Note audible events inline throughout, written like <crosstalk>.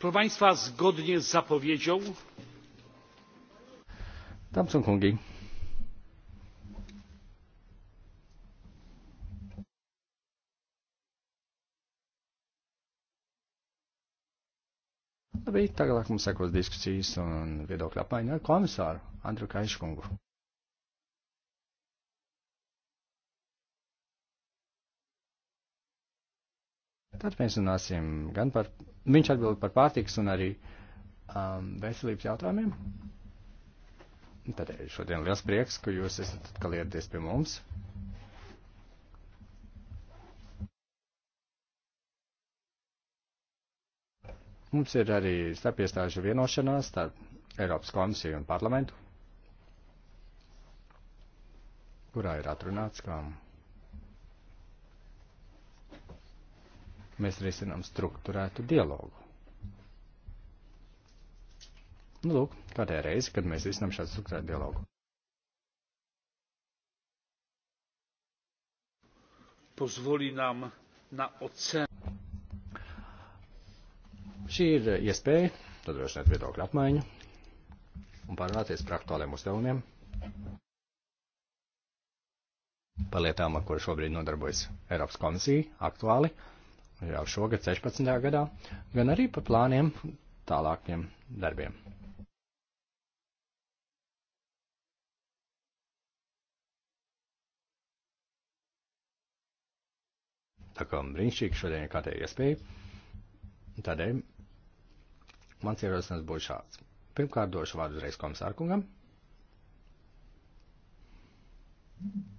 proszę państwa zgodnie z zapowiedzią Labi, tagad mums sekos diskusijas un viedokļa apmaiņa ar komisāru Andru Kaiškungu. Tad mēs runāsim gan par viņš atbild par pārtiks un arī um, veselības jautājumiem. Tad šodien liels prieks, ka jūs esat atkal ieradies pie mums. Mums ir arī starpiestāžu vienošanās starp Eiropas komisiju un parlamentu, kurā ir atrunāts, ka mēs risinām struktūrētu dialogu. Nu, lūk, kādēļ reizi, kad mēs risinām šādu struktūrētu dialogu. Pozvoli nam na ocen. Šī ir iespēja nodrošināt viedokļu apmaiņu un pārunāties par aktuāliem uzdevumiem, par lietām, ar kuru šobrīd nodarbojas Eiropas komisija aktuāli jau šogad 16. gadā, gan arī par plāniem tālākiem darbiem. Tā kā brīnišķīgi šodien ir kārtēja iespēja, tādēļ mans ierosinājums būs šāds. Pirmkārt, došu vārdu uzreiz komisārkungam. Mm -hmm.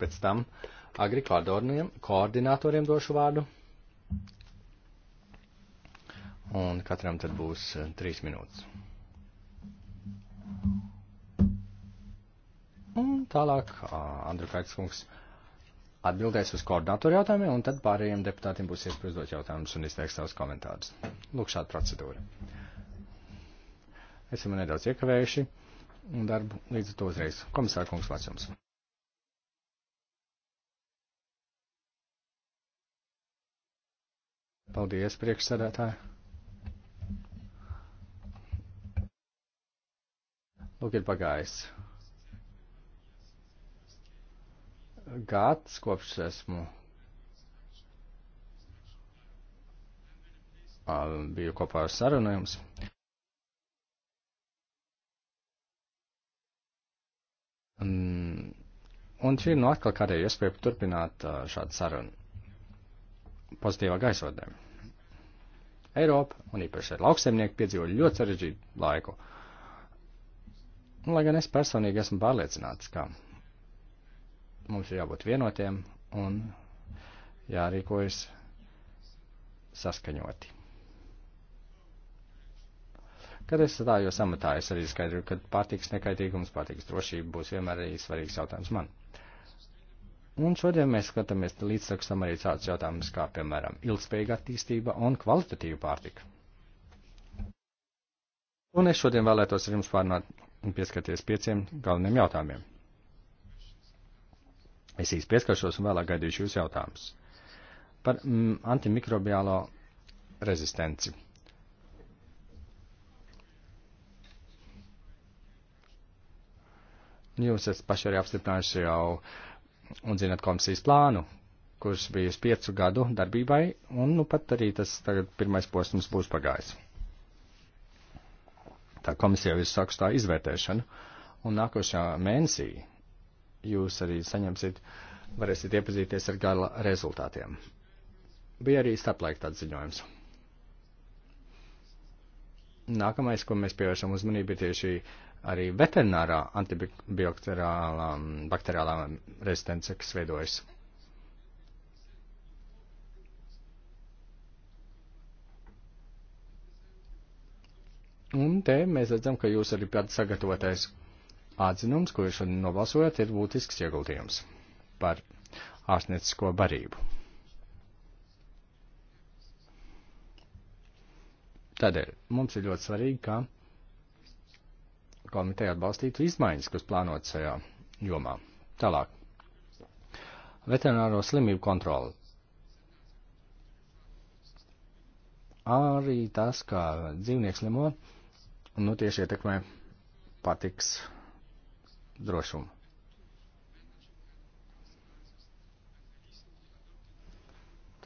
pēc tam agri koordinatoriem došu vārdu. Un katram tad būs eh, trīs minūtes. Un tālāk Andru Kaitskungs atbildēs uz koordinatoru jautājumiem, un tad pārējiem deputātiem būs iespēja uzdot jautājumus un izteikt savus komentārus. Lūk, šāda procedūra. Esam nedaudz iekavējuši darbu līdz to uzreiz. Komisāra kungs, vārds jums. Paldies, priekšsēdētāji. Lūk, ir pagājis gads, kopš esmu biju kopā ar sarunājums. Un, un šī ir nu no atkal kādēļ iespēja turpināt šādu sarunu pozitīvā gaisotnē. Eiropa, un īpaši ar lauksaimnieku, piedzīvo ļoti sarežģītu laiku. Un, lai gan es personīgi esmu pārliecināts, ka mums ir jābūt vienotiem un jārīkojas saskaņoti. Kad es stājos amatā, es arī skaidroju, ka pārtiks nekaitīgums, pārtiks drošība būs vienmēr arī svarīgs jautājums man. Un šodien mēs skatāmies līdzsakstam arī tāds jautājums kā, piemēram, ilgspējīga attīstība un kvalitatīva pārtika. Un es šodien vēlētos ar jums pārnāt un pieskarties pieciem galveniem jautājumiem. Es īsti pieskaršos un vēlāk gaidīšu jūs jautājumus. Par mm, antimikrobiālo rezistenci. Jūs esat paši arī apstiprinājuši jau uh, un zinat komisijas plānu, kurš bija uz piecu gadu darbībai, un nu pat arī tas tagad pirmais posms būs pagājis. Tā komisija jau ir sākus tā izvērtēšanu, un nākošā mēnesī jūs arī saņemsiet, varēsiet iepazīties ar gala rezultātiem. Bija arī starplaik tāds ziņojums. Nākamais, ko mēs pievēršam uzmanību, ir tieši uh, arī veterinārā antibiotikālā bakteriālā rezistence, kas veidojas. Un te mēs redzam, ka jūs arī pēc sagatavotais atzinums, ko jūs šodien nobalsojat, ir būtisks ieguldījums par ārstniecisko barību. Tādēļ mums ir ļoti svarīgi, ka komiteja atbalstītu izmaiņas, kas plānotas šajā jomā. Tālāk. Veterināro slimību kontroli. Arī tas, kā dzīvnieks slimo, nu tieši ietekmē patiks drošumu.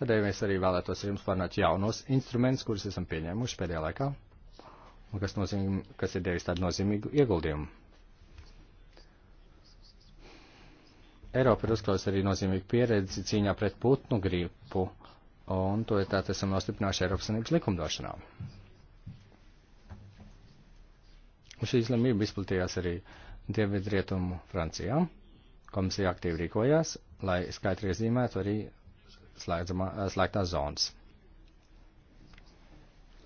Tādēļ mēs arī vēlētos jums pārnāt jaunos instrumentus, kurus esam pieņēmuši pēdējā laikā un kas, nozīm, kas ir devis tādu nozīmīgu ieguldījumu. Eiropa ir uzklaus arī nozīmīgu pieredzi cīņā pret putnu gripu, un to ir tātad esam nostiprinājuši Eiropas Savienības likumdošanā. Un šī izlemība izplatījās arī Dievidrietumu Francijā. Komisija aktīvi rīkojās, lai skaidri iezīmētu arī slēgtās zonas.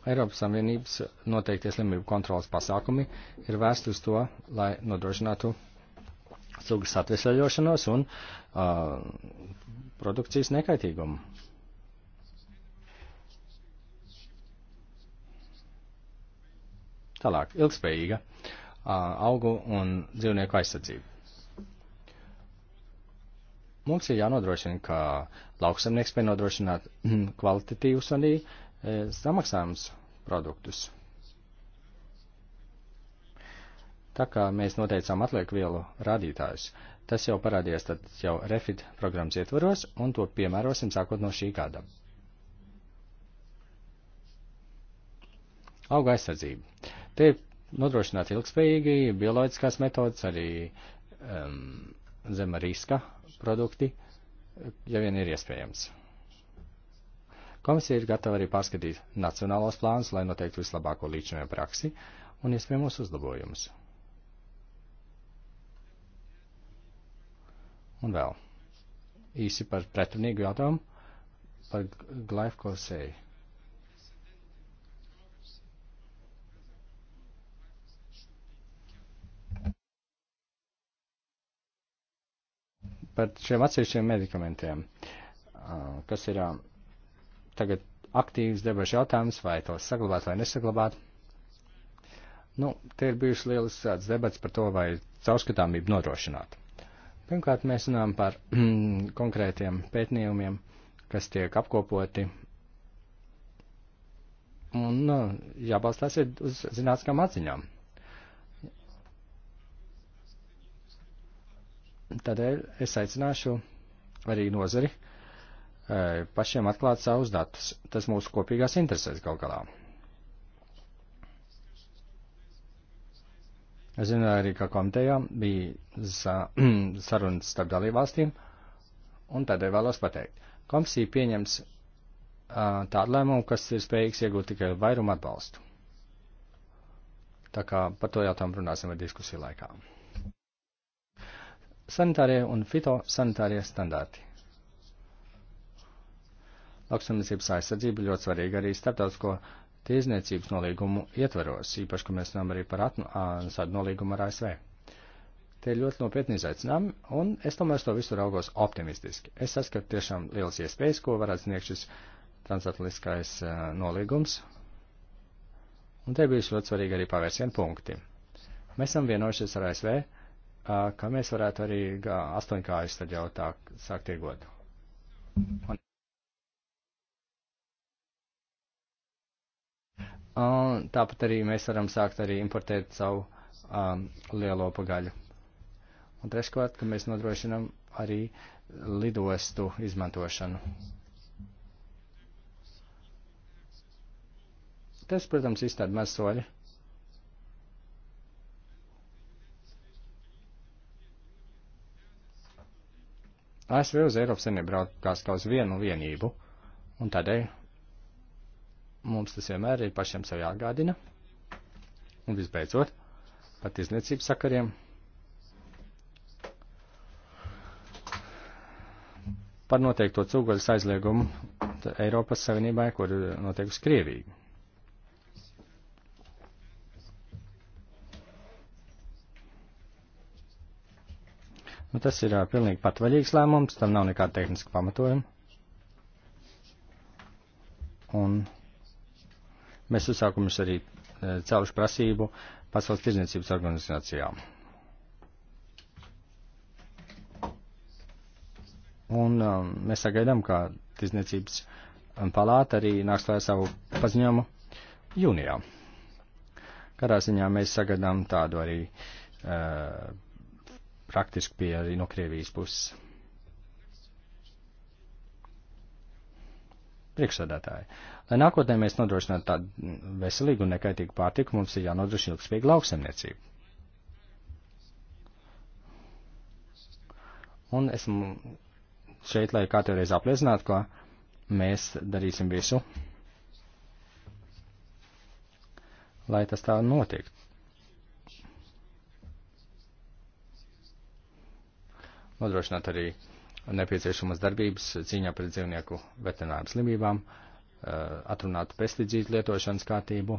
Eiropas Savienības noteiktie slimību kontrolas pasākumi ir vērsti uz to, lai nodrošinātu sugas atvesļošanos un uh, produkcijas nekaitīgumu. Tālāk, ilgspējīga uh, augu un dzīvnieku aizsardzība. Mums ir jānodrošina, ka lauksamnieks spēj nodrošināt <clears throat> kvalitatīvus un uh, E, samaksājums produktus. Tā kā mēs noteicām atlieku vielu rādītājus, tas jau parādījās tad jau refit programmas ietvaros un to piemērosim sākot no šī gada. Auga aizsardzība. Te nodrošināt ilgspējīgi bioloģiskās metodas, arī um, zema riska produkti, ja vien ir iespējams. Komisija ir gatava arī pārskatīt nacionālos plānus, lai noteiktu vislabāko līdzinājumu praksi un iespējamos uzlabojumus. Un vēl īsi par pretrunīgu jautājumu par glifosēju. Par šiem atsevišķiem medikamentiem, kas ir tagad aktīvs debašu jautājums, vai to saglabāt vai nesaglabāt. Nu, te ir bijušas lielas tāds uh, debats par to, vai caurskatāmību nodrošināt. Pirmkārt, mēs runājam par <clears throat> konkrētiem pētījumiem, kas tiek apkopoti. Un nu, jābalstās ir uz zinātniskām atziņām. Tādēļ es aicināšu arī nozari uh, E, pašiem atklāt savus datus. Tas mūsu kopīgās interesēs gal galā. Es zinu arī, ka komitejā bija sa, <clears throat> sarunas starp dalībvalstīm, un tādēļ vēlos pateikt. Komisija pieņems uh, tādu lēmumu, kas ir spējīgs iegūt tikai vairumu atbalstu. Tā kā par to jautājumu runāsim ar diskusiju laikā. Sanitārie un fitosanitārie standarti lauksaimniecības aizsardzība ļoti svarīga arī starptautisko tiesniecības nolīgumu ietveros, īpaši, ka mēs runājam arī par atnu, a, nolīgumu ar ASV. Tie ir ļoti nopietni izaicinājumi, un es tomēr to visu raugos optimistiski. Es saskatu tiešām liels iespējas, ko varētu sniegt šis transatlantiskais uh, nolīgums. Un te bija ļoti svarīgi arī pavērsienu punkti. Mēs esam vienojušies ar ASV, uh, ka mēs varētu arī astoņkājus tad jau tā sākt iegot. Un Un tāpat arī mēs varam sākt arī importēt savu um, lielo pagaļu. Un treškārt, ka mēs nodrošinam arī lidostu izmantošanu. Tas, protams, ir tāds mazs soļi. ASV uz Eiropas Savienību braukās kā uz vienu vienību, un tādēļ Mums tas vienmēr ir pašiem sev jāgādina. Un visbeidzot, pat izniecības sakariem. Par noteikto cūgaļas aizliegumu Eiropas Savienībai, kur notiek uz Krieviju. Nu, tas ir uh, pilnīgi patvaļīgs lēmums, tam nav nekāda tehniska pamatojuma. Un Mēs uzsākumus arī e, cēluši prasību Pasaules tirdzniecības organizācijā. Un um, mēs sagaidām, ka tirdzniecības e, palāta arī nāks klāt savu paziņojumu jūnijā. Katrā ziņā mēs sagaidām tādu arī uh, praktisku pieeja arī no Krievijas puses. Priekšsēdētāji, uh, Lai nākotnē mēs nodrošinātu tādu veselīgu un nekaitīgu pārtiku, mums ir jānodrošina ilgspējīga lauksemniecība. Un esmu šeit, lai kā tev reiz apliecinātu, ka mēs darīsim visu, lai tas tā notiek. Nodrošināt arī nepieciešamas darbības cīņā pret dzīvnieku veterināru slimībām. Uh, Uh, atrunāt pesticīdu lietošanas kārtību,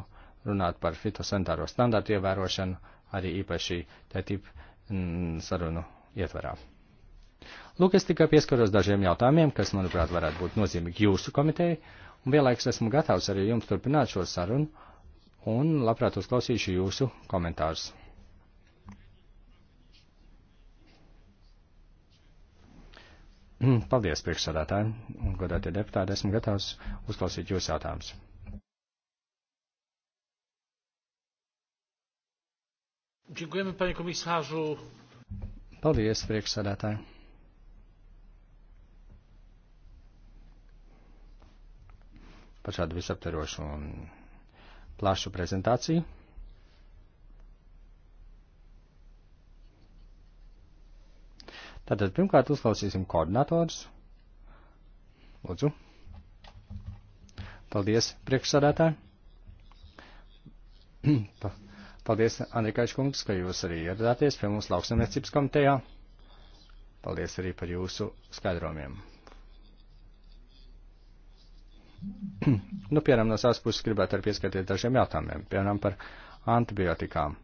runāt par fitosanitāro standartu ievērošanu, arī īpaši TTIP mm, sarunu ietvarā. Lūk, es tikai pieskaros dažiem jautājumiem, kas, manuprāt, varētu būt nozīmīgi jūsu komitejai, un vienlaikus esmu gatavs arī jums turpināt šo sarunu, un labprāt uzklausīšu jūsu komentārus. Mm, paldies, priekšsādātāji un godātie deputāti. Esmu gatavs uzklausīt jūsu jautājumus. Dziękujemy, panie komisarzu. Paldies, priekšsādātāji. Par šādu visaptarošu un plašu prezentāciju. Tātad pirmkārt uzklausīsim koordinatorus. Lūdzu. Paldies, priekšsādātāji. <clears throat> Paldies, Andrikaiš kungs, ka jūs arī ieradāties pie mums lauksamniecības komitejā. Paldies arī par jūsu skaidrojumiem. <clears throat> nu, piemēram, no savas puses gribētu arī pieskatīt dažiem jautājumiem, piemēram, par antibiotikām.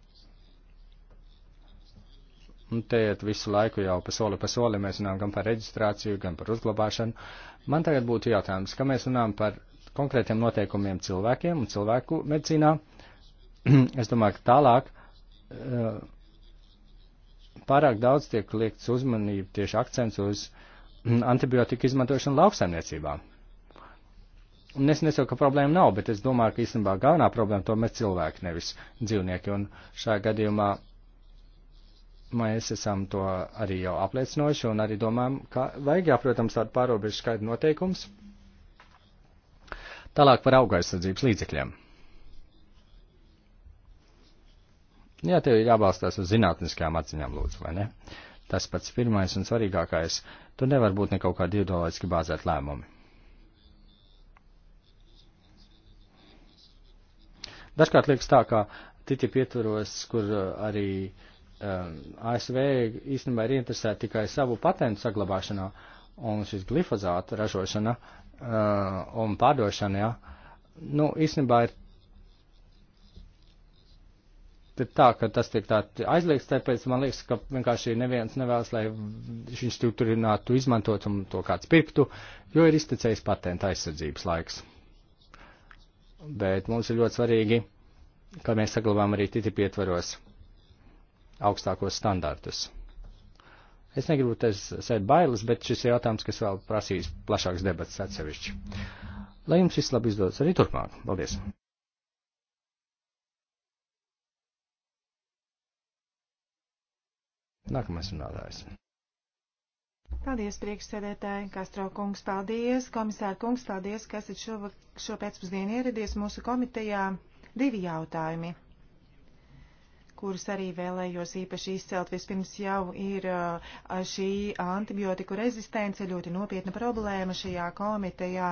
Un te iet visu laiku jau pa soli pa soli mēs runājam gan par reģistrāciju, gan par uzglabāšanu. Man tagad būtu jautājums, ka mēs runājam par konkrētiem noteikumiem cilvēkiem un cilvēku medicīnā. <clears throat> es domāju, ka tālāk eh, pārāk daudz tiek liekts uzmanība tieši akcents uz <clears throat> antibiotika izmantošanu lauksaimniecībā. Un es nesaku, ka problēma nav, bet es domāju, ka īstenībā galvenā problēma tomēr cilvēki, nevis dzīvnieki. Un šajā gadījumā mēs esam to arī jau apliecinoši un arī domājam, ka vajag, jā, protams, tādu pārobežu skaidru noteikums. Tālāk par auga aizsardzības līdzekļiem. Jā, tev ir jābalstās uz zinātniskajām atziņām, lūdzu, vai ne? Tas pats pirmais un svarīgākais - tur nevar būt nekaut kādi ideoloģiski bāzēti lēmumi. Dažkārt liekas tā, ka TTIP ietvaros, kur uh, arī uh, um, ASV īstenībā ir interesēta tikai savu patentu saglabāšanā, un šis glifozāta ražošana uh, un pārdošana, jā, nu, īstenībā ir ir tā, ka tas tiek tā aizliegts, tāpēc man liekas, ka vienkārši neviens nevēlas, lai viņš to turinātu, izmantot un to kāds pirktu, jo ir iztecējis patenta aizsardzības laiks. Bet mums ir ļoti svarīgi, ka mēs saglabājam arī TTIP ietvaros augstākos standartus. Es negribu sēt bailes, bet šis ir jautājums, kas vēl prasīs plašāks debats atsevišķi. Lai jums viss labi izdodas arī turpmāk. Paldies! Nākamais runātājs. Paldies, priekšsēdētāji, Kastro kungs, paldies, komisāra kungs, paldies, ka esat šo, šo pēcpusdienu ieradies mūsu komitejā. Divi jautājumi kurus arī vēlējos īpaši izcelt. Vispirms jau ir šī antibiotiku rezistence ļoti nopietna problēma šajā komitejā.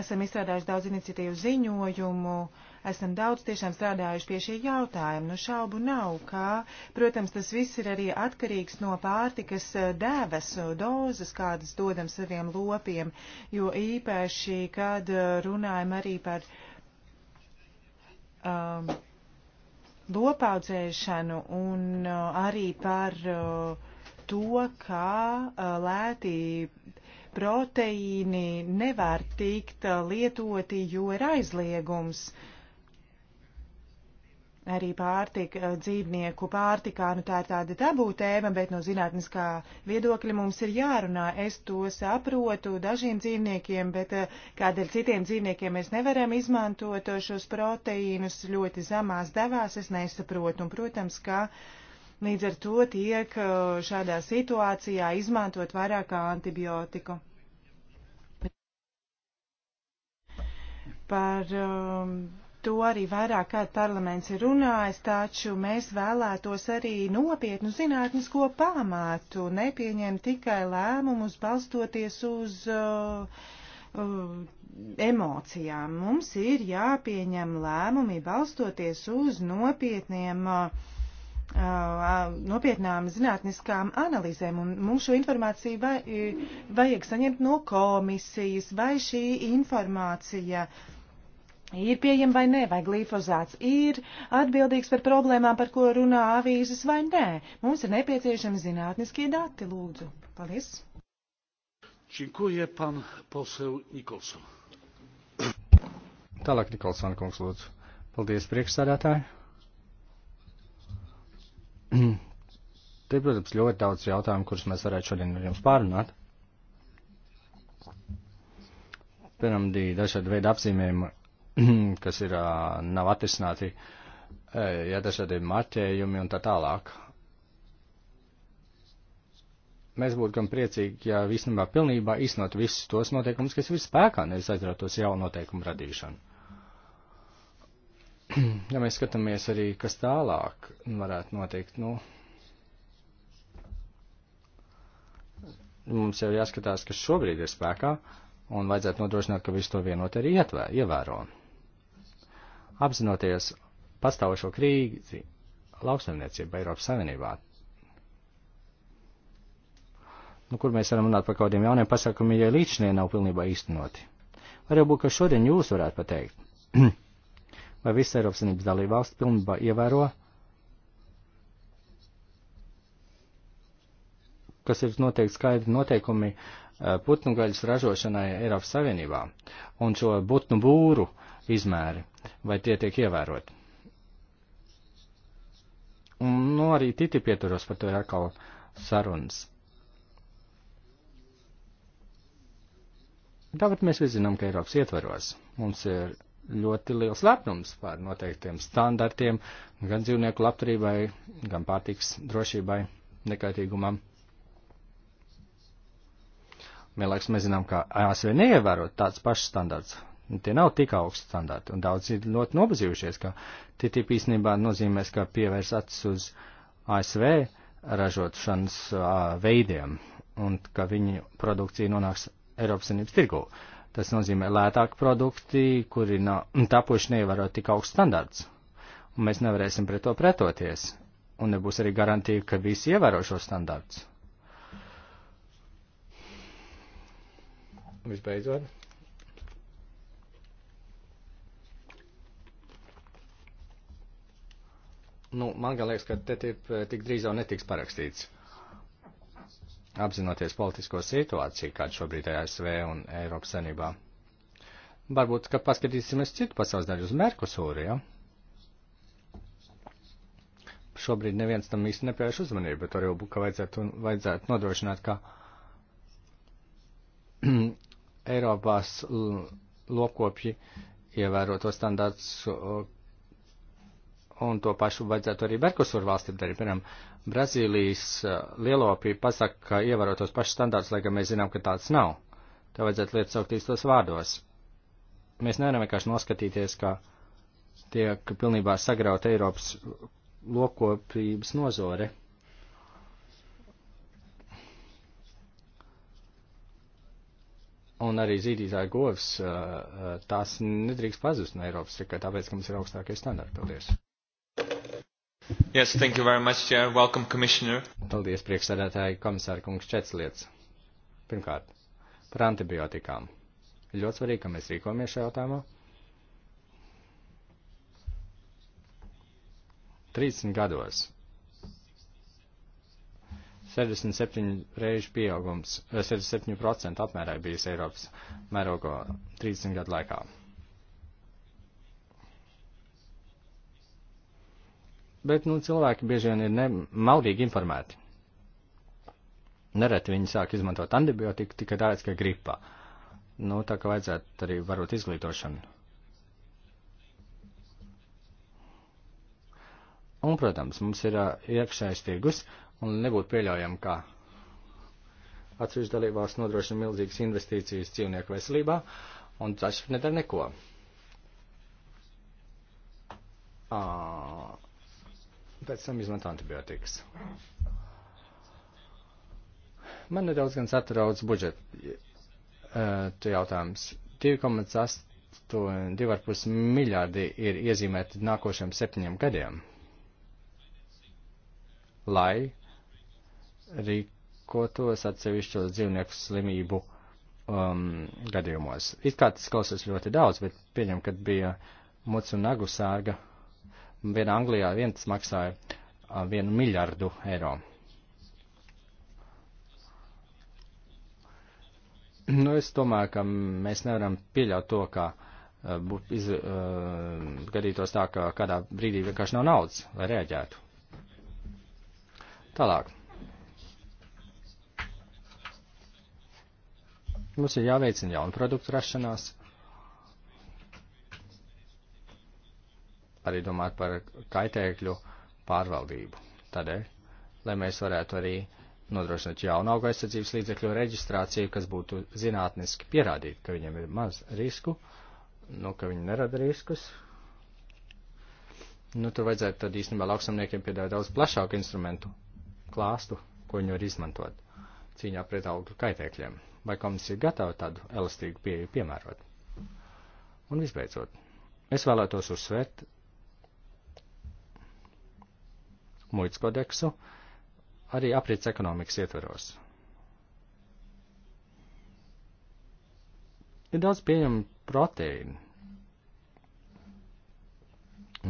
Esam izstrādājuši daudz iniciatīvu ziņojumu, esam daudz tiešām strādājuši pie šī jautājuma. Nu šaubu nav, ka, protams, tas viss ir arī atkarīgs no pārtikas dēves dozes, kādas dodam saviem lopiem, jo īpaši, kad runājam arī par. Um, lopaudzēšanu un uh, arī par uh, to, kā uh, lētī proteīni nevar tikt lietoti, jo ir aizliegums uh, arī pārtika, eh, dzīvnieku pārtikā, nu tā ir tāda tabū tēma, bet no zinātniskā viedokļa mums ir jārunā. Es to saprotu dažiem dzīvniekiem, bet eh, kādēļ citiem dzīvniekiem mēs nevaram izmantot eh, šos proteīnus ļoti zemās devās, es nesaprotu. Un, protams, ka līdz ar to tiek šādā situācijā izmantot vairāk antibiotiku. Par um, to arī vairāk kārt parlaments ir runājis, taču mēs vēlētos arī nopietnu zinātnisko pamātu, nepieņemt tikai lēmumus balstoties uz uh, uh, emocijām. Mums ir jāpieņem lēmumi balstoties uz nopietniem. Uh, uh nopietnām zinātniskām analīzēm, un mums šo informāciju vai, vajag saņemt no komisijas, vai šī informācija uh, ir pieejama vai nē, vai glifozāts ir atbildīgs par problēmām, par ko runā avīzes vai nē. Mums ir nepieciešami zinātniskie dati, lūdzu. Paldies! Činkuje pan posel Nikolson. <clears throat> Tālāk Nikolson kungs lūdzu. Paldies priekšsādātāji. <clears throat> Te, protams, ļoti daudz jautājumu, kurus mēs varētu šodien ar jums pārunāt. Pirmdī dažādi veidi apzīmējumi <clears throat> kas ir, nav atrisināti, ja dažādi marķējumi un tā tālāk. Mēs būtu gan priecīgi, ja visnībā pilnībā iznot visus tos noteikumus, kas ir spēkā, nevis aizrautos jaunu noteikumu radīšanu. <clears throat> Ja mēs skatāmies arī, kas tālāk varētu notikt, nu, mums jau jāskatās, kas šobrīd ir spēkā, un vajadzētu nodrošināt, ka visu to vienot arī ietvēr, ievēro apzinoties pastāvošo krīzi lauksaimniecība Eiropas Savienībā. Nu, kur mēs varam runāt par kaut kādiem jauniem pasākumiem, ja līdzšanie nav pilnībā īstenoti? Varbūt, ka šodien jūs varētu pateikt, <clears throat> vai visas Eiropas Savienības dalībvalsts pilnībā ievēro, kas ir noteikti skaidri noteikumi eh, putnu gaļas ražošanai Eiropas Savienībā un šo putnu būru uh, izmēri, vai tie tiek ievēroti. Un nu, arī titi pieturos par to ir atkal sarunas. Tagad mēs visi zinām, ka Eiropas ietvaros mums ir ļoti liels lepnums par noteiktiem standartiem gan dzīvnieku labturībai, gan pārtiks drošībai, nekaitīgumam. Vienlaiks mēs zinām, ka ASV neievēro tāds pašs standarts Tie nav tik augsti standarti, un daudz ir ļoti nobazījušies, ka TTIP īstenībā nozīmēs, ka pievērs acis uz ASV ražošanas uh, veidiem, un ka viņu produkcija nonāks Eiropas Savienības tirgū. Tas nozīmē lētāki produkti, kuri nav tapuši neievarot tik augsts standarts, un mēs nevarēsim pret to pretoties, un nebūs arī garantīva, ka visi ievēro šo standarts. Visbeidzot. Nu, man gan liekas, ka te tip, eh, tik drīz jau netiks parakstīts. Apzinoties politisko situāciju, kāda šobrīd ir ASV un Eiropas Sanībā. Varbūt, ka paskatīsimies citu pasaules daļu uz Merkusūru, ja? Šobrīd neviens tam īsti nepievērš uzmanību, bet tur jau būtu, ka vajadzētu, vajadzētu nodrošināt, ka <clears throat> Eiropās lopkopji ievēroto standārts, Un to pašu vajadzētu arī Merkusur valstīm darīt. Piemēram, Brazīlijas eh, lielopī pasaka, ka ievēro tos pašus standārtus, lai gan mēs zinām, ka tāds nav. Te vajadzētu lietas saukt īstos vārdos. Mēs nevaram vienkārši noskatīties, ka tiek pilnībā sagrauta Eiropas lokopības nozore. un arī zīdītāja govs, eh, eh, tās nedrīkst pazust no Eiropas tikai tāpēc, ka mums ir augstākie standarti. Paldies! Yes, thank you very much, Chair. Welcome, Commissioner. Paldies, priekšsēdētāji, komisāri kungs, četras lietas. Pirmkārt, par antibiotikām. Ir ļoti svarīgi, ka mēs rīkojamies šajā jautājumā. 30 gados 67 reižu pieaugums, 67% eh, apmērā bijis Eiropas mērogo 30 gadu laikā. bet nu, cilvēki bieži vien ir ne, maldīgi informēti. Nereti viņi sāk izmantot antibiotiku tikai tāpēc, ka gripā. Nu, tā kā vajadzētu arī varot izglītošanu. Un, protams, mums ir iekšējais tirgus, un nebūtu pieļaujami, kā atsevišķi dalībās nodrošina milzīgas investīcijas dzīvnieku veselībā, un taču nedara neko. À un pēc tam izmanto antibiotikas. Man nedaudz gan satrauc budžeta uh, jautājums. 2,5 miljārdi ir iezīmēti nākošiem septiņiem gadiem, lai rīkotos atsevišķos dzīvnieku slimību um, gadījumos. It kā tas klausās ļoti daudz, bet pieņem, kad bija mucu nagu sārga Viena Anglijā viens maksāja vienu miljardu eiro. Nu, es domāju, ka mēs nevaram pieļaut to, ka uh, iz, uh, gadītos tā, ka kādā brīdī vienkārši nav naudas, lai rēģētu. Tālāk. Mums ir jāveicina jaunu produktu rašanās. arī domāt par kaitēkļu pārvaldību. Tādēļ, lai mēs varētu arī nodrošināt jaunu auga aizsardzības līdzekļu reģistrāciju, kas būtu zinātniski pierādīta, ka viņiem ir maz risku, nu, ka viņi nerada riskus. Nu, tur vajadzētu tad īstenībā lauksamniekiem piedāvāt daudz plašāku instrumentu klāstu, ko viņi var izmantot cīņā pret augļu kaitēkļiem. Vai komisija ir gatava tādu elastīgu pieeju piemērot? Un visbeidzot, es vēlētos uzsvērt muitas kodeksu, arī aprits ekonomikas ietveros. Ir daudz pieejamu proteīnu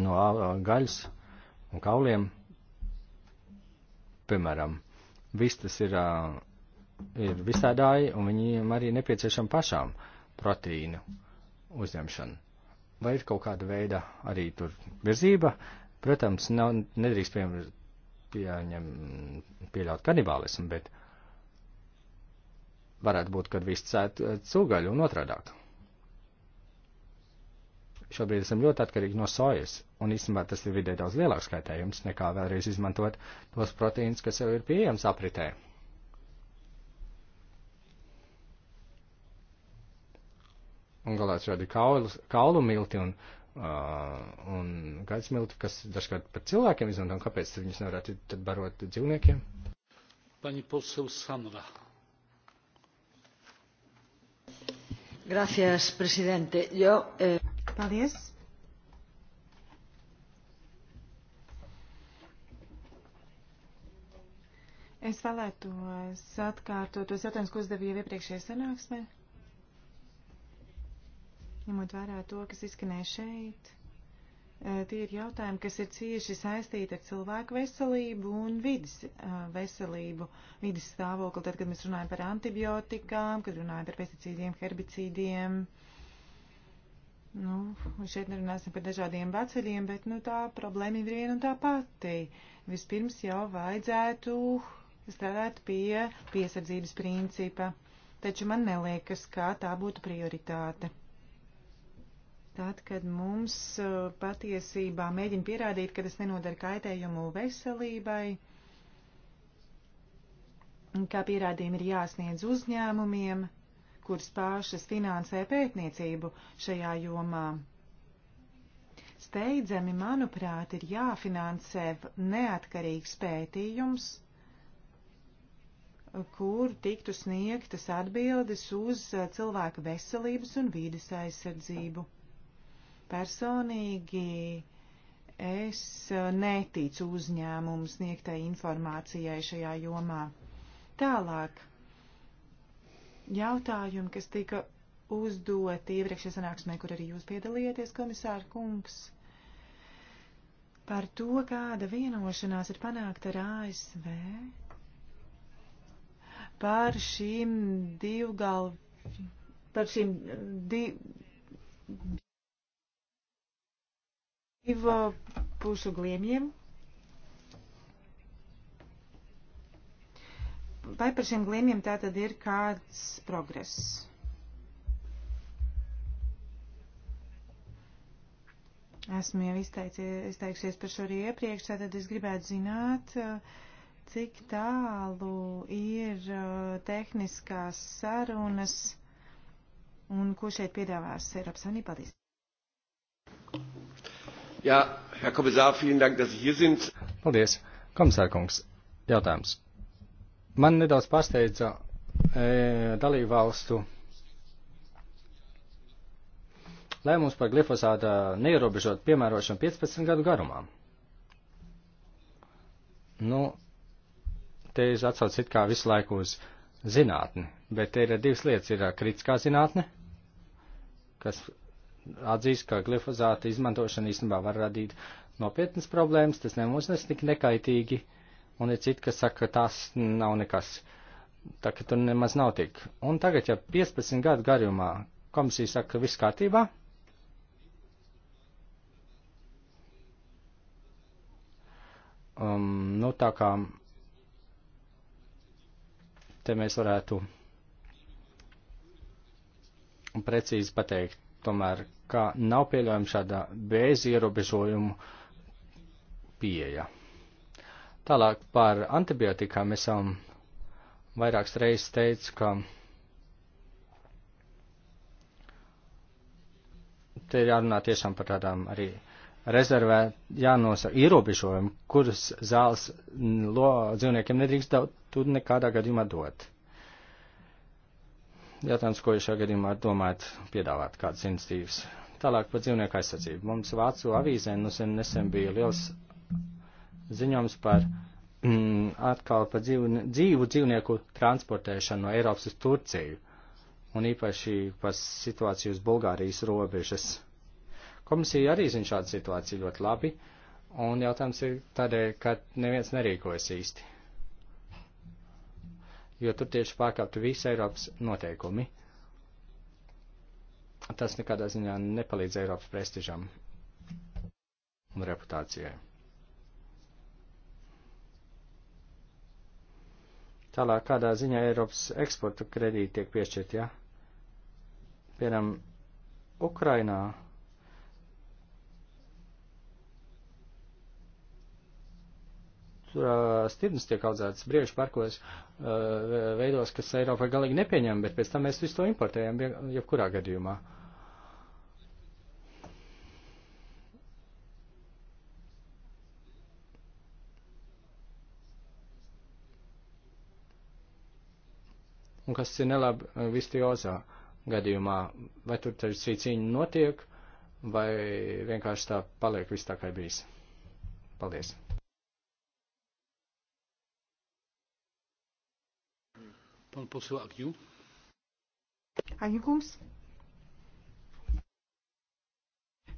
no gaļas un kauliem. Piemēram, vistas ir, ir visādāji, un viņiem arī nepieciešama pašām proteīnu uzņemšana. Vai ir kaut kāda veida arī tur virzība, Protams, nav, nedrīkst piemēram, pieņem, pieļaut kanibālismu, bet varētu būt, kad viss cēt eh, cūgaļu un otrādāk. Šobrīd esam ļoti atkarīgi no sojas, un īstenībā tas ir vidē daudz lielāks skaitējums nekā vēlreiz izmantot tos proteīnus, kas jau ir pieejams apritē. Un galā šādi kaulu, kaulu milti un un gaļas miltu, kas dažkārt par cilvēkiem izmanto, un kāpēc viņus nevarētu tad barot dzīvniekiem? Pani poseu Sanra. Gracias, presidente. Jo, eh... Paldies. Es vēlētos atkārtot tos jautājumus, ko uzdevu jau iepriekšējā sanāksmē. Ņemot vērā to, kas izskanēja šeit, e, tie ir jautājumi, kas ir cieši saistīti ar cilvēku veselību un vidas e, veselību, vidas stāvokli, tad, kad mēs runājam par antibiotikām, kad runājam par pesticīdiem, herbicīdiem. Nu, šeit nerunāsim par dažādiem veceļiem, bet nu, tā problēma ir viena un tā pati. Vispirms jau vajadzētu strādāt pie piesardzības principa, taču man neliekas, kā tā būtu prioritāte. Tad, kad mums uh, patiesībā mēģina pierādīt, ka tas nenodara kaitējumu veselībai, kā pierādījumi ir jāsniedz uzņēmumiem, kuras pašas finansē pētniecību šajā jomā. Steidzami, manuprāt, ir jāfinansē neatkarīgs pētījums, kur tiktu sniegtas atbildes uz uh, cilvēka veselības un vīdes aizsardzību. Personīgi es neticu uzņēmumu sniegtai informācijai šajā jomā. Tālāk jautājumi, kas tika uzdoti iepriekšējā sanāksmē, kur arī jūs piedalījāties, komisāra kungs, par to, kāda vienošanās ir panākta ar ASV par šīm divgalv, par šīm div divu pušu gliemjiem. Vai par šiem gliemjiem tā tad ir kāds progress? Esmu jau izteiksies par šo arī iepriekš, tātad es gribētu zināt, cik tālu ir eh, tehniskās sarunas un ko šeit piedāvās Eiropas Savienība. Paldies! Jā, Herr Kommissar, vielen Dank, dass Sie hier sind. Paldies. Komisārkungs, jautājums. Man nedaudz pārsteidza e, dalībvalstu lēmums par glifosāta neierobežot piemērošanu 15 gadu garumā. Nu, te jūs atsaucat kā visu laiku uz zinātni, bet te ir divas lietas. Ir kritiskā zinātne, kas atzīst, ka glifozāta izmantošana īstenībā var radīt nopietnas problēmas, tas nemūs nes tik nekaitīgi, un ir citi, kas saka, ka tas nav nekas. Tā ka tur nemaz nav tik. Un tagad, ja 15 gadu garumā komisija saka, ka viss kārtībā, um, nu tā kā te mēs varētu precīzi pateikt, tomēr, ka nav pieļaujama šāda bez ierobežojumu pieeja. Tālāk par antibiotikām esam vairākas reizes teicu, ka te ir jārunā tiešām par tādām arī rezervē jānosaka ierobežojumi, kuras zāles dzīvniekiem nedrīkst daudz, nekādā gadījumā dot jautājums, ko jūs šajā gadījumā domājat piedāvāt kādas institīvas. Tālāk par dzīvnieku aizsardzību. Mums Vācu avīzē nu sen nesen bija liels ziņojums par mm, atkal par dzīvni, dzīvu dzīvnieku transportēšanu no Eiropas uz Turciju un īpaši par situāciju uz Bulgārijas robežas. Komisija arī zina šādu situāciju ļoti labi, un jautājums ir tādēļ, ka neviens nerīkojas īsti jo tur tieši pārkāptu visi Eiropas noteikumi. Tas nekādā ziņā nepalīdz Eiropas prestižam un reputācijai. Tālāk, kādā ziņā Eiropas eksporta kredīti tiek piešķirt, ja? Piemēram, Ukrainā stirnas tiek audzētas briežu parkos, uh, veidos, kas Eiropā galīgi nepieņem, bet pēc tam mēs visu to importējam, jebkurā gadījumā. Un kas ir nelabi uh, vistiozā gadījumā, vai tur taču šī cīņa notiek, vai vienkārši tā paliek viss tā kā bijis. Paldies! Pan poseł Agniu. Agniu kungs.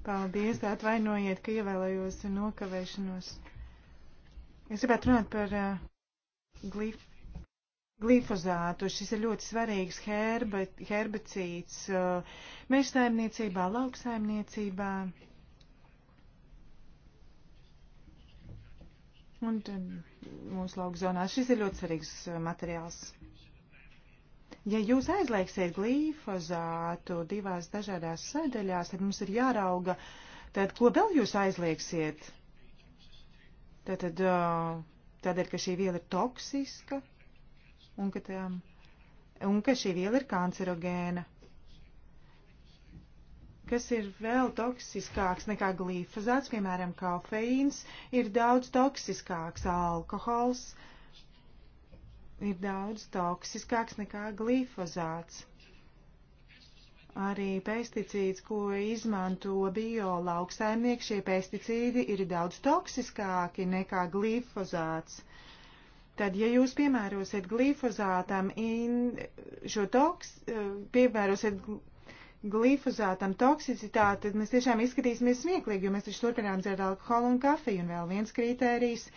Paldies, atvainojiet, ka ievēlējos nokavēšanos. Es gribētu runāt par uh, glif glifozātu. Šis ir ļoti svarīgs herba, herbicīts uh, eh, mežsaimniecībā, lauksaimniecībā. Un tad mūsu lauka zonā šis ir ļoti svarīgs eh, materiāls. Ja jūs aizliegsiet glifozātu divās dažādās sadaļās, tad mums ir jārauga, tad ko vēl jūs aizliegsiet? Tātad, tādēļ, ka šī viela ir toksiska un ka, tā, un ka šī viela ir kancerogēna. Kas ir vēl toksiskāks nekā glifozāts, piemēram, kofeīns, ir daudz toksiskāks alkohols. Uh, ir daudz toksiskāks nekā glifozāts. Arī pesticīds, ko izmanto bio lauksaimnieki, šie pesticīdi ir daudz toksiskāki nekā glifozāts. Tad, ja jūs piemērosiet glifozātam in, šo toks, eh, piemērosiet glifozātam toksicitāti, tad mēs tiešām izskatīsimies smieklīgi, jo mēs taču turpinām dzert alkoholu un kafiju. Un vēl viens kriterijs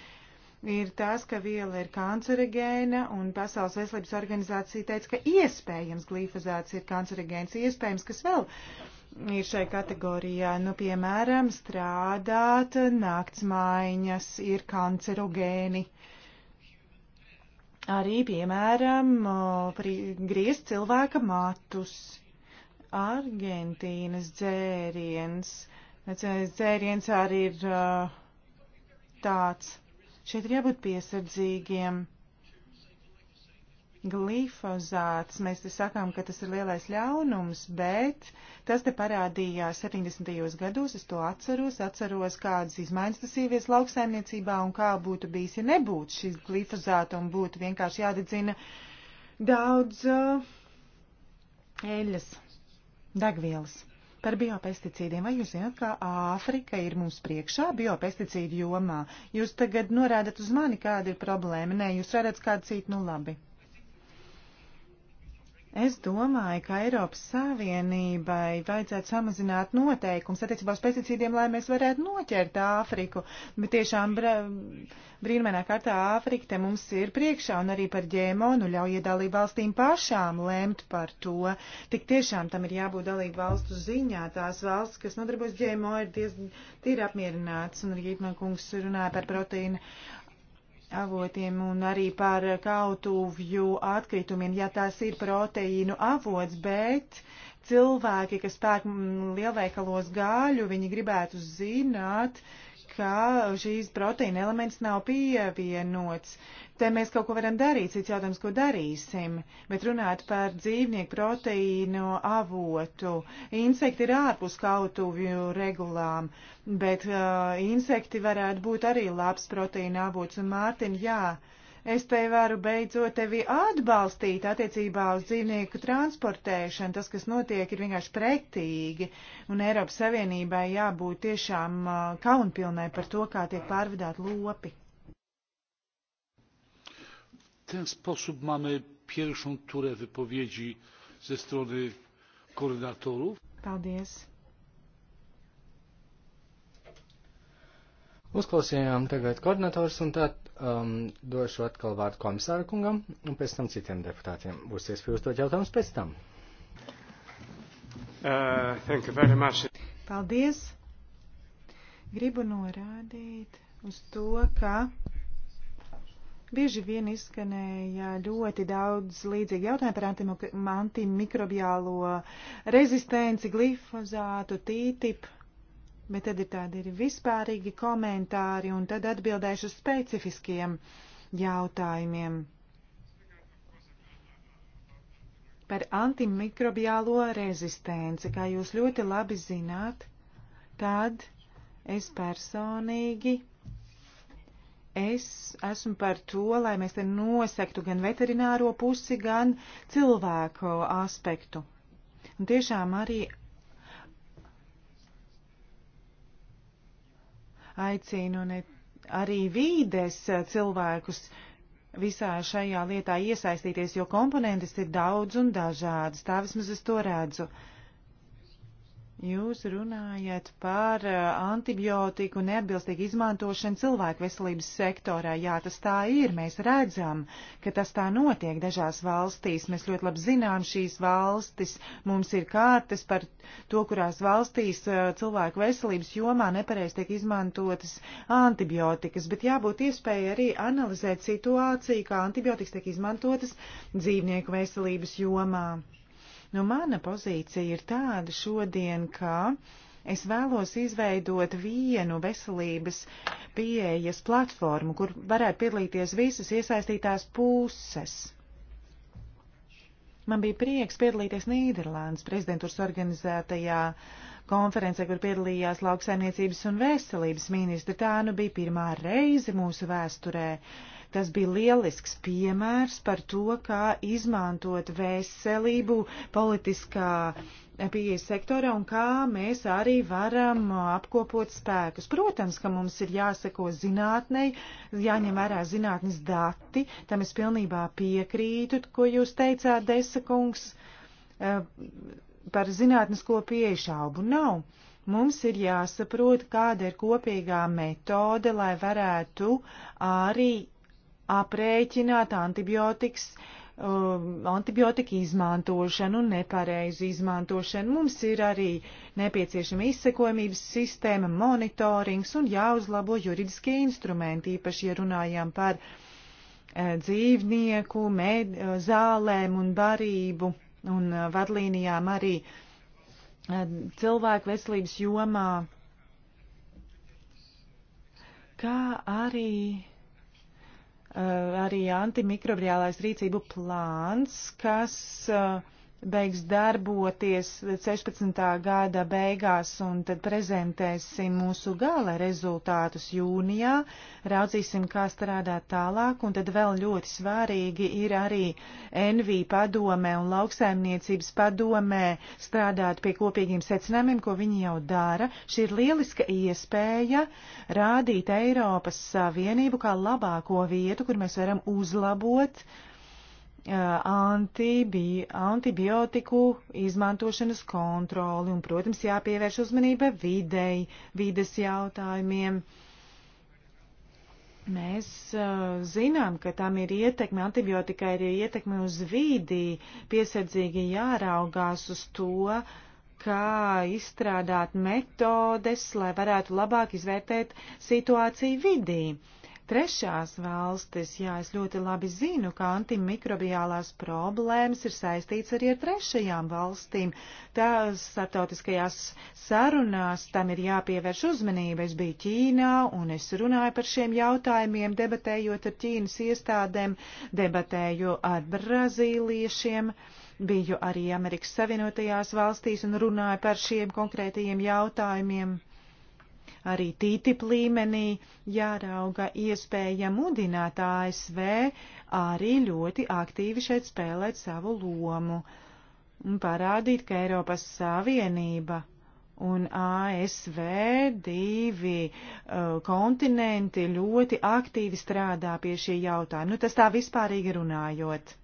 ir tas, ka viela ir kancerogēna, un Pasaules veselības organizācija teica, ka iespējams glifozāts ir kancerogēns, iespējams, kas vēl ir šai kategorijā, nu, piemēram, strādāt naktsmaiņas ir kancerogēni. Arī, piemēram, griezt cilvēka matus. Argentīnas dzēriens. Dzēriens arī ir uh, tāds Šeit ir jābūt piesardzīgiem. Glifozāts, mēs te sakām, ka tas ir lielais ļaunums, bet tas te parādījās 70. gados, es to atceros, atceros, kādas izmaiņas tas ievies lauksaimniecībā un kā būtu bijis, ja nebūtu šis glifozāta un būtu vienkārši jādedzina daudz uh, eļas, degvielas. Par biopesticīdiem. Vai jūs zināt, kā Āfrika ir mums priekšā biopesticīdu jomā? Jūs tagad norādat uz mani, kāda ir problēma. Nē, jūs redzat kādu citu, nu labi. Es domāju, ka Eiropas Savienībai vajadzētu samazināt noteikums attiecībā uz pesticīdiem, lai mēs varētu noķert Āfriku. Bet tiešām br brīnumainā kārtā Āfrika te mums ir priekšā un arī par ģēmonu ļauj iedalību valstīm pašām lemt par to. Tik tiešām tam ir jābūt dalību valstu ziņā. Tās valsts, kas nodarbojas ģēmo, ir diezgan tīri apmierināts. Un arī Gītman kungs runāja par proteīnu avotiem un arī par kautuvju atkritumiem, ja tās ir proteīnu avots, bet cilvēki, kas pērk lielveikalos gāļu, viņi gribētu zināt, uh, ka šīs proteīna elements nav pievienots. Te mēs kaut ko varam darīt, cits jautājums, ko darīsim, bet runāt par dzīvnieku proteīnu avotu. Insekti ir ārpus kautuvju regulām, bet uh, insekti varētu būt arī labs proteīna avots. Un Mārtiņ, jā. Uh, es te varu beidzot tevi atbalstīt attiecībā uz dzīvnieku transportēšanu. Tas, kas notiek, ir vienkārši pretīgi, un Eiropas Savienībai jābūt tiešām uh, kaunpilnai par to, kā tiek pārvadāt lopi. Ten sposób mamy pierwszą turę wypowiedzi ze strony koordynatorów. Paldies. Uzklausījām tagad koordinators un tad um, došu atkal vārdu komisāra kungam, un pēc tam citiem deputātiem būs iespēja uzdot jautājumus pēc tam. Uh, Paldies! Gribu norādīt uz to, ka bieži vien izskanēja ļoti daudz līdzīgi jautājumi par antimikrobiālo rezistenci, glifozātu, tītipu Bet tad ir tādi ir vispārīgi komentāri, un tad atbildēšu uz specifiskiem jautājumiem par antimikrobiālo rezistenci. Kā jūs ļoti labi zināt, tad es personīgi es esmu par to, lai mēs te nosektu gan veterināro pusi, gan cilvēku aspektu. Un tiešām arī aicinu ne, arī vīdes eh, cilvēkus visā šajā lietā iesaistīties, jo komponentes ir daudz un dažādas. Tā vismaz es to redzu. Uh, Jūs runājat par uh, antibiotiku neatbilstīgu izmantošanu cilvēku veselības sektorā. Jā, tas tā ir. Mēs redzam, ka tas tā notiek dažās valstīs. Mēs ļoti labi zinām šīs valstis. Mums ir kārtas par to, kurās valstīs uh, cilvēku veselības jomā nepareiz tiek izmantotas antibiotikas. Bet jābūt iespēja arī analizēt situāciju, kā antibiotikas tiek izmantotas dzīvnieku veselības jomā. Nu, mana pozīcija ir tāda šodien, ka es vēlos izveidot vienu veselības pieejas platformu, kur varētu piedalīties visas iesaistītās puses. Man bija prieks piedalīties Nīderlandes prezidentūras organizētajā konferencē, kur piedalījās lauksaimniecības un veselības ministri. Tā nu bija pirmā reize mūsu vēsturē. Uh, Tas bija lielisks piemērs par to, kā izmantot veselību politiskā pieeja sektorā un kā mēs arī varam apkopot spēkus. Protams, ka mums ir jāseko zinātnei, jāņem vērā zinātnes dati, tam es pilnībā piekrītu, ko jūs teicāt, Desakungs, eh, par zinātnisko pieeju šaubu nav. Mums ir jāsaprot, kāda ir kopīgā metode, lai varētu arī aprēķināt antibiotikas, um, antibiotika izmantošanu un nepareizu izmantošanu. Mums ir arī nepieciešama izsekojamības sistēma, monitorings un jāuzlabo juridiskie instrumenti, īpaši, ja runājām par eh, dzīvnieku, med, zālēm un barību un eh, vadlīnijām arī eh, cilvēku veselības jomā, kā arī arī antimikrobiālais rīcību plāns, kas uh, beigs darboties 16. gada beigās, un tad prezentēsim mūsu gala rezultātus jūnijā, raudzīsim, kā strādāt tālāk, un tad vēl ļoti svārīgi ir arī NV padomē un lauksaimniecības padomē strādāt pie kopīgiem secinājumiem, ko viņi jau dara. Šī ir lieliska iespēja rādīt Eiropas Savienību kā labāko vietu, kur mēs varam uzlabot uh, antibi antibiotiku izmantošanas kontroli un, protams, jāpievērš uzmanība videi, vides jautājumiem. Mēs uh, zinām, ka tam ir ietekme, antibiotikai ir ietekme uz vīdī, piesardzīgi jāraugās uz to, kā izstrādāt metodes, lai varētu labāk izvērtēt situāciju vidī. Uh, trešās valstis, jā, es ļoti labi zinu, ka antimikrobiālās problēmas ir saistīts arī ar trešajām valstīm. Tā startautiskajās sarunās tam ir jāpievērš uzmanība. Es biju Ķīnā un es runāju par šiem jautājumiem, debatējot ar Ķīnas iestādēm, debatēju ar brazīliešiem. Biju arī Amerikas Savienotajās valstīs un runāju par šiem konkrētajiem jautājumiem arī TTIP līmenī jārauga iespēja mudināt ASV arī ļoti aktīvi šeit spēlēt savu lomu un parādīt, ka Eiropas Savienība un ASV divi uh, kontinenti ļoti aktīvi strādā pie šī jautājuma. Nu, tas tā vispārīgi runājot.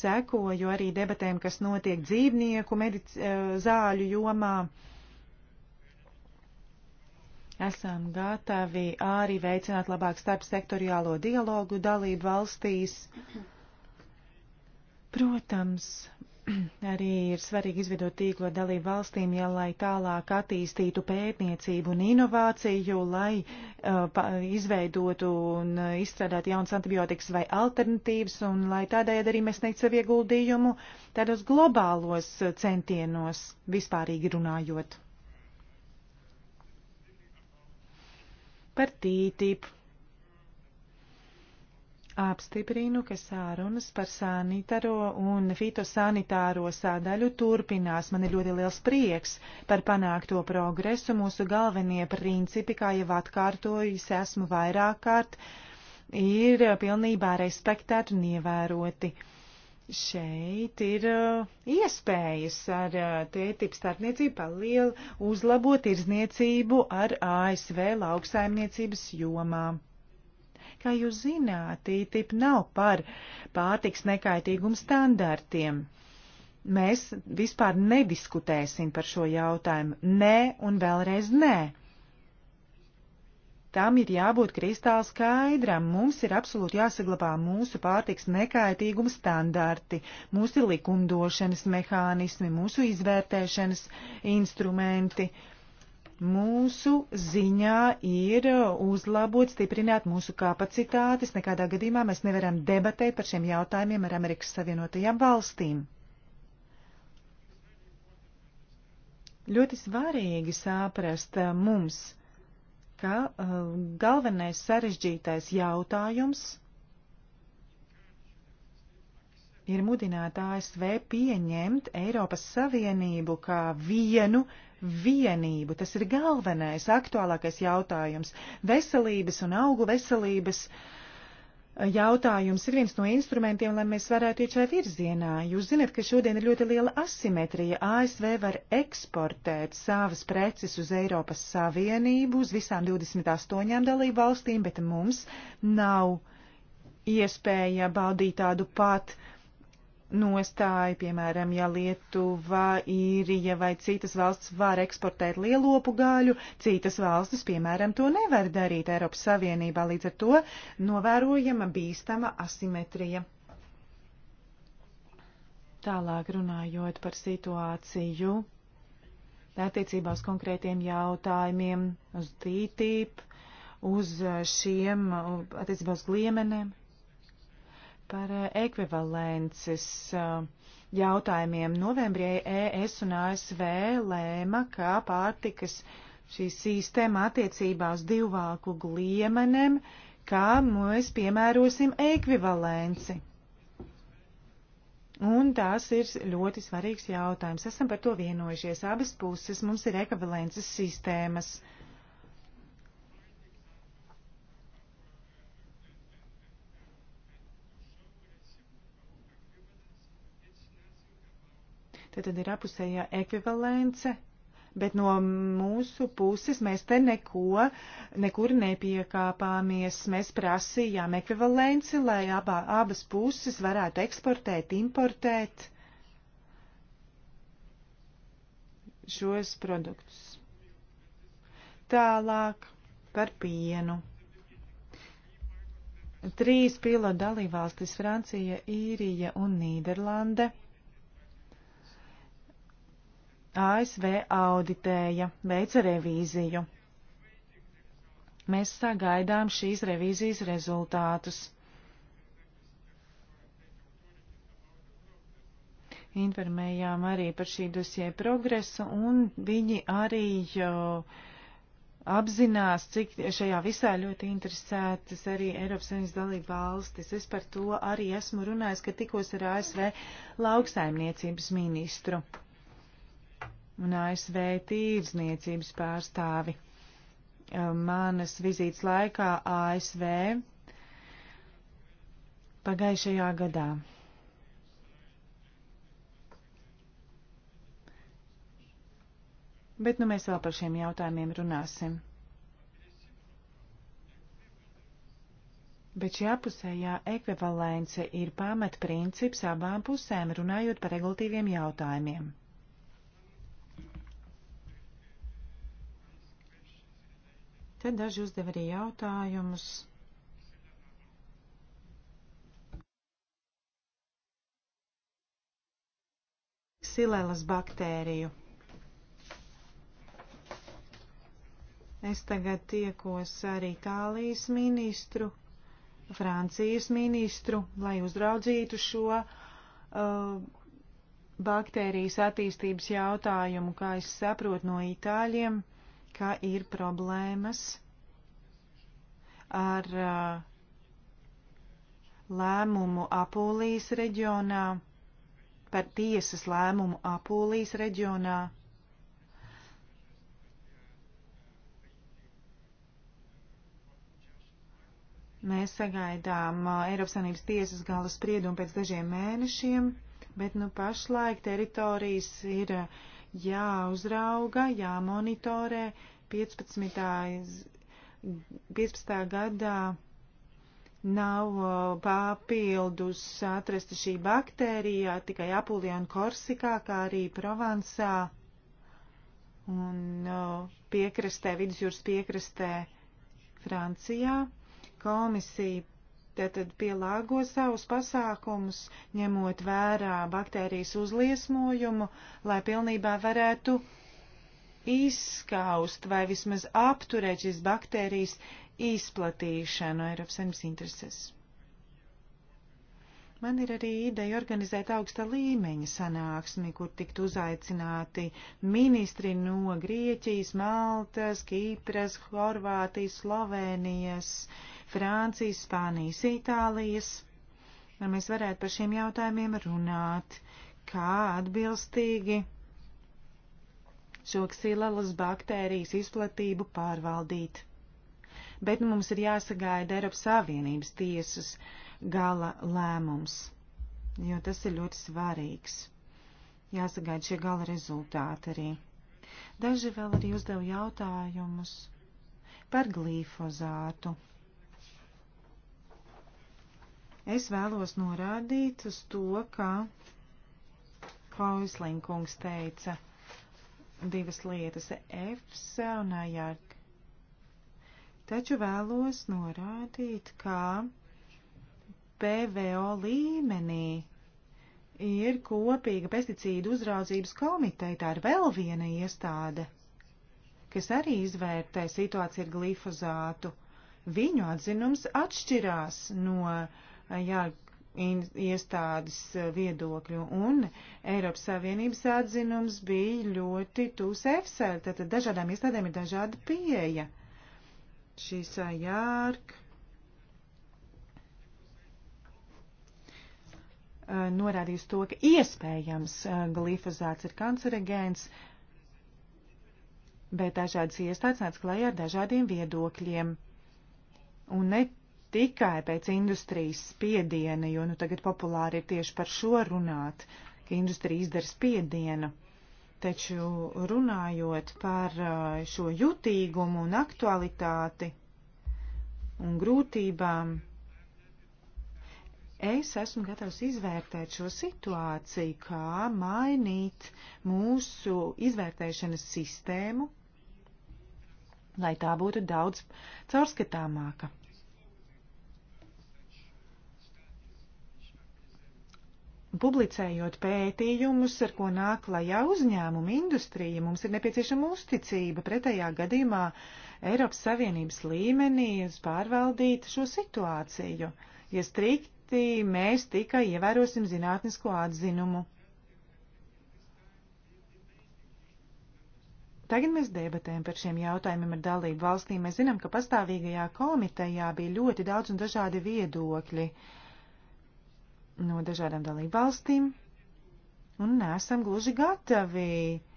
sekoju arī debatēm, kas notiek dzīvnieku medic, eh, zāļu jomā. Esam gatavi arī veicināt labāk starp sektoriālo dialogu dalību valstīs. Protams, <clears throat> arī ir svarīgi izveidot tīklo dalību valstīm, ja lai tālāk attīstītu pētniecību un inovāciju, lai uh, pa, izveidotu un izstrādātu jaunas antibiotikas vai alternatīvas, un lai tādējādi arī mēs sniegtu savu ieguldījumu tādos globālos centienos vispārīgi runājot. Par tītību apstiprinu, ka sārunas par sanitāro un fitosanitāro sādaļu turpinās. Man ir ļoti liels prieks par panākto progresu. Mūsu galvenie principi, kā jau atkārtojis, esmu vairāk kārt, ir pilnībā respektēti un ievēroti. Šeit ir uh, iespējas ar uh, tētību starpniecību palielu uzlabot tirzniecību ar ASV lauksaimniecības jomām. Kā jūs zināt, TTIP nav par pārtiks nekaitīgumu standartiem. Mēs vispār nediskutēsim par šo jautājumu. Nē un vēlreiz nē. Tam ir jābūt kristāli skaidram. Mums ir absolūti jāsaglabā mūsu pārtiks nekaitīguma standarti, mūsu likumdošanas mehānismi, mūsu izvērtēšanas instrumenti. Uh, Mūsu ziņā ir uzlabot, stiprināt mūsu kapacitātes. Nekādā gadījumā mēs nevaram debatēt par šiem jautājumiem ar Amerikas Savienotajām valstīm. Ļoti svarīgi saprast mums, ka uh, galvenais sarežģītais jautājums ir mudināt ASV pieņemt Eiropas Savienību kā vienu vienību. Tas ir galvenais, aktuālākais jautājums. Veselības un augu veselības eh, jautājums ir viens no instrumentiem, lai mēs varētu iet šajā virzienā. Jūs zinat, ka šodien ir ļoti liela asimetrija. ASV var eksportēt savas preces uz Eiropas Savienību, uz visām 28 dalību valstīm, bet mums nav iespēja baudīt tādu pat nostāju, piemēram, ja Lietuva, Īrija vai citas valsts var eksportēt lielopu gaļu, citas valstis, piemēram, to nevar darīt Eiropas Savienībā, līdz ar to novērojama bīstama asimetrija. Tālāk runājot par situāciju, attiecībā uz konkrētiem jautājumiem, uz tītību, uz šiem, attiecībā uz gliemenēm par eh, ekvivalences eh, jautājumiem. Novembrī ES un ASV lēma, ka pārtikas šī sistēma attiecībā uz divvāku gliemenem, kā mēs piemērosim ekvivalenci. Un tās ir ļoti svarīgs jautājums. Esam par to vienojušies. Abas puses mums ir ekvivalences sistēmas. Uh, Tad ir apusējā ekvivalence, bet no mūsu puses mēs te neko, nekur nepiekāpāmies. Mēs prasījām ekvivalenci, lai abā, abas puses varētu eksportēt, importēt šos produktus. Tālāk par pienu. Trīs pilota dalībvalstis - Francija, Īrija un Nīderlande ASV auditēja, veica revīziju. Mēs sagaidām šīs revīzijas rezultātus. Informējām arī par šī dosie progresu, un viņi arī jau apzinās, cik šajā visā ļoti interesētas arī Eiropas Savienības dalība valstis. Es par to arī esmu runājis, ka tikos ar ASV lauksaimniecības ministru un ASV tīrzniecības pārstāvi. Manas vizītes laikā ASV pagājušajā gadā. Bet nu mēs vēl par šiem jautājumiem runāsim. Bet šī apusējā ekvivalence ir pamatprincips abām pusēm runājot par regulatīviem jautājumiem. Te daži uzdev arī jautājumus. Silēlas baktēriju. Es tagad tiekos ar Itālijas ministru, Francijas ministru, lai uzraudzītu šo uh, baktērijas attīstības jautājumu, kā es saprotu no Itāļiem. Uh, ka ir problēmas ar lēmumu Apūlijas reģionā, par tiesas lēmumu Apūlijas reģionā. Mēs sagaidām Eiropas Savienības tiesas gala spriedumu pēc dažiem mēnešiem, bet nu pašlaik teritorijas ir uh, jāuzrauga, jāmonitorē 15. 15. gadā nav papildus atrasta šī baktērija tikai Apulijā un Korsikā, kā arī Provansā un piekrastē, vidusjūras piekrastē Francijā. Komisija Tātad pielāgo savus pasākumus, ņemot vērā baktērijas uzliesmojumu, lai pilnībā varētu izskaust vai vismaz apturēt šīs baktērijas izplatīšanu Eiropas Savienības intereses. Man ir arī ideja organizēt augsta līmeņa sanāksmi, kur tiktu uzaicināti ministri no Grieķijas, Maltas, Kīpras, Horvātijas, Slovenijas, Francijas, Spānijas, Itālijas. Lai mēs varētu par šiem jautājumiem runāt, kā atbilstīgi šo ksilalas baktērijas izplatību pārvaldīt. Bet nu, mums ir jāsagaida Eiropas Savienības tiesas uh, gala lēmums, jo tas ir ļoti svarīgs. Jāsagaida šie gala rezultāti arī. Daži vēl arī uzdev jautājumus par glifozātu. Es vēlos norādīt uz to, ka Klauslinkungs teica divas lietas - EFSA un AJARK. Taču vēlos norādīt, ka PVO līmenī ir kopīga pesticīdu uzraudzības komiteja. Tā ir vēl viena iestāde, kas arī izvērtē situāciju ar glifozātu. Viņu atzinums atšķirās no jā, iestādes viedokļu, un Eiropas Savienības atzinums bija ļoti tūs EFSA, tātad dažādām iestādēm ir dažāda pieeja. Šīs jārka Uh, norādījusi to, ka iespējams uh, glifozāts ir kancerogēns, bet dažādas iestādes nāca klajā ar dažādiem viedokļiem. Un ne tikai pēc industrijas spiediena, jo nu tagad populāri ir tieši par šo runāt, ka industrija izdara spiedienu. Taču runājot par uh, šo jutīgumu un aktualitāti un grūtībām, Es esmu gatavs izvērtēt šo situāciju, kā mainīt mūsu izvērtēšanas sistēmu, lai tā būtu daudz caurskatāmāka. Publicējot pētījumus, ar ko nāk lajā uzņēmuma industrija, mums ir nepieciešama uzticība. Pretējā gadījumā Eiropas Savienības līmenī uz pārvaldīt šo situāciju. Ja strikt citi mēs tikai ievērosim zinātnisko atzinumu. Tagad mēs debatējam par šiem jautājumiem ar dalību valstīm. Mēs zinām, ka pastāvīgajā komitejā bija ļoti daudz un dažādi viedokļi no dažādām dalību valstīm, un nesam gluži gatavi uh,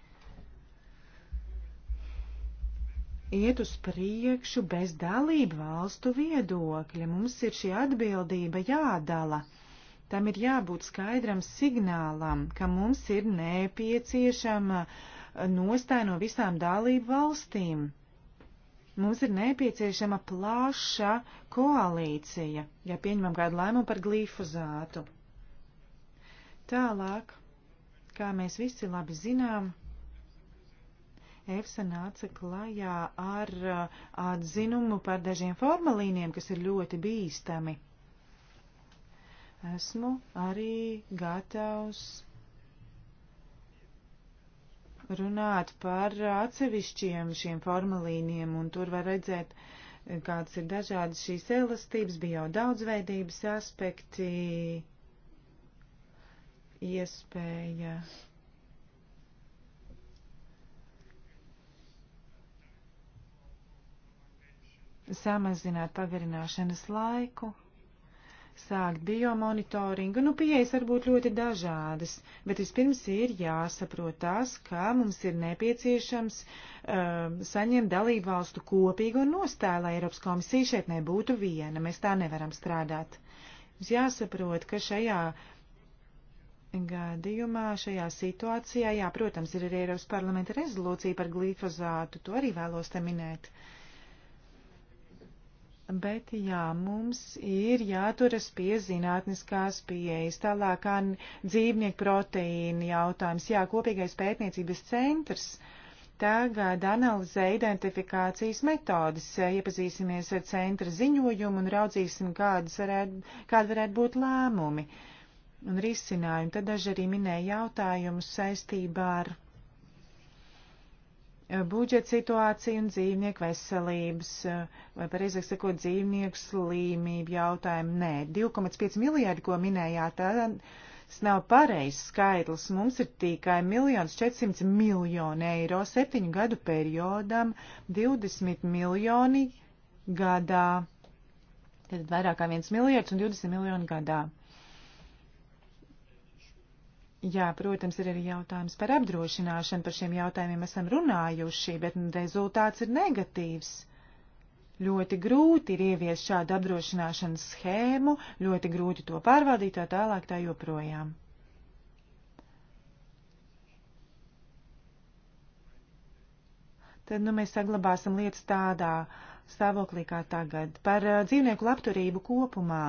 iet uz priekšu bez dalību valstu viedokļa. Mums ir šī atbildība jādala. Tam ir jābūt skaidram signālam, ka mums ir nepieciešama nostāja no visām dalību valstīm. Mums ir nepieciešama plaša koalīcija, ja pieņemam kādu lēmumu par glifozātu. Tālāk, kā mēs visi labi zinām, EFSA nāca klajā ar uh, atzinumu par dažiem formalīniem, kas ir ļoti bīstami. Esmu arī gatavs runāt par atsevišķiem šiem formalīniem, un tur var redzēt, uh, kāds ir dažādas šīs elastības, bija jau daudzveidības aspekti, iespēja. Yeah samazināt pagarināšanas laiku, sākt biomonitoringu. Nu, pieejas var būt ļoti dažādas, bet vispirms ir jāsaprot tas, kā mums ir nepieciešams um, saņemt dalību valstu kopīgo nostāju, lai Eiropas komisija šeit nebūtu viena. Mēs tā nevaram strādāt. Mums jāsaprot, ka šajā gadījumā, šajā situācijā, jā, protams, ir arī Eiropas parlamenta rezolūcija par glifozātu, to arī vēlos te minēt. Uh, Bet jā, mums ir jāturas pie zinātniskās pieejas. Tālāk kā dzīvnieku proteīna jautājums. Jā, kopīgais pētniecības centrs tagad analizē identifikācijas metodas. Iepazīsimies ar centra ziņojumu un raudzīsim, kādas varētu, kāda varētu būt lēmumi un risinājumi. Tad daži arī minēja jautājumus saistībā ar budžeta situācija un dzīvnieku veselības, eh, vai pareizāk sakot, dzīvnieku slimību jautājumu. Nē, 2,5 miljārdi, ko minējāt, tas nav pareizs skaitlis. Mums ir tikai 1 400 miljoni eiro septiņu gadu periodam, 20 miljoni gadā. Tad vairāk kā 1 miljards un 20 miljoni gadā. Jā, protams, ir arī jautājums par apdrošināšanu. Par šiem jautājumiem esam runājuši, bet rezultāts ir negatīvs. Ļoti grūti ir ieviest šādu apdrošināšanas schēmu, ļoti grūti to pārvaldīt, tā tālāk tā joprojām. Tad nu, mēs saglabāsim lietas tādā stāvoklī kā tagad. Par uh, dzīvnieku labturību kopumā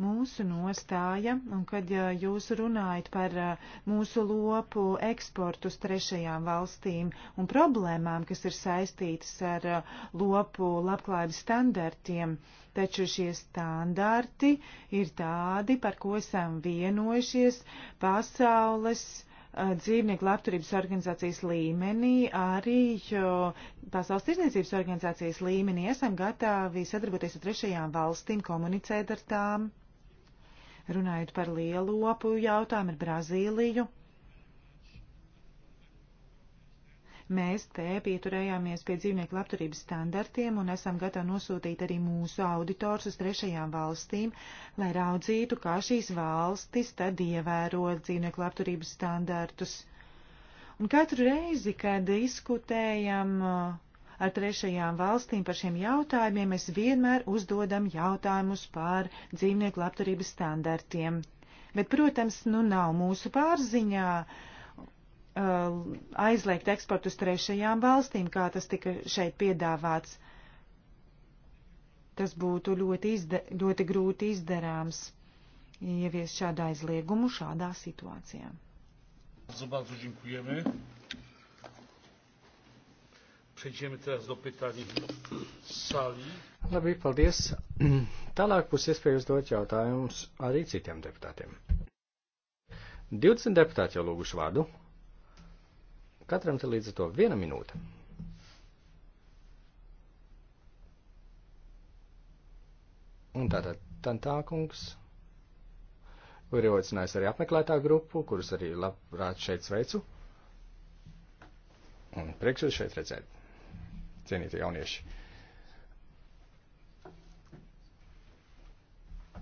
mūsu nostāja, un kad jūs runājat par eh, mūsu lopu eksportu uz trešajām valstīm un problēmām, kas ir saistītas ar eh, lopu labklājības standartiem, taču šie standarti ir tādi, par ko esam vienojušies pasaules eh, dzīvnieku labturības organizācijas līmenī, arī Pasaules tirdzniecības organizācijas līmenī esam gatavi sadarboties ar trešajām valstīm, komunicēt ar tām. Runājot par lielopu jautājumu ar Brazīliju, mēs te pieturējāmies pie dzīvnieku labturības standartiem un esam gatavi nosūtīt arī mūsu auditors uz trešajām valstīm, lai raudzītu, kā šīs valstis tad ievēro dzīvnieku labturības standartus. Un katru reizi, kad diskutējam uh, ar trešajām valstīm par šiem jautājumiem, mēs vienmēr uzdodam jautājumus par dzīvnieku labturības standartiem. Bet, protams, nu nav mūsu pārziņā uh, aizliegt eksportu uz trešajām valstīm, kā tas tika šeit piedāvāts. Tas būtu ļoti, izda ļoti grūti izdarāms ievies šādu aizliegumu šādā situācijā. Bardzo dziękujemy. Przejdziemy teraz do pytań sali. Labi, paldies. <clears throat> Tālāk būs iespēja uzdot jautājumus arī citiem deputātiem. 20 deputāti jau lūguši vārdu. Katram te līdz ar to viena minūte. Un tātad Tantākungs ir ierocinājis arī apmeklētā grupu, kurus arī labprāt šeit sveicu. Un prieks jūs šeit redzēt cienītie jaunieši.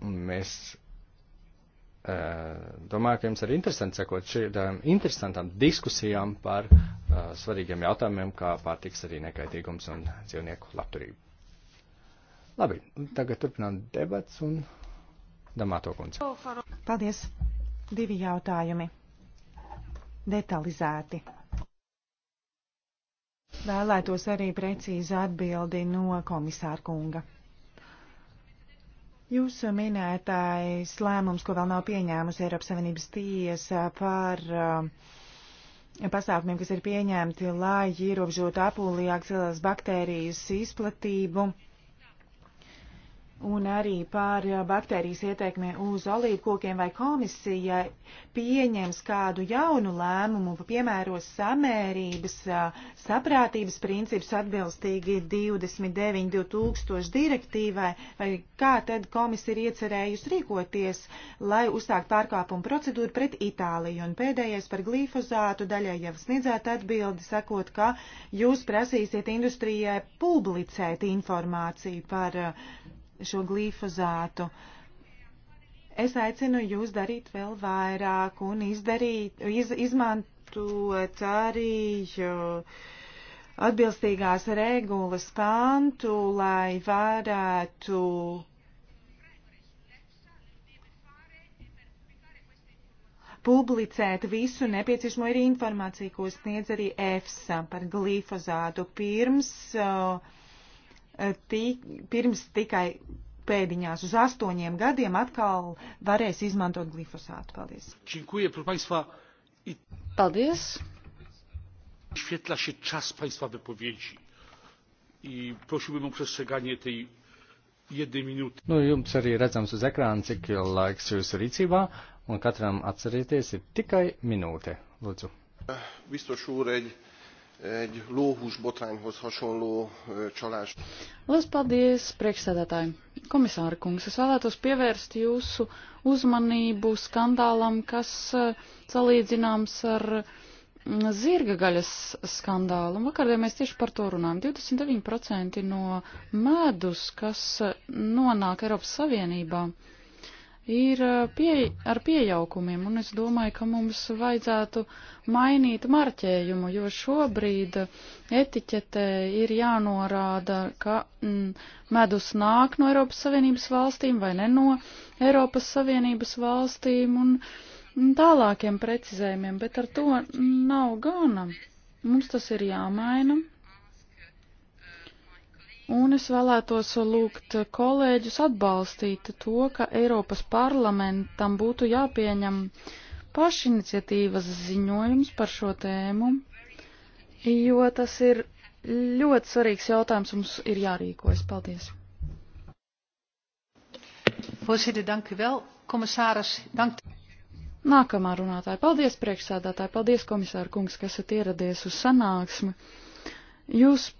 Un mēs eh, domāju, ka jums ir interesanti sekot šīm interesantām diskusijām par uh, svarīgiem jautājumiem, kā pārtiks arī nekaitīgums un dzīvnieku labturība. Labi, tagad turpinām debats un Damāto kundze. Paldies. Divi jautājumi. Detalizēti. Vēlētos arī precīzi atbildi no komisāra kunga. Jūsu minētais lēmums, ko vēl nav pieņēmusi Eiropas Savienības tiesa par uh, pasākumiem, kas ir pieņemti, lai ierobežotu apūlijā akcilās baktērijas izplatību un arī par uh, baktērijas ieteikmi uz olīvkokiem vai komisija pieņems kādu jaunu lēmumu, piemēros samērības, uh, saprātības principus atbilstīgi 29.000 direktīvai, vai kā tad komisija ir iecerējusi rīkoties, lai uzsākt pārkāpumu procedūru pret Itāliju. Un pēdējais par glifozātu daļai jau sniedzēt atbildi, sakot, ka jūs prasīsiet industrijai publicēt informāciju par uh, šo glifozātu. Es aicinu jūs darīt vēl vairāk un izdarīt, iz, izmantot arī atbilstīgās regulas pantu, lai varētu publicēt visu nepieciešamo ir informāciju, ko sniedz arī EFSA par glifozātu pirms uh, tik, pirms tikai pēdiņās uz astoņiem gadiem atkal varēs izmantot glifosātu. Paldies! Paldies! Świetla się czas Państwa wypowiedzi i prosiłbym o przestrzeganie tej jednej minuty. Nu, jums arī redzams uz ekrāna, cik laiks jūsu rīcībā, un katram atcerieties ir tikai minūte. Lūdzu. Eh, biztos úr, egy egy lóhús botrányhoz hasonló csalás. Lielas paldies priekšsēdētājiem. Komisāra kungs, es vēlētos pievērst jūsu uzmanību skandālam, kas salīdzināms ar zirga gaļas skandālu. Vakardien mēs tieši par to runājam. 29% no medus, kas nonāk Eiropas Savienībā, uh, ir eh, pie, ar piejaukumiem, un es domāju, ka mums vajadzētu mainīt marķējumu, jo šobrīd etiķetē ir jānorāda, ka mm, medus nāk no Eiropas Savienības valstīm vai ne no Eiropas Savienības valstīm un mm, tālākiem precizējumiem, bet ar to nav gana. Mums tas ir jāmaina, Un es vēlētos lūgt kolēģus atbalstīt to, ka Eiropas parlamentam būtu jāpieņem pašiniciatīvas ziņojums par šo tēmu, jo tas ir ļoti svarīgs jautājums, mums ir jārīkojas. Paldies! Voorzitter, dank u wel. Commissaris, dank. Nākamā runātāja. Paldies, priekšsēdētāji. Paldies, komisāra kungs, kas esat ieradies uz sanāksmi. Jūs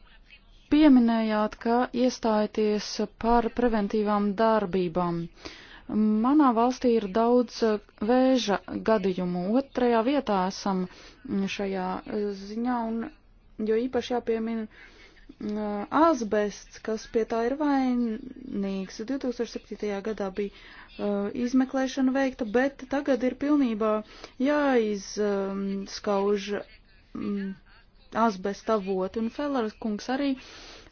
pieminējāt, ka iestājaties par preventīvām darbībām. Manā valstī ir daudz vēža gadījumu. Otrajā vietā esam šajā ziņā, un jo īpaši jāpiemina azbests, kas pie tā ir vainīgs. 2007. gadā bija uh, izmeklēšana veikta, bet tagad ir pilnībā jāizskauž um, asbesta avotu, un Fellers kungs arī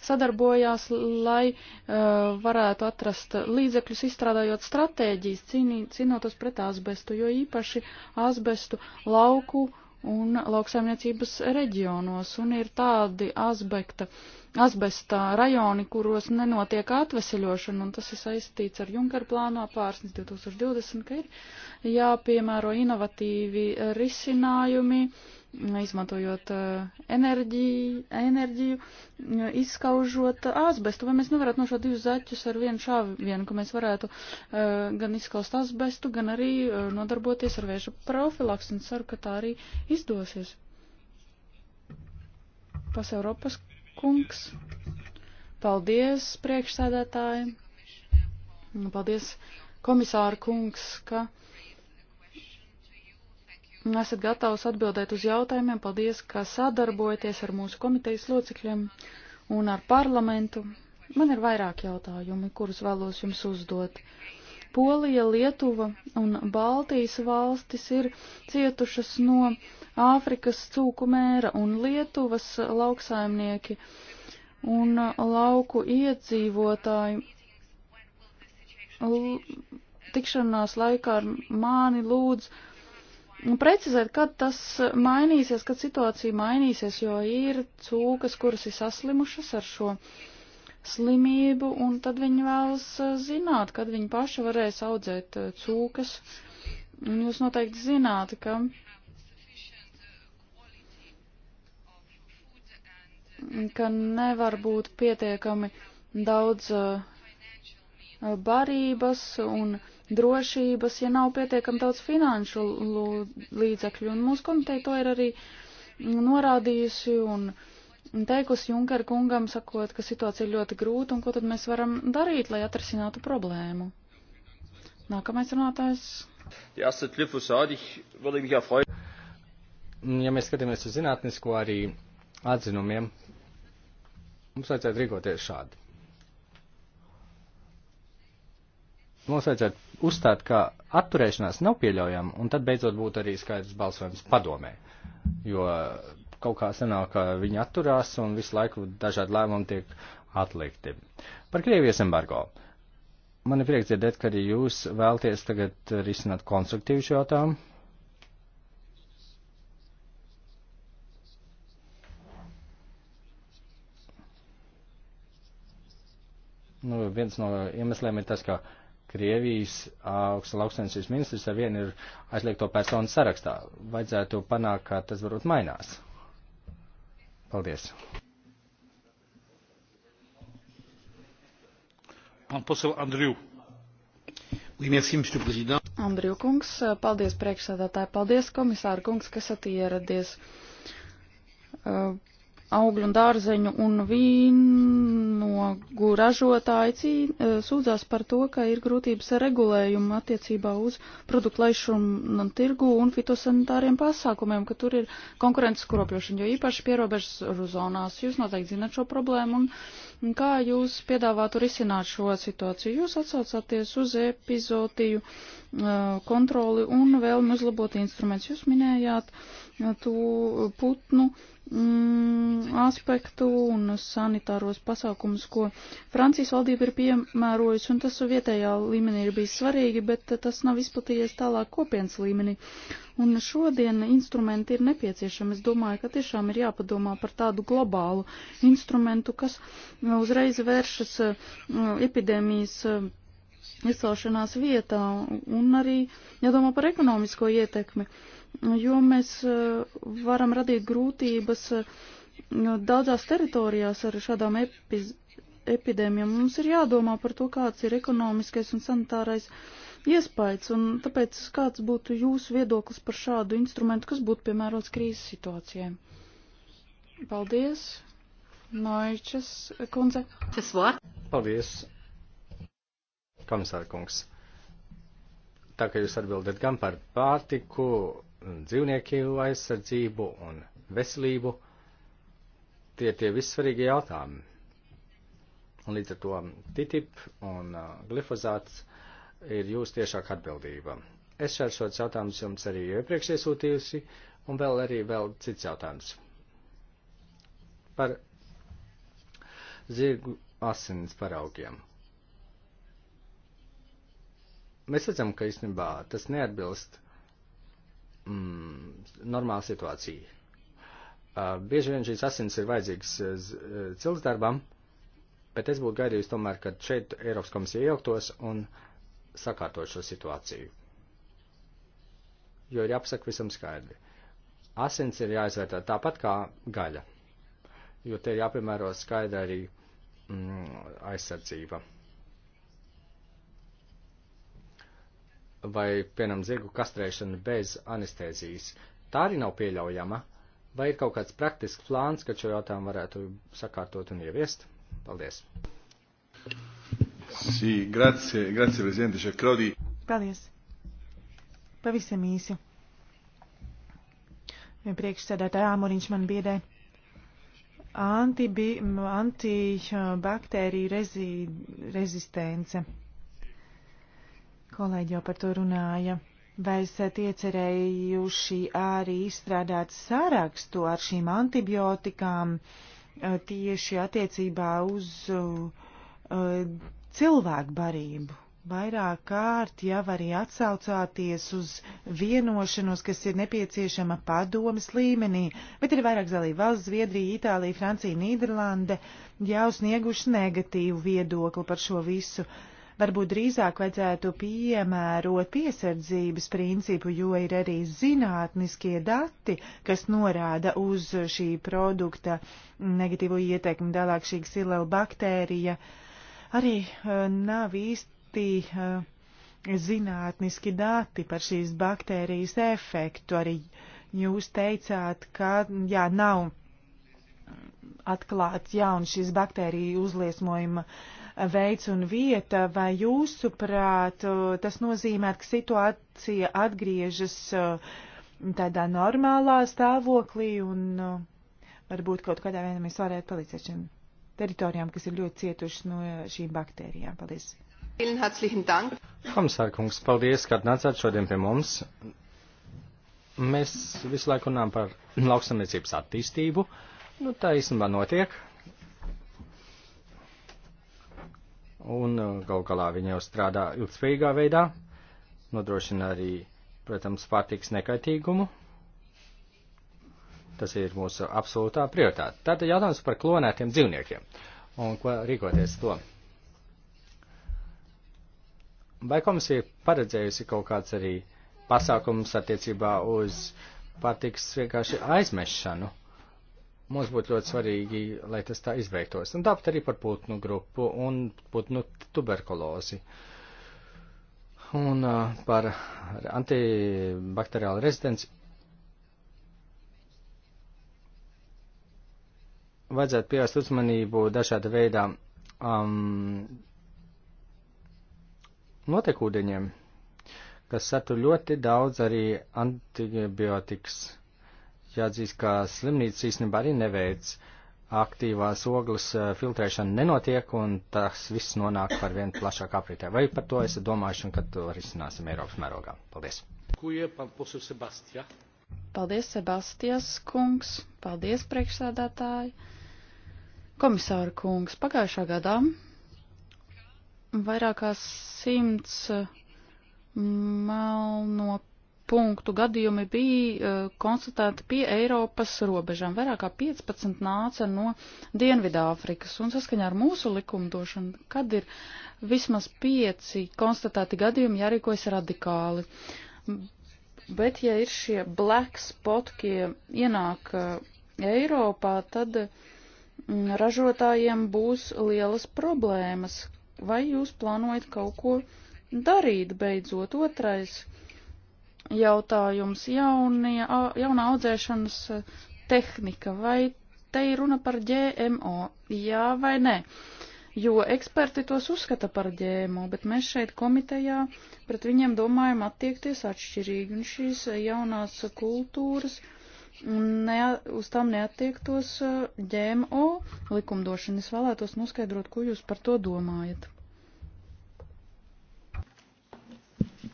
sadarbojās, lai uh, varētu atrast līdzekļus izstrādājot stratēģijas, cīnī, cīnotos pret asbestu, jo īpaši asbestu lauku un lauksaimniecības reģionos, un ir tādi asbekta, asbesta rajoni, kuros nenotiek atveseļošana, un tas ir saistīts ar Junkara plāno pārsnes 2020, ka ir jāpiemēro inovatīvi risinājumi. Uh, izmantojot eh, enerģiju, enerģiju eh, izskaužot asbestu, vai mēs nevarētu no šo divus zaķus ar vienu šāvienu, ka mēs varētu eh, gan izskaust asbestu, gan arī nodarboties ar vēža profilaks, un ceru, ka tā arī izdosies. Pas Eiropas kungs. Paldies, priekšsēdētāji. Paldies, komisāra kungs, ka esat gatavs atbildēt uz jautājumiem. Paldies, ka sadarbojaties ar mūsu komitejas locekļiem un ar parlamentu. Man ir vairāk jautājumi, kurus vēlos jums uzdot. Polija, Lietuva un Baltijas valstis ir cietušas no Āfrikas cūku mēra un Lietuvas lauksaimnieki un lauku iedzīvotāji tikšanās laikā ar mani lūdzu Nu, precizēt, kad tas mainīsies, kad situācija mainīsies, jo ir cūkas, kuras ir saslimušas ar šo slimību, un tad viņi vēlas eh, zināt, kad viņi paši varēs audzēt eh, cūkas. Un jūs noteikti zināt, ka ka nevar būt pietiekami daudz eh, barības un uh, drošības, ja nav pietiekami daudz finanšu līdzekļu. Un mūsu komiteja to ir arī norādījusi un teikusi Junker kungam, sakot, ka situācija ir ļoti grūta un ko tad mēs varam darīt, lai atrisinātu problēmu. Nākamais runātājs. Ja mēs skatāmies uz zinātnisko arī atzinumiem, mums vajadzētu rīkoties šādi. mums vajadzētu uzstāt, ka atturēšanās nav pieļaujama, un tad beidzot būtu arī skaidrs balsojums padomē. Jo kaut kā sanāk, ka viņi atturās un visu laiku dažādi lēmumi tiek atlikti. Par Krievijas embargo. Man ir prieks dzirdēt, ka arī jūs vēlties tagad risināt konstruktīvu šo jautājumu. Nu, viens no iemesliem ir tas, ka uh, Krievijas augsta lauksainicības ministrs ar vienu ir aizliegto personu sarakstā. Vajadzētu panākt, ka tas varbūt mainās. Paldies. Man posel Andriju. Oui, merci, monsieur le président. Andriju kungs, paldies priekšsēdētāji, paldies komisāru kungs, kas esat ieradies. Uh, augļu un dārzeņu un vīnogu ražotāji cī, eh, sūdzās par to, ka ir grūtības ar regulējumu attiecībā uz produktu laišanu tirgu un fitosanitāriem pasākumiem, ka tur ir konkurences kropļošana, jo īpaši pierobežas zonās jūs noteikti zinat šo problēmu un uh, Kā jūs piedāvātu risināt šo situāciju? Jūs atsaucāties uz epizotiju uh, kontroli un vēlmi uzlabot instruments. Jūs minējāt uh, to putnu mm, aspektu un sanitāros pasākumus, ko Francijas valdība ir piemērojusi, un tas vietējā līmenī ir bijis svarīgi, bet tas nav izplatījies tālāk kopienas līmenī. Uh, Un šodien instrumenti ir nepieciešami. Es domāju, ka tiešām ir jāpadomā par tādu globālu instrumentu, kas uzreiz vēršas uh, epidēmijas uh, izcelšanās vietā un arī jādomā par ekonomisko ietekmi, jo mēs uh, varam radīt grūtības daudzās teritorijās ar šādām epidēmijām. Mums ir jādomā par to, kāds ir ekonomiskais un sanitārais uh, iespējas, un tāpēc kāds būtu jūsu viedoklis par šādu instrumentu, kas būtu piemērots krīzes situācijai? Paldies, Noičes kundze. Tas var. Paldies, komisāra kungs. Tā kā jūs atbildat gan par pārtiku, dzīvnieku aizsardzību un veselību, tie tie vissvarīgi jautājumi. Un līdz ar to TTIP un uh, glifozāts ir jūsu tiešāka atbildība. Es šāds šāds jautājums jums arī iepriekš iesūtījusi, un vēl arī vēl cits jautājums. Par zirgu asins paraugiem. Mēs redzam, ka īstenībā tas neatbilst mm, normāla situācija. Uh, bieži vien šīs asins ir vajadzīgas uh, cilsdarbam, bet es būtu gaidījis tomēr, ka šeit Eiropas komisija iejauktos un uh, sakārtot šo situāciju. Jo ir jāpasaka visam skaidri. Asins ir jāizvērtē tāpat kā gaļa, jo te ir jāpiemēro skaidra arī mm, aizsardzība. Vai, piemēram, zirgu kastrēšana bez anestēzijas. Tā arī nav pieļaujama. Vai ir kaut kāds praktisks plāns, ka šo jautājumu varētu sakārtot un ieviest? Paldies! Sī, grazie, grazie, prezidente, cercherò di. Paldies. Pavisam īsi. Priekšsēdētāja Āmuriņš man biedē. Antibaktērija anti rezi, rezistence. Kolēģi jau par to runāja. Vai esat iecerējuši arī izstrādāt sarakstu ar šīm antibiotikām tieši attiecībā uz uh, cilvēku barību. Vairāk kārt jau arī atsaucāties uz vienošanos, kas ir nepieciešama padomas līmenī, bet ir vairāk dalība valsts - Zviedrija, Itālija, Francija, Nīderlande - jau snieguši negatīvu viedokli par šo visu. Varbūt drīzāk vajadzētu piemērot piesardzības principu, jo ir arī zinātniskie dati, kas norāda uz šī produkta negatīvo ietekmi, tālāk šī ksilelu baktērija. Uh, arī e, nav īsti e, zinātniski dati par šīs baktērijas efektu. Arī jūs teicāt, ka jā, nav atklāts jauns šis baktēriju uzliesmojuma veids un vieta, vai jūsuprāt e, tas nozīmē, ka situācija atgriežas tādā normālā stāvoklī un varbūt kaut kādā veidā mēs varētu palīdzēt šim teritorijām, kas ir ļoti cietušas no šīm baktērijām. Paldies! Hamsārkungs, paldies, ka atnācāt šodien pie mums. Mēs visu laiku runājam par lauksamniecības attīstību. Nu, tā īstenībā notiek. Un uh, gal galā viņi jau strādā ilgspējīgā veidā, nodrošina arī, protams, pārtiks nekaitīgumu Tas ir mūsu absolūtā prioritāte. Tātad jautājums par klonētiem dzīvniekiem un ko rīkoties to. Vai komisija paredzējusi kaut kāds arī pasākums attiecībā uz patiks vienkārši aizmešanu? Mums būtu ļoti svarīgi, lai tas tā izbeigtos. Un tāpat arī par putnu grupu un putnu tuberkulozi. Un uh, par antibakteriālu rezidenci vajadzētu pievērst uzmanību dažāda veidā um, notekūdeņiem, kas satur ļoti daudz arī antibiotikas. Jāatzīst, ka slimnīca īstenībā arī neveic aktīvās ogles uh, filtrēšana nenotiek, un tas viss nonāk par vien plašāk apritē. Vai par to esat domājuši un kad to risināsim Eiropas mērogā? Paldies. Paldies, Sebastijas kungs. Paldies, priekšsēdētāji. Komisāra kungs, pagājušā gadā vairākās simts mm, melno punktu gadījumi bija e, konstatēti pie Eiropas robežām. Vairāk kā 15 nāca no Dienvidāfrikas, un saskaņā ar mūsu likumdošanu, kad ir vismaz 5 konstatēti gadījumi, jārīkojas radikāli. Bet, ja ir šie black spot, kie ienāk e, Eiropā, tad uh, Mm, ražotājiem būs lielas problēmas. Vai jūs plānojat kaut ko darīt beidzot? Otrais jautājums jaunie, jaunā audzēšanas tehnika. Vai te ir runa par GMO? Jā vai nē? Jo eksperti tos uzskata par ģēmo, bet mēs šeit komitejā pret viņiem domājam attiekties atšķirīgi, un šīs jaunās kultūras uh, ne, uz tām neatiektos eh, ģēmo likumdošana. Es vēlētos noskaidrot, ko jūs par to domājat.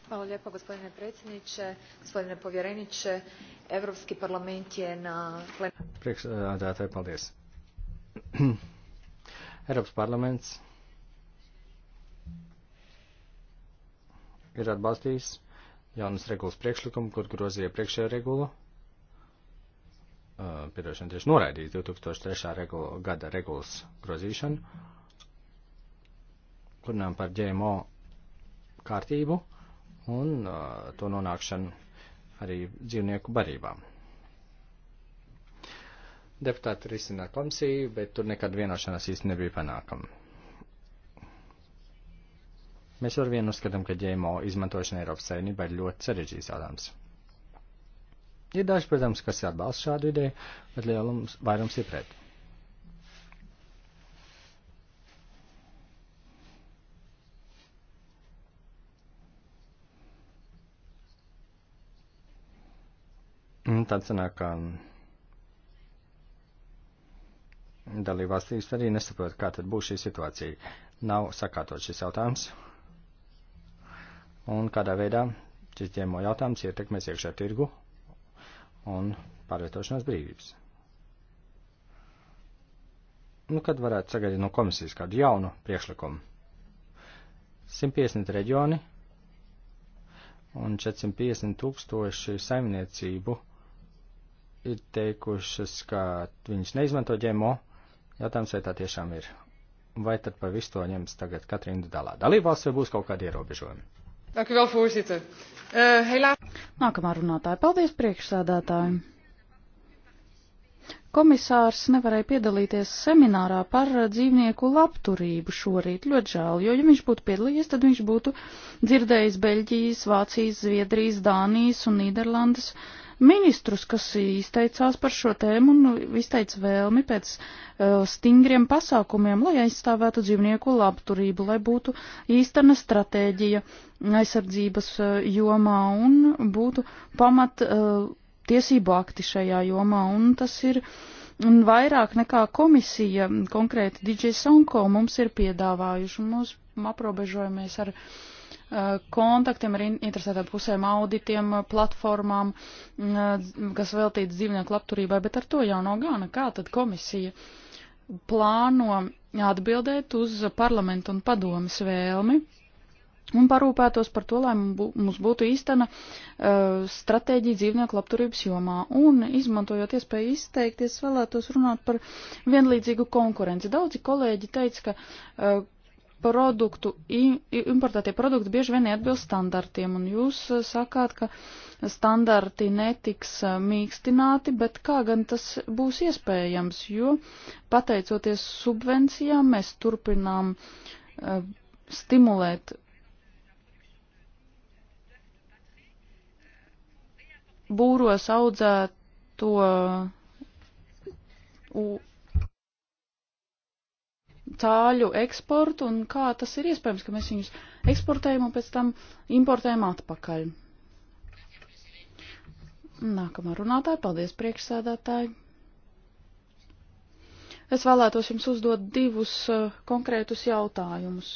Hvala lijepo gospodine predsjedniče, gospodine povjereniče. Europski parlament je na Priekšsēdētāji, paldies. <clears throat> Eiropas parlaments ir atbalstījis jaunas regulas priekšlikumu, kur grozīja priekšējo regulu uh, piedošana tieši noraidīja 2003. Regula, gada regulas grozīšanu, kurinām par GMO kārtību un uh, to nonākšanu arī dzīvnieku barībām. Deputāti risina komisiju, bet tur nekad vienošanās īsti nebija panākama. Mēs ar vienu uzskatām, ka ģēmo izmantošana Eiropas saimnībā ir ļoti sarežģīts jautājums. Ir daži, protams, kas atbalsta šādu ideju, bet lielums vairums ir pret. Un tad sanāk, ka dalībvalstīs arī nesaprot, kā tad būs šī situācija. Nav sakārtot šis jautājums. Un kādā veidā šis ģēmo jautājums ietekmēs iekšā tirgu un pārvietošanās brīvības. Nu, kad varētu sagaidīt no komisijas kādu jaunu priekšlikumu? 150 reģioni un 450 tūkstoši saimniecību ir teikušas, ka viņas neizmanto ģemo. Jautājums, vai tā tiešām ir? Vai tad par visu to ņems tagad katra individuālā dalībvalsts, vai būs kaut kādi ierobežojumi? Vēl, uh, heilā... Nākamā runātāja. Paldies priekšsēdētājiem. Komisārs nevarēja piedalīties seminārā par dzīvnieku labturību šorīt. Ļoti žēl, jo, ja viņš būtu piedalījies, tad viņš būtu dzirdējis Beļģijas, Vācijas, Zviedrijas, Dānijas un Nīderlandes uh, ministrus, kas izteicās par šo tēmu un izteica vēlmi pēc uh, stingriem pasākumiem, lai aizstāvētu dzīvnieku labturību, lai būtu īstena stratēģija aizsardzības uh, jomā un būtu pamat uh, tiesību akti šajā jomā. Un tas ir un vairāk nekā komisija, konkrēti DJ Sonko, mums ir piedāvājuši. Mums aprobežojamies ar. Uh, kontaktiem ar interesētām pusēm, auditiem, platformām, mm, eh, kas veltīts dzīvnieku labturībai, bet ar to jau nav gana. Kā tad komisija plāno atbildēt uz parlamentu un padomas vēlmi un parūpētos par to, lai mums būtu īstena uh, stratēģija dzīvnieku labturības jomā. Un, izmantojot iespēju izteikties, vēlētos runāt par vienlīdzīgu konkurenci. Daudzi kolēģi teica, ka uh, produktu, importētie produkti bieži vien neatbilst standartiem, un jūs eh, sakāt, ka standarti netiks eh, mīkstināti, bet kā gan tas būs iespējams, jo pateicoties subvencijām mēs turpinām uh, stimulēt būros audzēto uh, cāļu eksportu un kā tas ir iespējams, ka mēs viņus eksportējam un pēc tam importējam atpakaļ. Nākamā runātāja, paldies priekšsēdētāji. Es vēlētos jums uzdot divus uh, konkrētus jautājumus.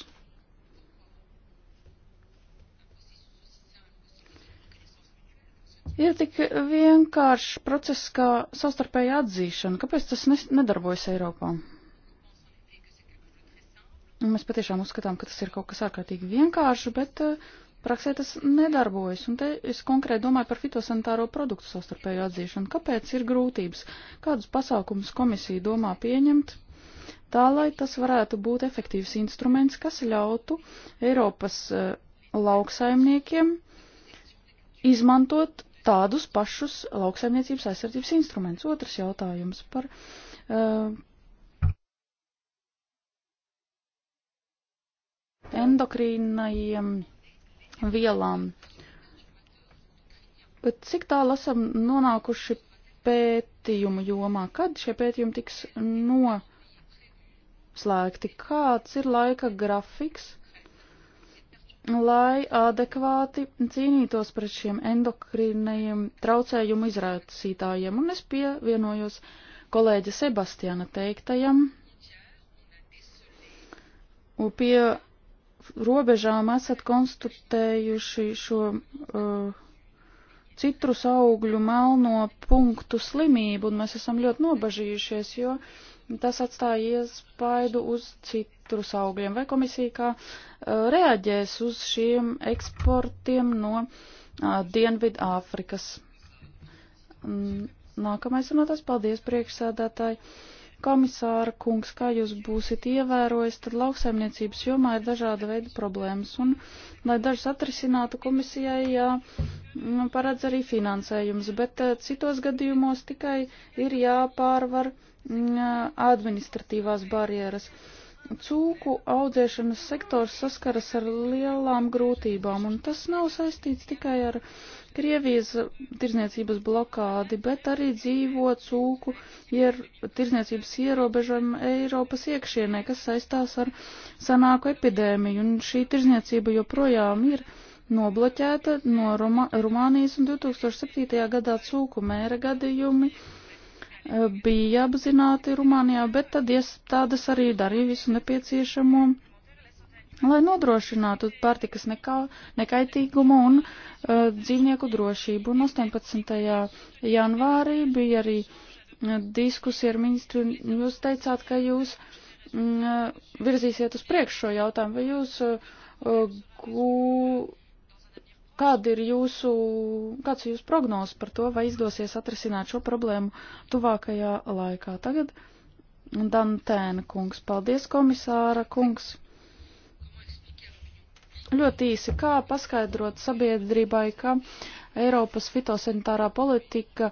Ir tik vienkāršs process kā savstarpēja atzīšana. Kāpēc tas nedarbojas Eiropā? Nu, mēs patiešām uzskatām, ka tas ir kaut kas ārkārtīgi vienkārši, bet eh, praksē tas nedarbojas. Un te es konkrēti domāju par fitosanitāro produktu sastarpēju atzīšanu. Kāpēc ir grūtības? Kādus pasākumus komisija domā pieņemt? Tā, lai tas varētu būt efektīvs instruments, kas ļautu Eiropas eh, lauksaimniekiem izmantot tādus pašus lauksaimniecības aizsardzības instrumentus. Otrs jautājums par uh, endokrīnajiem vielām. Bet cik tālu esam nonākuši pētījumu jomā? Kad šie pētījumi tiks noslēgti? Kāds ir laika grafiks, lai adekvāti cīnītos pret šiem endokrīnajiem traucējumu izraisītājiem? Un es pievienojos kolēģa Sebastiana teiktajam. Un pie robežām esat konstatējuši šo uh, citrus augļu melno punktu slimību, un mēs esam ļoti nobažījušies, jo tas atstāja iespaidu uz citrus augļiem. Vai komisija kā uh, reaģēs uz šiem eksportiem no uh, Dienvidu Āfrikas? Nākamais runātājs, paldies priekšsēdētāji. Uh, Komisāra kungs, kā jūs būsiet ievērojis, tad lauksaimniecības jomā ir dažāda veida problēmas, un, lai dažas atrisinātu komisijai, jā, nu, paredz arī finansējums, bet eh, citos gadījumos tikai ir jāpārvar m, mm, administratīvās barjeras. Uh, cūku audzēšanas sektors saskaras ar lielām grūtībām, un tas nav saistīts tikai ar Krievijas tirzniecības blokādi, bet arī dzīvo cūku ier, tirzniecības ierobežojumu Eiropas iekšienē, kas saistās ar sanāku epidēmiju, un šī tirzniecība joprojām ir nobloķēta no Roma, Rumānijas un 2007. gadā cūku mēra gadījumi bija apzināti Rumānijā, bet tad iestādes arī darīja visu nepieciešamo, lai nodrošinātu pārtikas nekā, nekaitīgumu un uh, dzīvnieku drošību. Un 18. janvārī bija arī uh, diskusija ar ministru, un jūs teicāt, ka jūs mm, uh, virzīsiet uz priekšu šo jautājumu, vai jūs uh, uh gu, Kāda ir jūsu, kāds ir jūsu prognoz par to, vai izdosies atrisināt šo problēmu tuvākajā laikā? Tagad Dantēna kungs, paldies komisāra kungs. Ļoti īsi, kā paskaidrot sabiedrībai, ka Eiropas fitosanitārā politika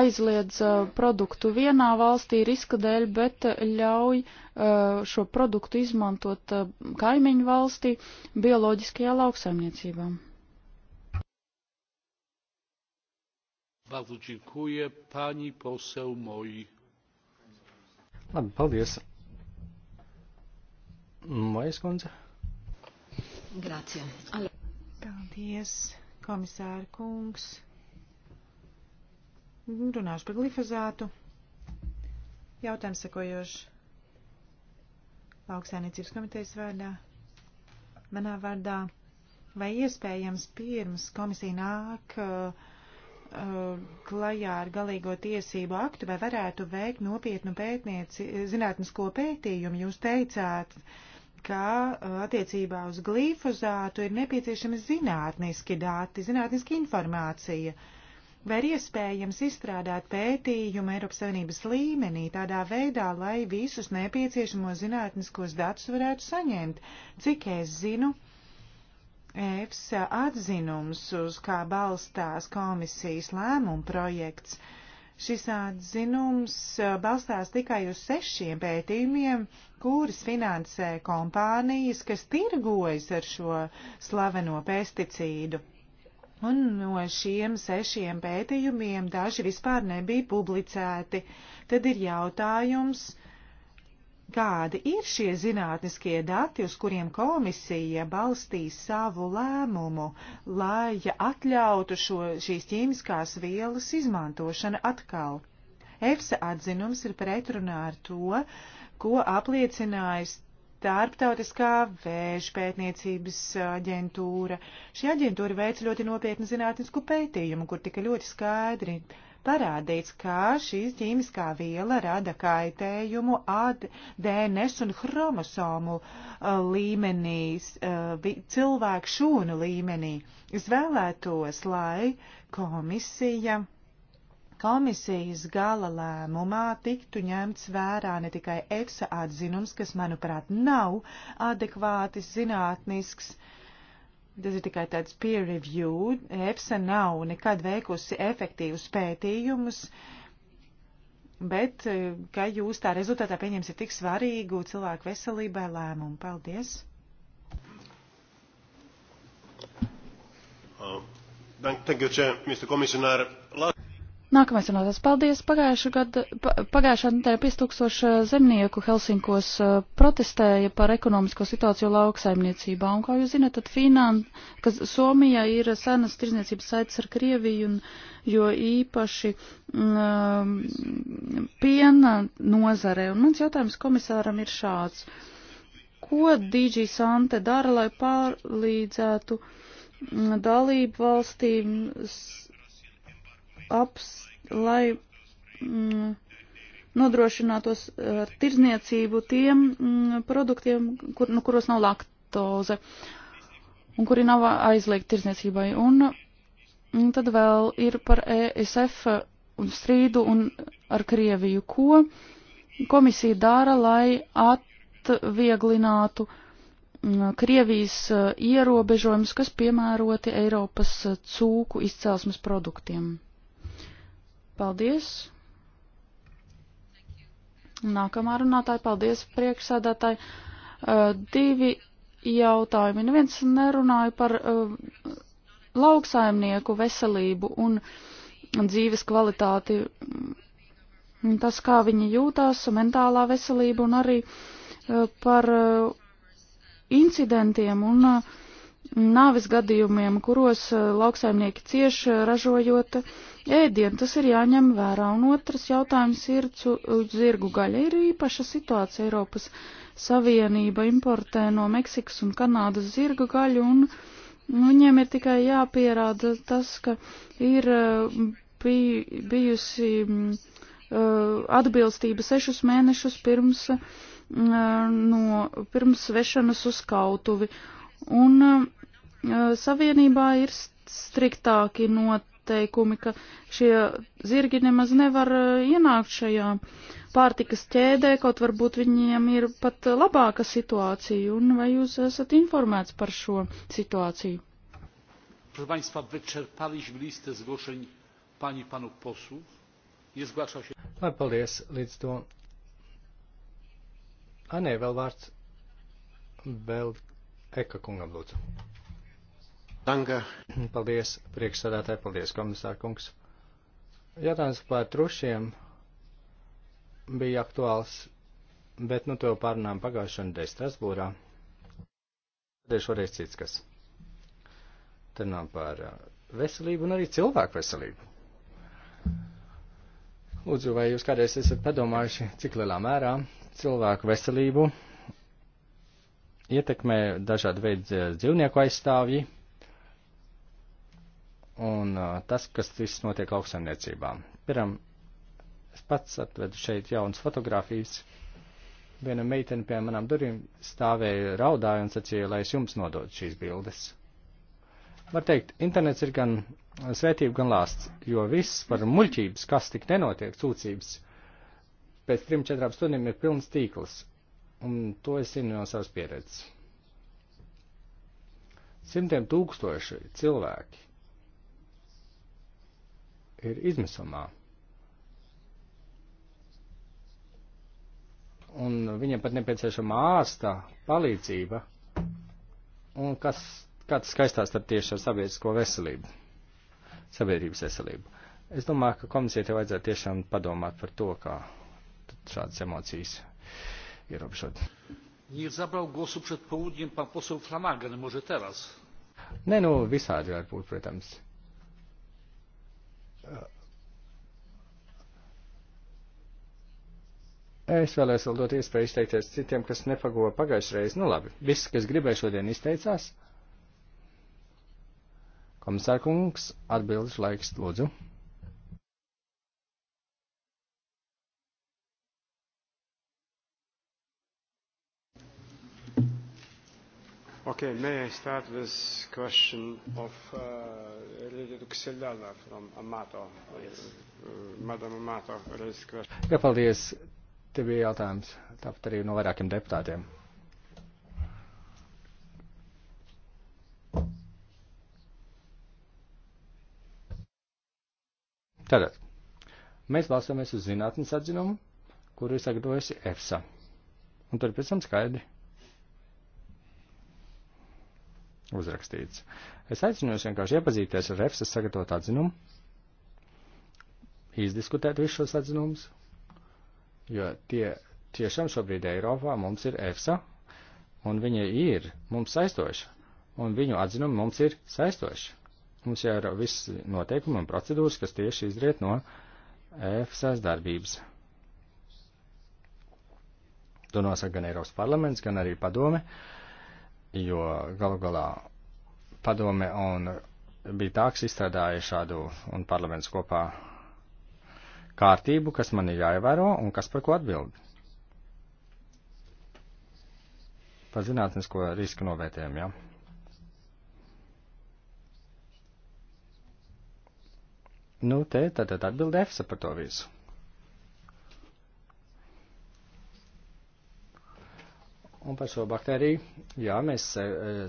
aizliedz uh, produktu vienā valstī riska dēļ, bet ļauj uh, šo produktu izmantot uh, kaimiņu valstī bioloģiskajā lauksaimniecībā. Bardzo dziękuję. Pani poseł Moi. Labi, paldies. Mājas kundze. Grācija. Paldies, komisāra kungs. Runāšu par glifozātu. Jautājums sekojoši. Lauksēniecības komitejas vārdā. Manā vārdā. Vai iespējams pirms komisija nāk uh, Uh, klajā ar galīgo tiesību aktu vai varētu veikt nopietnu pētnieci, zinātnisko pētījumu. Jūs teicāt, ka uh, attiecībā uz glifozātu ir nepieciešami zinātniski dati, zinātniski informācija. Vai ir iespējams izstrādāt pētījumu Eiropas Savienības līmenī tādā veidā, lai visus nepieciešamos zinātniskos datus varētu saņemt? Cik es zinu, uh, EFSA atzinums, uz kā balstās komisijas lēmuma projekts. Šis atzinums uh, balstās tikai uz sešiem pētījumiem, kuras finansē kompānijas, kas tirgojas ar šo slaveno pesticīdu. Un no šiem sešiem pētījumiem daži vispār nebija publicēti. Tad ir jautājums, uh, kādi ir šie zinātniskie dati, uz kuriem komisija balstīs savu lēmumu, lai atļautu šo, šīs ķīmiskās vielas izmantošanu atkal. EFSA atzinums ir pretrunā ar to, ko apliecinājas Starptautiskā vēža pētniecības aģentūra. Šī aģentūra veica ļoti nopietnu zinātnisku pētījumu, kur tika ļoti skaidri uh, parādīts, kā šīs ķīmiskā viela rada kaitējumu ADNS un chromosomu uh, līmenīs, uh, cilvēku šūnu līmenī. Es vēlētos, lai komisija komisijas gala lēmumā tiktu ņemts vērā ne tikai EFSA atzinums, kas, manuprāt, nav adekvātis zinātnisks, uh, Tas ir tikai tāds peer review. EFSA nav nekad veikusi efektīvus pētījumus, bet eh, ka jūs tā rezultātā pieņemsiet tik svarīgu cilvēku veselībai lēmumu. Paldies! Uh, thank you, Mr. Commissioner. Nākamais ir notās paldies. Pagājušā gada, pagājušā nedēļa 5000 eh, zemnieku Helsinkos eh, protestēja par ekonomisko situāciju lauksaimniecībā. Un, kā jūs zināt, tad Finan, kas Somijā ir senas tirzniecības saites ar Krieviju, un, jo īpaši um, piena nozare. Un mans jautājums komisāram ir šāds. Ko Dīdžī Sante dara, lai palīdzētu mm, dalību valstīm aps, lai mm, nodrošinātos ar eh, tirzniecību tiem mm, produktiem, kur, nu, kuros nav laktoze un kuri nav aizliegti tirzniecībai. Un, un mm, tad vēl ir par ESF un strīdu un ar Krieviju, ko komisija dara, lai atvieglinātu mm, Krievijas eh, ierobežojumus, kas piemēroti Eiropas eh, cūku izcelsmes produktiem. Paldies! Nākamā runātāja, paldies priekšsēdētāji. Uh, divi jautājumi. Neviens nerunāja par uh, lauksaimnieku veselību un dzīves kvalitāti. Tas, kā viņi jūtās, mentālā veselība un arī uh, par uh, incidentiem un uh, nāvis gadījumiem, kuros eh, lauksaimnieki cieši eh, ražojot eh, ēdienu. Tas ir jāņem vērā. Un otrs jautājums ir zirgu gaļa. Ir īpaša situācija Eiropas Savienība importē no Meksikas un Kanādas zirga gaļu un nu, viņiem ir tikai jāpierāda tas, ka ir bij, bijusi mm, atbilstība sešus mēnešus pirms, mm, no, pirms vešanas uz kautuvi. Uh, Un uh, savienībā ir striktāki noteikumi, ka šie zirgi nemaz nevar uh, ienākt šajā pārtikas ķēdē, kaut varbūt viņiem ir pat labāka situācija. Un vai jūs esat informēts par šo situāciju? Proszę Państwa, wyczerpaliśmy listę zgłoszeń pani i panów posłów. Nie zgłasza się. Lai, paldies, līdz to. A nē, vēl vārds. Vēl Eka kungam lūdzu. Tanga. Paldies, priekšsādātāji, paldies, komisār kungs. Jautājums par trušiem bija aktuāls, bet nu to pārunām pagājušajā nedēļā Strasbūrā. Tad ir šoreiz cits kas. Tad nav par uh, veselību un arī cilvēku veselību. Lūdzu, vai jūs kādreiz esat padomājuši, cik lielā mērā cilvēku veselību ietekmē dažādi veidi dzīvnieku aizstāvji un tas, kas viss notiek lauksaimniecībām. Piram, es pats atvedu šeit jaunas fotogrāfijas. Viena meitene pie manām durvīm stāvēja raudāja un sacīja, lai es jums nododu šīs bildes. Var teikt, internets ir gan svētība, gan lāsts, jo viss par muļķības, kas tik nenotiek, sūdzības, pēc trim, četrām stundām ir pilns tīkls, un to es zinu no savas pieredzes. Simtiem tūkstoši cilvēki ir izmisumā. Un viņam pat nepieciešama ārsta palīdzība, un kas, kāds skaistās tad tieši ar sabiedrisko veselību, sabiedrības veselību. Es domāju, ka komisija te vajadzētu tiešām padomāt par to, kā šādas emocijas ierobežot. Nie zabrał głosu przed południem pan poseł Flanagan, może teraz? Nē, nu, visādi var būt, protams. Es vēlēs vēl dot iespēju izteikties citiem, kas nepagoja pagājušreiz. Nu labi, viss, kas gribēja šodien izteicās. Komisārkungs, atbildes laiks, lūdzu. Okay, may I start with question of uh, Rīdu Ksildāna from Amato? Yes. Uh, Madam Amato, raised question. Jā, paldies. Te bija jautājums tāpat arī no vairākiem deputātiem. Tātad, mēs balstāmies uz zinātnes atzinumu, kuru ir sagatavojusi EFSA. Un tur pēc tam skaidri uzrakstīts. Es aicinu jūs vienkārši iepazīties ar EFSA sagatavot atzinumu, izdiskutēt visus šos atzinumus, jo tie tiešām šobrīd Eiropā mums ir EFSA, un viņi ir mums saistoši, un viņu atzinumi mums ir saistoši. Mums jau ir viss noteikumi un procedūras, kas tieši izriet no EFSA darbības. To nosaka gan Eiropas parlaments, gan arī padome. Uh, jo galu galā padome un bija tāks izstrādāja šādu un parlaments kopā kārtību, kas man ir jāievēro un kas par ko atbild. Par zinātnisko risku novērtējumu, jā. Ja? Nu, te tad atbild EFSA par to visu. Un par šo baktēriju, jā, mēs e,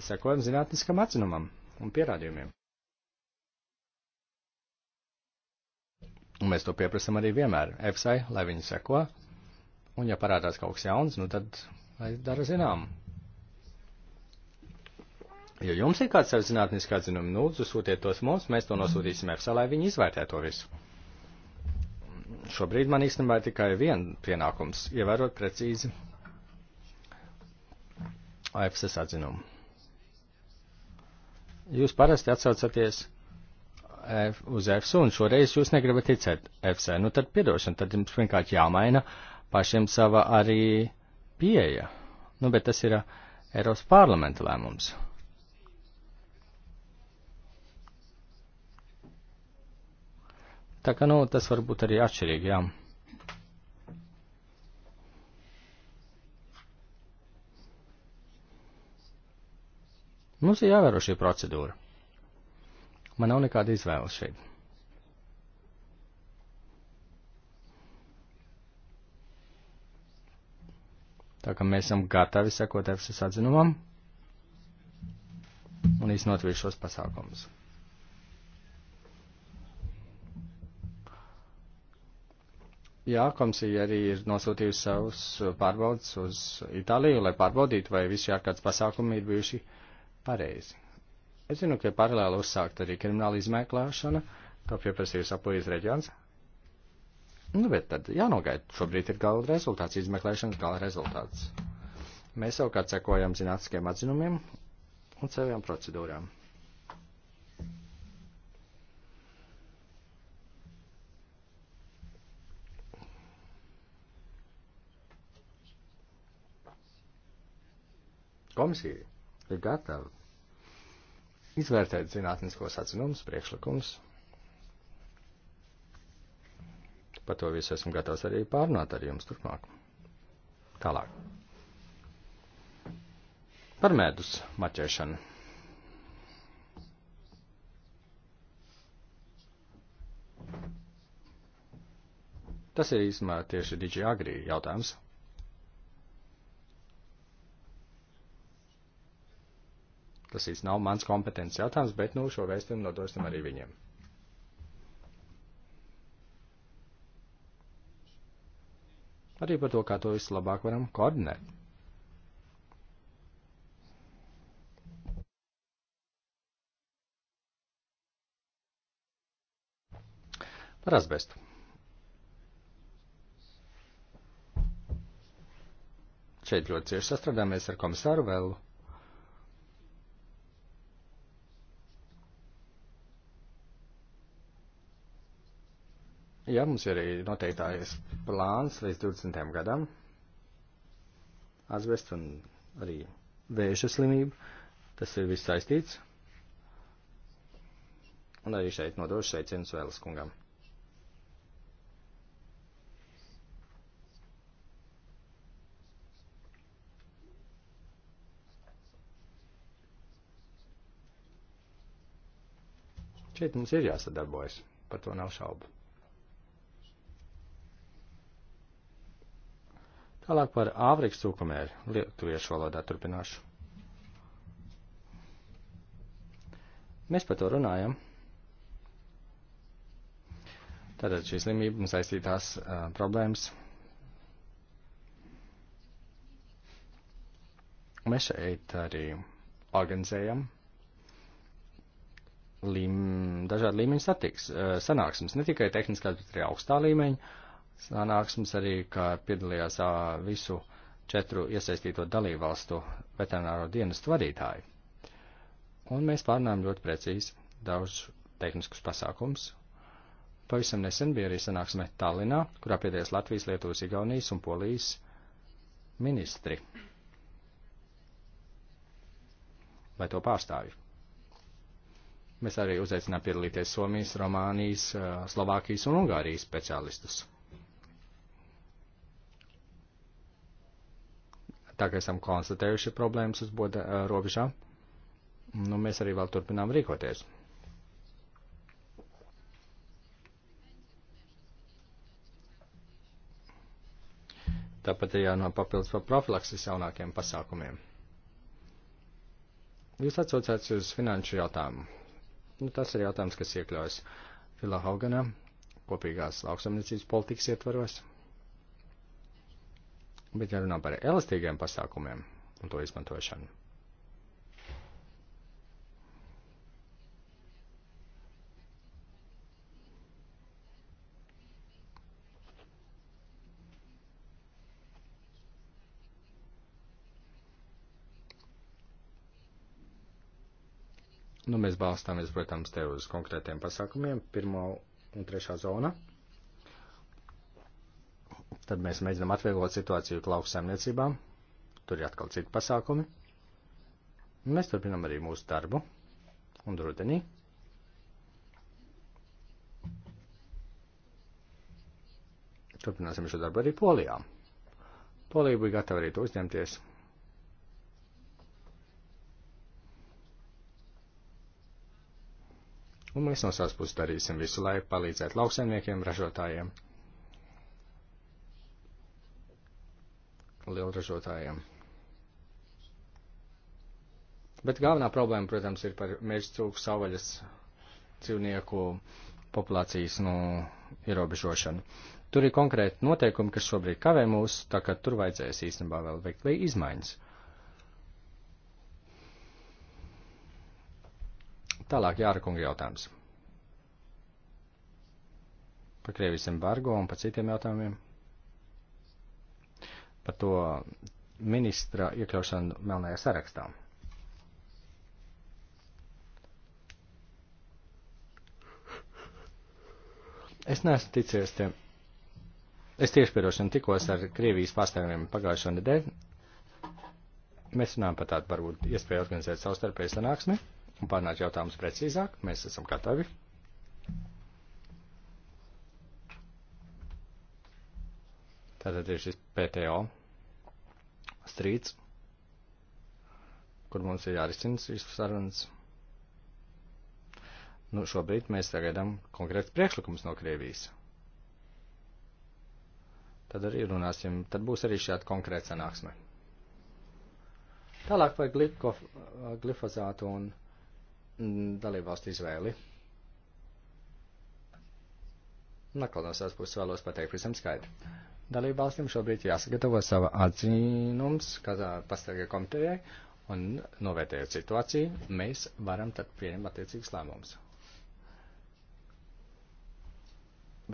sekojam zinātniskam atzinumam un pierādījumiem. Un mēs to pieprasam arī vienmēr EFSAI, lai viņi seko. Un ja parādās kaut kas jauns, nu tad lai dara zinām. Ja jums ir kāds savs zinātniski atzinumi, nu, sūtiet tos mums, mēs to nosūtīsim EFSA, lai viņi izvērtē to visu. Šobrīd man īstenībā tikai viena pienākums - ievērot precīzi AFS atzinumu. Jūs parasti atsaucaties F, uz EFSA, un šoreiz jūs negribat ticēt EFSA. Nu tad piedošana, tad jums vienkārši jāmaina pašiem sava arī pieeja. Nu, bet tas ir uh, Eiropas parlamenta lēmums. Tā ka, nu, tas var būt arī atšķirīgi, jā. Mums ir jāvēro šī procedūra. Man nav nekāda izvēles šeit. Tā kā mēs esam gatavi sekot EFSAS atzinumam un īstenot visus šos pasākumus. Jā, komisija arī ir nosūtījusi savus pārbaudas uz Itāliju, lai pārbaudītu, vai visi ārkārtas pasākumi ir bijuši uh, pareizi. Es zinu, ka ir paralēli uzsākt arī krimināla izmeklēšana, to pieprasījis apojas reģions. Nu, bet tad jānogaida. Šobrīd ir gala rezultāts, izmeklēšanas gala rezultāts. Mēs savukārt sekojam zinātniskiem atzinumiem un saviem procedūrām. Komisija ir gatava izvērtēt zinātniskos atzinumus, priekšlikumus. Par to visu esmu gatavs arī pārnāt ar jums turpmāk. Tālāk. Par medus maķēšanu. Tas ir īstenībā tieši Digi Agri jautājums. Tas īsti nav mans kompetences jautājums, bet nu šo vēstījumu nodosim arī viņiem. Arī par to, kā to vislabāk varam koordinēt. Par asbestu. Šeit ļoti cieši sastrādāmies ar komisāru Vēlu. Jā, mums ir arī noteiktais plāns līdz 20. gadam. Azvest un arī vēža slimība. Tas ir viss saistīts. Un arī šeit nodošu sveicienus Vēles kungam. Šeit mums ir jāsadarbojas, par to nav šaubu. Tālāk par Āfrikas cūkamēri, lietuviešu valodā turpināšu. Mēs par to runājam. Tātad šī slimība un saistītās uh, problēmas. Mēs šeit arī organizējam lim, dažādu līmeņu satiks, uh, sanāksmes, ne tikai tehniskās, bet arī augstā līmeņa sanāksmes arī, kā piedalījās visu četru iesaistīto dalībvalstu veterināro dienestu vadītāji. Un mēs pārnājām ļoti precīzi daudz tehniskus pasākums. Pavisam nesen bija arī sanāksme Tallinā, kurā piedalījās Latvijas, Lietuvas, Igaunijas un Polijas ministri vai to pārstāvju. Mēs arī uzaicinām piedalīties Somijas, Romānijas, Slovākijas un Ungārijas speciālistus. tā kā esam konstatējuši problēmas uz boda, uh, robežā, nu, mēs arī vēl turpinām rīkoties. Tāpat ir jāno papildus par profilakses jaunākiem pasākumiem. Jūs atsaucāts uz finanšu jautājumu. Nu, tas ir jautājums, kas iekļaujas Fila Hogana kopīgās lauksamniecības politikas ietvaros. Bet jārunā par elastīgiem pasākumiem un to izmantošanu. Nu, mēs balstāmies, protams, te uz konkrētiem pasākumiem, pirmā un trešā zona. Tad mēs mēģinām atvieglot situāciju lauksaimniecībām. Tur ir atkal citi pasākumi. Un mēs turpinām arī mūsu darbu. Un rudenī. Turpināsim šo darbu arī Polijā. Polija bija gatava arī to uzņemties. Un mēs no savas puses darīsim visu, lai palīdzētu lauksaimniekiem, ražotājiem. lielražotājiem. Bet galvenā problēma, protams, ir par meža cūku savaļas dzīvnieku populācijas nu, ierobežošanu. Tur ir konkrēti noteikumi, kas šobrīd kavē mūs, tā ka tur vajadzēs īstenībā vēl veikt izmaiņas. Tālāk Jāra kunga jautājums. Par Krievijas embargo un par citiem jautājumiem par to ministra iekļaušanu melnajā sarakstā. Es neesmu ticies tiem. Es tieši piedošanu tikos ar Krievijas pārstāvjiem pagājušo nedēļu. Mēs runājam par tādu varbūt iespēju organizēt savstarpēju sanāksmi un pārnāt jautājumus precīzāk. Mēs esam gatavi Tātad ir šis PTO strīds, kur mums ir jārisina šīs sarunas. Nu, šobrīd mēs sagaidām konkrēts priekšlikums no Krievijas. Tad arī runāsim, tad būs arī šāda konkrēta sanāksme. Tālāk par glikof, glifozātu un mm, dalībvalstu izvēli. Nākamās puses vēlos pateikt visam skaidri. Dalību valstīm šobrīd jāsagatavo sava atzinums, kādā pastāvīgajā komitejai, un novērtējot situāciju, mēs varam tad pieņemt attiecīgus lēmumus.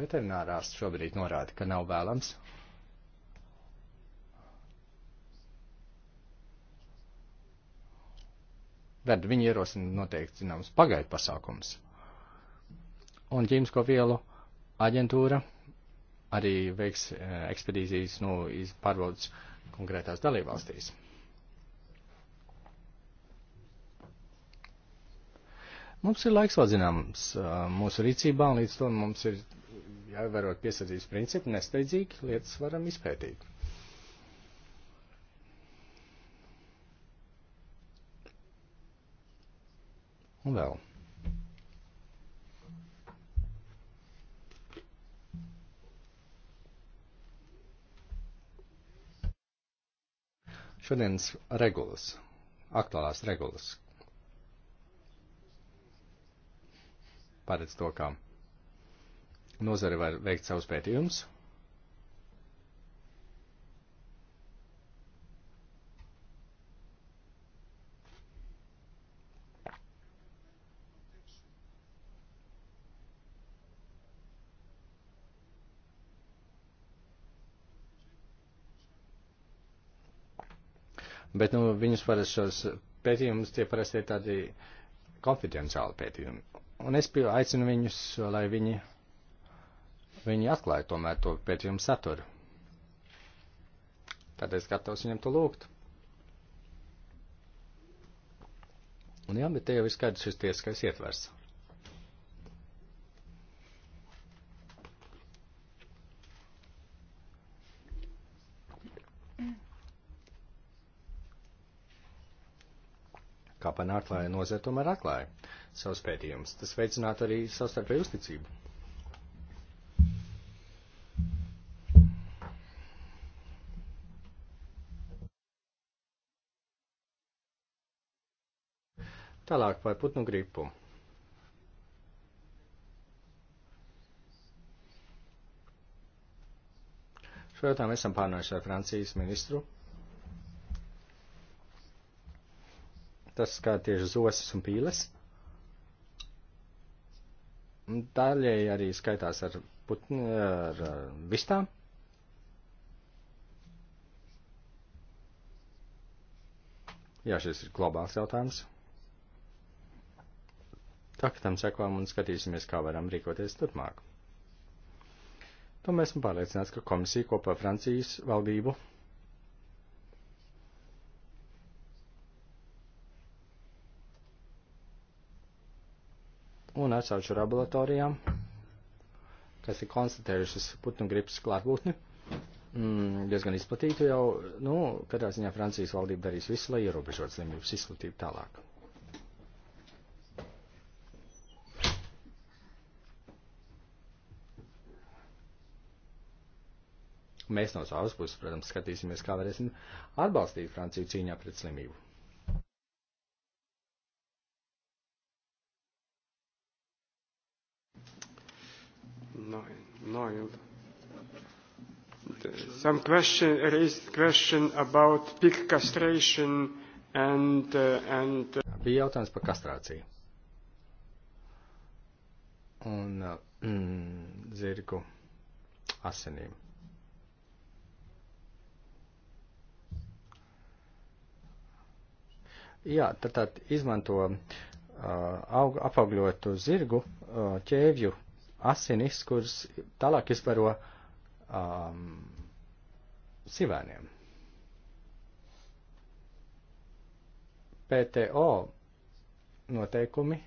Veterinārās šobrīd norāda, ka nav vēlams Tad viņi ierosina noteikti zināmas pagaidu pasākums. Un ķīmisko vielu aģentūra arī veiks eh, ekspedīcijas nu, pārbaudas konkrētās dalībvalstīs. Mums ir laiks vēl zināms eh, mūsu rīcībā, un līdz to mums ir jāievērot piesardzības principu, nesteidzīgi lietas varam izpētīt. Un vēl. šodienas regulas, aktuālās regulas. Paredz to, ka nozare var veikt savus pētījumus Bet, nu, viņus parasti šos pētījumus tie parasti ir tādi konfidenciāli pētījumi. Un es aicinu viņus, lai viņi, viņi atklāja tomēr to pētījumu saturu. Tad es gatavs viņam to lūgt. Un jā, bet te jau ir skaidrs šis tiesiskais ietvers. kā panākt, lai nozēr tomēr atklāja savus pētījumus. Tas veicinātu arī savstarpēju uzticību. Tālāk par putnu gripu. Šo jautājumu esam pārnājuši ar Francijas ministru Tas skar tieši zosas un pīles. Daļēji arī skaitās ar, putni, ar vistām. Jā, šis ir globāls jautājums. Tā kā tam sekojam un skatīsimies, kā varam rīkoties turpmāk. To mēs esam pārliecināti, ka komisija kopā Francijas valdību un atsauču laboratorijām, kas ir konstatējušas putnu gripas klātbūtni. Mm, diezgan izplatītu jau, nu, katrā ziņā Francijas valdība darīs visu, lai ierobežot slimības izplatību tālāk. Mēs no savas puses, protams, skatīsimies, kā varēsim atbalstīt Franciju cīņā pret slimību. Noil. Some question raised question about pig castration and uh, and. Uh, Bija jautājums par kastrāciju. Un uh, mm, zirgu asinīm. Jā, tad, tad izmanto uh, aug, apaugļotu zirgu uh, ķēvju asinis, kuras tālāk izvaro um, sivēniem. PTO noteikumi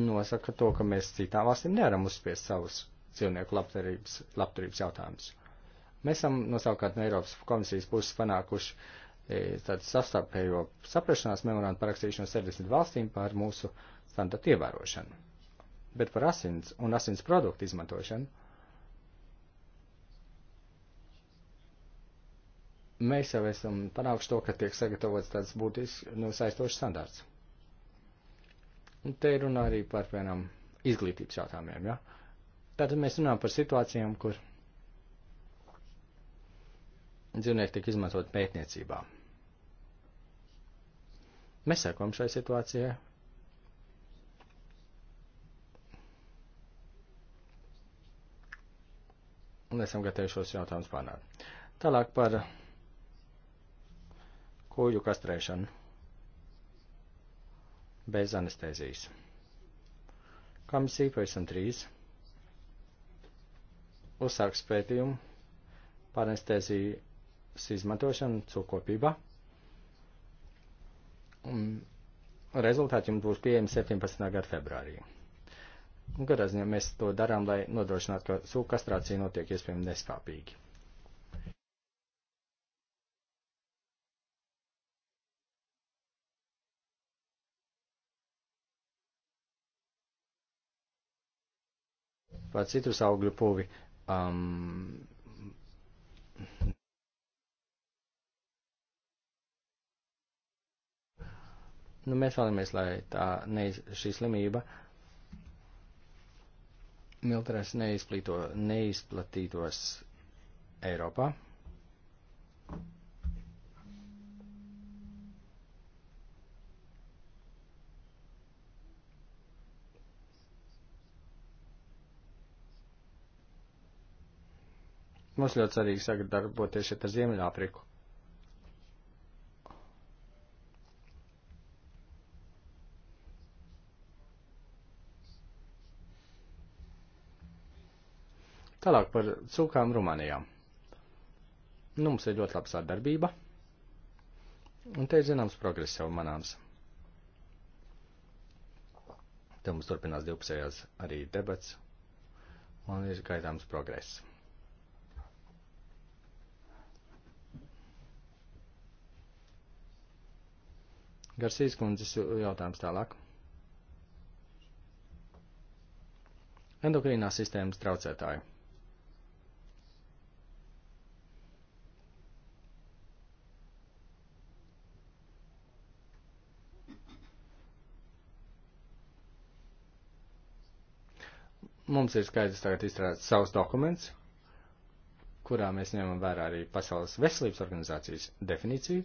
nosaka to, ka mēs citām valstīm nevaram uzspiest savus dzīvnieku labturības, labturības jautājumus. Mēs esam no savukārt no Eiropas komisijas puses panākuši e, tādu sastarpējo saprašanās memorandu parakstīšanu 70 valstīm par mūsu standartu ievērošanu bet par asins un asins produktu izmantošanu. Mēs jau esam panākuši to, ka tiek sagatavots tāds būtisks, nu, saistošs standārts. Un te ir runā arī par, piemēram, izglītības jautājumiem, ja? Tātad mēs runājam par situācijām, kur dzīvnieki tiek izmantot pētniecībā. Mēs sekojam šai situācijai, un esam gatavi šos jautājumus pārnāt. Tālāk par kūju kastrēšanu bez anestēzijas. Komisija pavisam drīz uzsāks pētījumu par anestēzijas izmantošanu cūkopībā. Un rezultāti jums būs pieejami 17. gada februārī. Gadā ziņā mēs to darām, lai nodrošinātu, ka sūku kastrācija notiek iespējami neskāpīgi. Par citrus augļu puvi. Um, nu, mēs vēlamies, lai tā neiz, šī slimība uh, miltrēs neizplatītos Eiropā. Mums ļoti svarīgi sagatavoties šeit ar Ziemeļāfriku. Tālāk par cūkām Rumānijā. Nu, mums ir ļoti laba sadarbība, un te ir zināms progress jau manāms. Te mums turpinās divpusējās arī debats, un ir gaidāms progress. Garsīs kundzes jautājums tālāk. Endokrīnās sistēmas traucētāji. Mums ir skaidrs tagad izstrādāt savus dokumentus, kurā mēs ņemam vērā arī Pasaules veselības organizācijas definīciju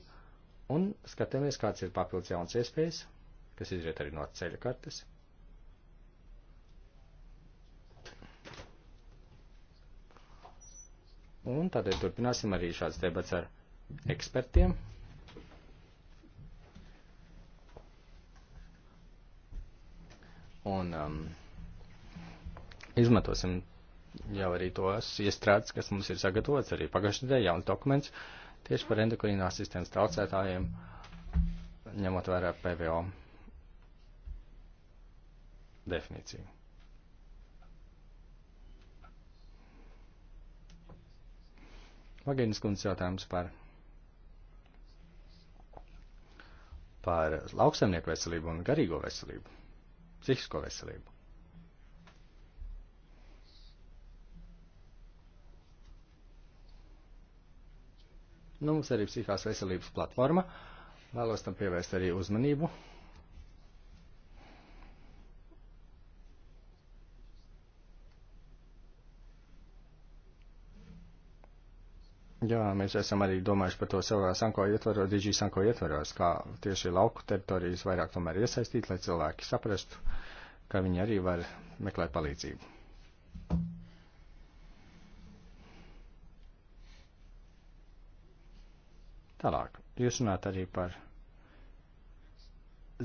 un skatāmies, kāds ir papildus jauns iespējas, kas izriet arī no ceļa kartes. Un tādēļ turpināsim arī šāds debats ar ekspertiem. Un um, Izmantosim jau arī tos iestrādes, kas mums ir sagatavots, arī pagājušajā nedēļā jauns dokuments tieši par endokrinās sistēmas traucētājiem, ņemot vērā PVO definīciju. Vagīnas kundzes jautājums par, par lauksaimnieku veselību un garīgo veselību, psihisko veselību. Nu, mums arī psihās veselības platforma. Vēlos tam pievērst arī uzmanību. Jā, mēs esam arī domājuši par to savā sanko ietvaros, dižī sanko ietvaros, kā tieši lauku teritorijas vairāk tomēr iesaistīt, lai cilvēki saprastu, ka viņi arī var meklēt palīdzību. Tālāk, jūs runājat arī par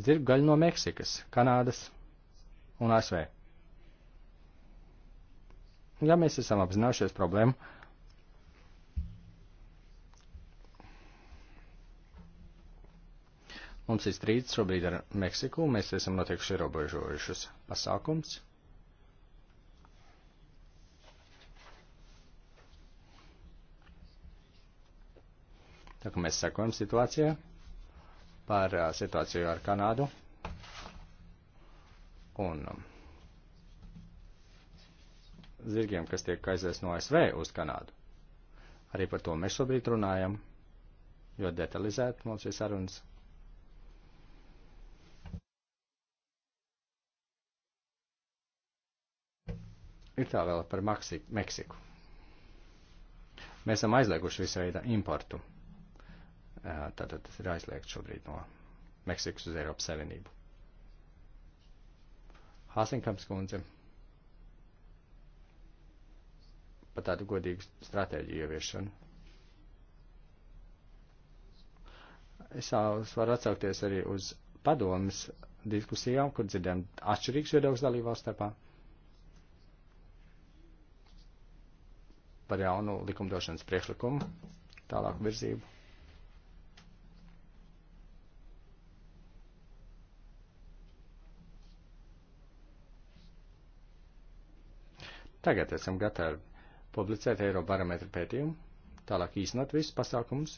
zirgaļu no Meksikas, Kanādas un ASV. Ja mēs esam apzinājušies problēmu, Mums ir strīds šobrīd ar Meksiku, mēs esam noteikti ierobežojušus pasākums. Tā kā mēs sekojam situācijā par uh, situāciju ar Kanādu. Un um, zirgiem, kas tiek aizvest no ASV uz Kanādu. Arī par to mēs šobrīd runājam, jo detalizēt mums ir sarunas. Ir tā vēl par Maksi Meksiku. Mēs esam aizlieguši visu veidu importu. Tātad tas ir aizliegts šobrīd no Meksikas uz Eiropas Savienību. Hāsinkams kundze par tādu godīgu stratēģiju ieviešanu. Es varu atsaukties arī uz padomas diskusijām, kur dzirdējām atšķirīgs viedoklis dalībvalsts starpā par jaunu likumdošanas priekšlikumu, tālāku virzību. Tagad esam gatavi publicēt Eirobarometru pētījumu, tālāk īstenot visus pasākumus,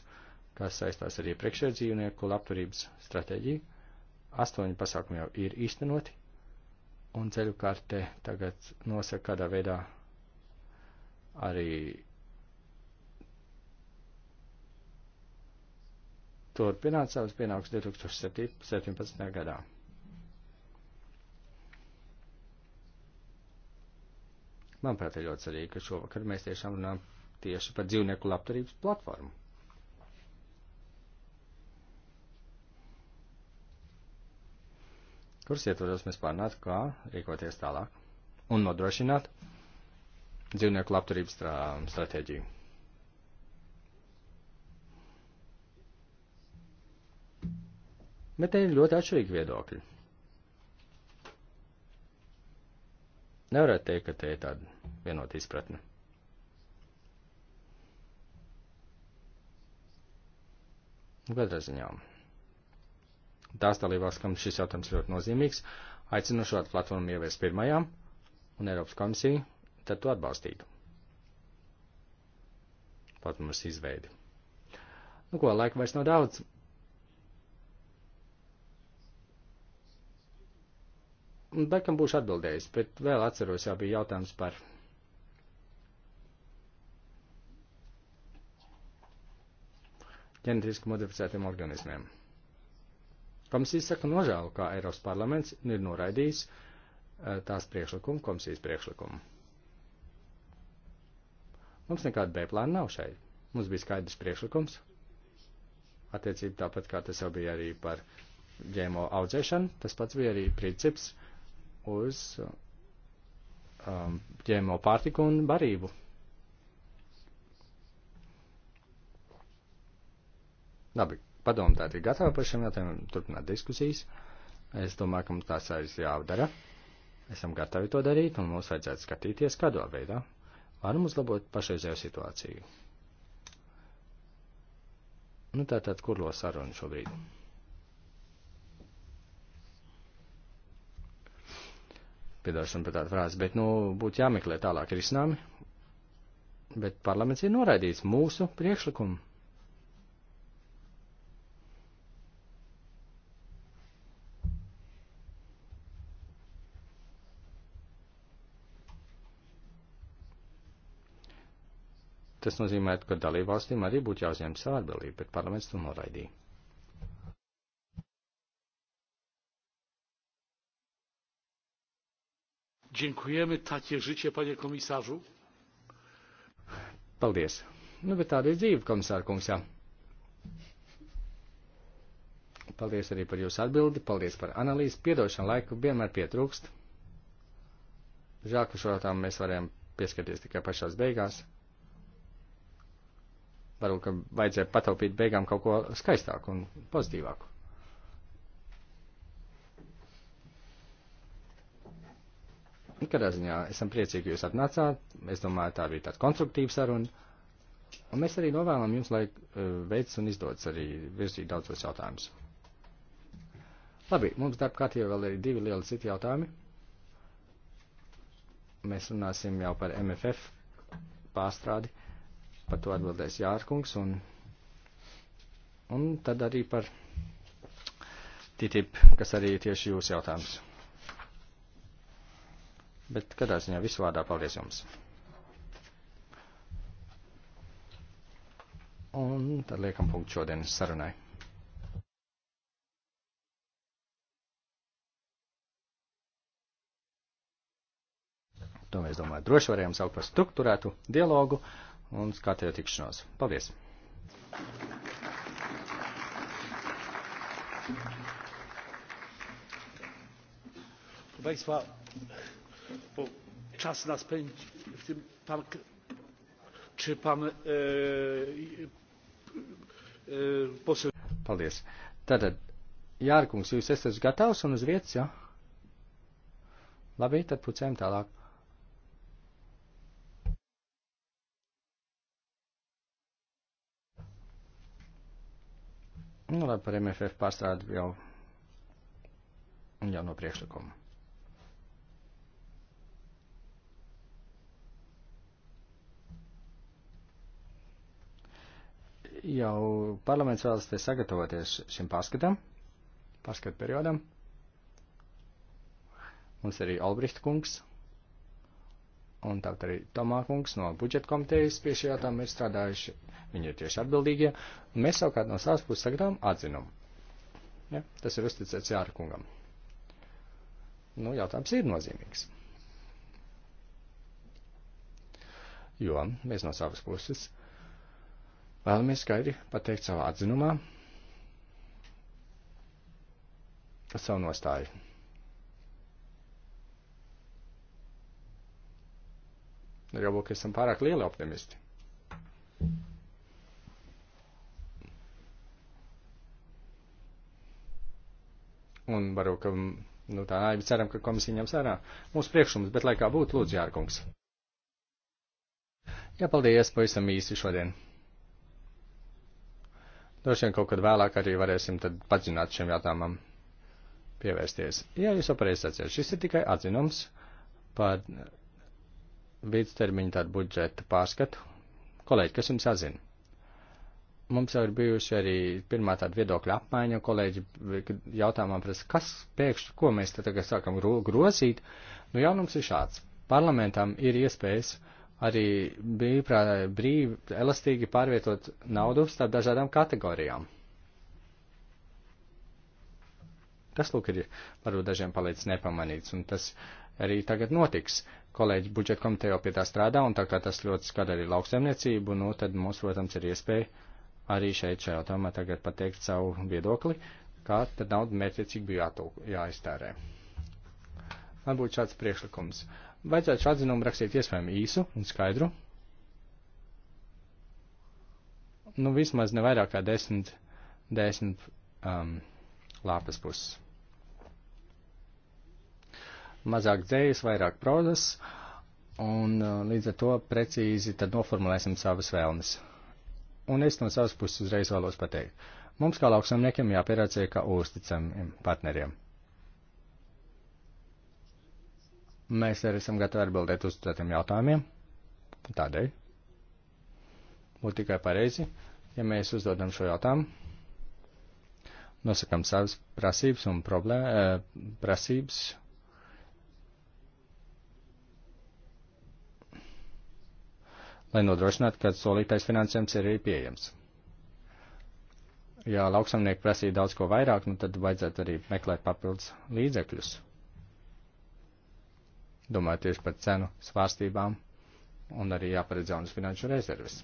kas saistās ar iepriekšējo dzīvnieku labturības stratēģiju. Astoņi pasākumi jau ir īstenoti, un ceļu karte tagad nosaka, kādā veidā arī turpināt savus pienākumus 2017. gadā. Manuprāt, ir ļoti svarīgi, ka šovakar mēs tiešām runājam tieši par dzīvnieku labturības platformu. Kuras ietvaros mēs pārnāt, kā rīkoties tālāk un nodrošināt dzīvnieku labturības stratēģiju. Bet te ir ļoti atšķirīgi viedokļi. Nevarētu teikt, ka te ir tāda vienota izpratne. Nu, katrā ziņā. Tās dalībās, kam šis jautājums ļoti nozīmīgs, aicinu šo platformu ieviest pirmajām un Eiropas komisiju tad to atbalstītu. Platformas izveidi. Nu ko, laika vairs nav daudz, Bekam būšu atbildējis, bet vēl atceros, jā, bija jautājums par. ģenetiski modificētiem organismiem. Komisija saka nožēlu, ka Eiropas parlaments ir noraidījis eh, tās priekšlikumu, komisijas priekšlikumu. Mums nekāda B plāna nav šeit. Mums bija skaidrs priekšlikums. Attiecība tāpat kā tas jau bija arī par ģēmo audzēšanu, tas pats bija arī princips, uh, uz um, ģēmo pārtiku un barību. Labi, padomu tā ir gatava par šiem jautājumiem turpināt diskusijas. Es domāju, ka mums tās arī jādara. Esam gatavi to darīt, un mums vajadzētu skatīties, kādā veidā varam uzlabot pašreizējo situāciju. Nu, tātad, kur lo sarunu šobrīd? piedošana par tādu frāzi, bet, nu, būtu jāmeklē tālāk risinājumi, bet parlaments ir noraidījis mūsu priekšlikumu. Tas nozīmē, ka dalībvalstīm arī būtu jāuzņem savu atbildību, bet parlaments to noraidīja. Dziękujemy, takie życie, panie komisārzu. Paldies. Nu, bet tāda ir dzīve, komisāra kungs, jā. Paldies arī par jūsu atbildi, paldies par analīzi. Piedošana laiku vienmēr pietrūkst. Žēl, ka šo jautājumu mēs varējām pieskarties tikai pašās beigās. Varbūt, ka vajadzēja pataupīt beigām kaut ko skaistāku un pozitīvāku. Katrā ziņā esam priecīgi, ka jūs atnācāt. Es domāju, tā bija tāda konstruktīva saruna. Un mēs arī novēlam jums, lai e, veids un izdodas arī virzīt daudzos jautājumus. Labi, mums darba kārtībā vēl ir divi lieli citi jautājumi. Mēs runāsim jau par MFF pārstrādi. Par to atbildēs Jārkungs un, un tad arī par TTIP, kas arī tieši jūsu jautājums. Bet kādā ziņā visu vārdā paldies jums. Un tad liekam punktu šodienas sarunai. To mēs, domāju, droši varējām saukt par struktūrētu dialogu un skatēju tikšanos. Paldies! Proszę Państwa, bo czas nas pędzi. Pan, czy pan e, e, poseł. Paldies. Tātad, Jārkungs, jūs esat gatavs un uz vietas, jā? Ja? Labi, tad pucējam tālāk. Nu, labi, par MFF pārstrādi jau, jau no priekšlikuma. jau parlaments vēlas te sagatavoties šim pārskatam, pārskatu periodam. Mums arī Albrihta kungs un tāpat arī Tomā kungs no budžeta komitejas pie šī jautājuma ir strādājuši. Viņi ir tieši atbildīgie. Un mēs savukārt no savas puses sagatavām atzinumu. Ja? Tas ir uzticēts Jāra kungam. Nu, jautājums ir nozīmīgs. Jo mēs no savas puses Vēlamies skaidri pateikt savā atzinumā, savu nostāju. Ir jau, ka esam pārāk lieli optimisti. Un varu, ka nu, tā naivi ceram, ka komisija ņems vērā mūsu priekšums, bet laikā būtu lūdzu jārkungs. Jā, paldies, pavisam īsi šodien. Droši vien kaut kad vēlāk arī varēsim tad padzināt šiem jautājumam pievērsties. Jā, jūs pareizi atcerat, šis ir tikai atzinums par vidstermiņu tādu budžeta pārskatu. Kolēģi, kas jums atzina? Mums jau ir bijuši arī pirmā tāda viedokļa apmaiņa, kolēģi jautājumā pras, kas pēkšņi, ko mēs te tagad sākam grozīt. Nu, jaunums ir šāds. Parlamentam ir iespējas uh, arī brīvprā, brīvi, elastīgi pārvietot naudu starp dažādām kategorijām. Tas, lūk, ir varbūt dažiem palicis nepamanīts, un tas arī tagad notiks. Kolēģi budžeta komiteja jau pie tā strādā, un tā kā tas ļoti skar arī lauksaimniecību, nu, tad mums, protams, ir iespēja arī šeit šajā jautājumā tagad pateikt savu viedokli, kā tad nauda mērķiecīgi bija jāiztērē. Man būtu šāds priekšlikums. Uh, vajadzētu šo atzinumu rakstīt iespējami īsu un skaidru. Nu, vismaz ne vairāk kā desmit, desmit um, lāpas puses. Mazāk dzējas, vairāk prozas, un uh, līdz ar to precīzi tad noformulēsim savas vēlmes. Un es no savas puses uzreiz vēlos pateikt. Mums kā lauksamniekiem jāpierācē kā uzticamiem partneriem. Mēs arī esam gatavi atbildēt uz tādiem jautājumiem. Tādēļ būtu tikai pareizi, ja mēs uzdodam šo jautājumu, nosakam savas prasības un problēma, eh, prasības. Lai nodrošinātu, ka solītais finansējums ir arī pieejams. Ja lauksamnieki prasīja daudz ko vairāk, nu tad vajadzētu arī meklēt papildus līdzekļus domājot tieši par cenu svārstībām un arī jāparedz jaunas finanšu rezerves.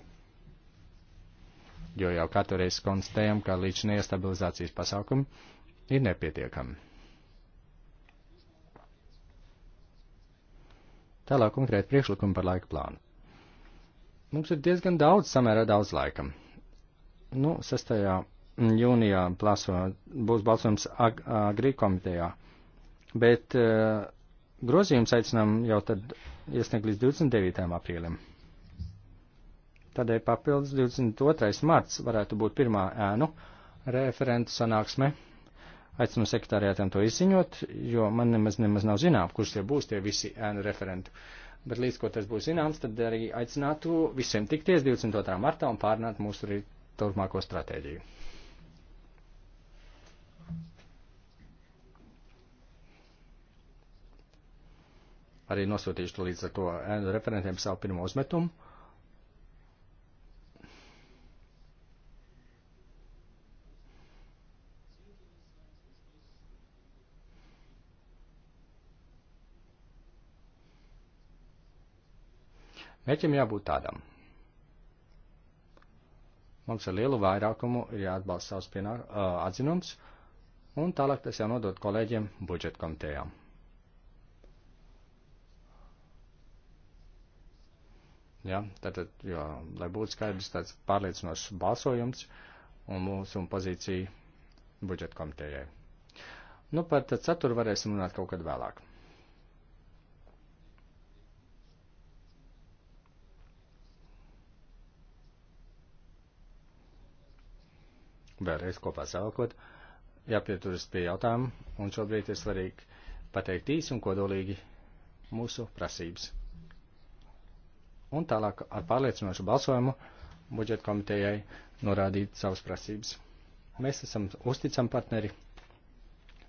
Jo jau katru reizi konstatējam, ka līdzšanie stabilizācijas pasākumi ir nepietiekami. Tālāk konkrēti priekšlikumi par laika plānu. Mums ir diezgan daudz, samērā daudz laika. Nu, 6. jūnijā plāso, būs balsojums ag agri komitejā, bet uh, Grozījums aicinām jau tad iesniegt līdz 29. aprīlim. Tādēļ papildus 22. marts varētu būt pirmā ēnu referentu sanāksme. Aicinu sekretārietam to izziņot, jo man nemaz, nemaz nav zinām, kurš tie būs tie visi ēnu referentu. Bet līdz ko tas būs zināms, tad arī aicinātu visiem tikties 22. martā un pārnāt mūsu turpmāko stratēģiju. arī nosūtīšu līdz ar to referentiem savu pirmo uzmetumu. Mērķim jābūt tādam. Mums ar lielu vairākumu ir jāatbalsta savs pienāk, uh, atzinums, un tālāk tas jānodot kolēģiem budžetkomitejām. Ja? Tātad, jo, lai būtu skaidrs tāds pārliecinošs balsojums un mūsu pozīcija budžeta komitejai. Nu, par ceturto varēsim runāt kaut kad vēlāk. vēlreiz kopā savukārt jāpieturas pie jautājuma, un šobrīd ir svarīgi pateikt īsi un kodolīgi mūsu prasības un tālāk ar pārliecinošu balsojumu budžeta komitejai norādīt savas prasības. Mēs esam uzticami partneri,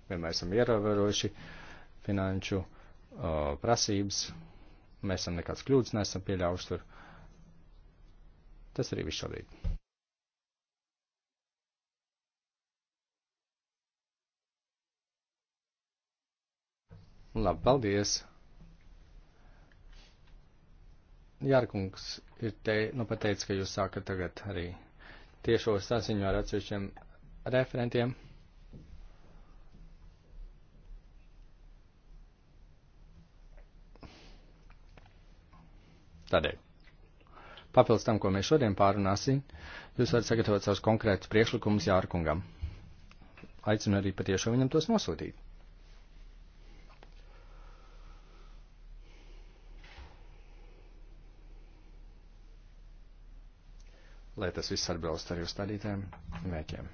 vienmēr esam ievērojuši finanšu uh, prasības, mēs esam nekāds kļūdas neesam pieļāvuši tur. Tas arī viss šobrīd. Labi, paldies! Jārkungs ir te, nu, pateicis, ka jūs sākat tagad arī tiešo saziņu ar atsevišķiem referentiem. Tādēļ. Papildus tam, ko mēs šodien pārunāsim, jūs varat sagatavot savus konkrētus priekšlikumus Jārkungam. Aicinu arī patiešām viņam tos nosūtīt. lai tas viss atbilst arī uzstādītēm mērķiem.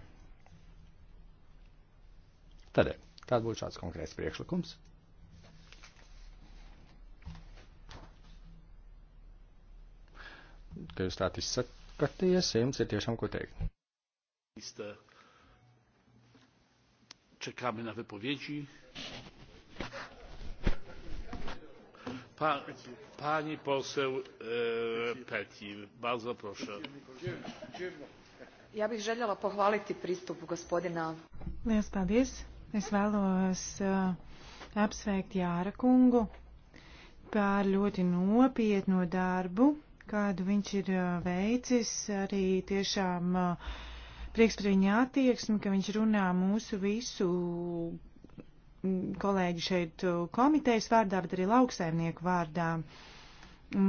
Tādēļ, tāds būtu šāds konkrēts priekšlikums. Ka jūs tātad izsakaties, jums ir tiešām ko teikt. Čekāmi na vypowiedzi. Pa, pani poseł e, petir bardzo proszę ja bih željela pohvaliti pristup gospodina Liels paldies. Es vēlos uh, apsveikt Jāra kungu par ļoti nopietnu darbu, kādu viņš ir uh, veicis, arī tiešām uh, prieks par viņa attieksmi, ka viņš runā mūsu visu kolēģi šeit komitejas vārdā, bet arī lauksaimnieku vārdā.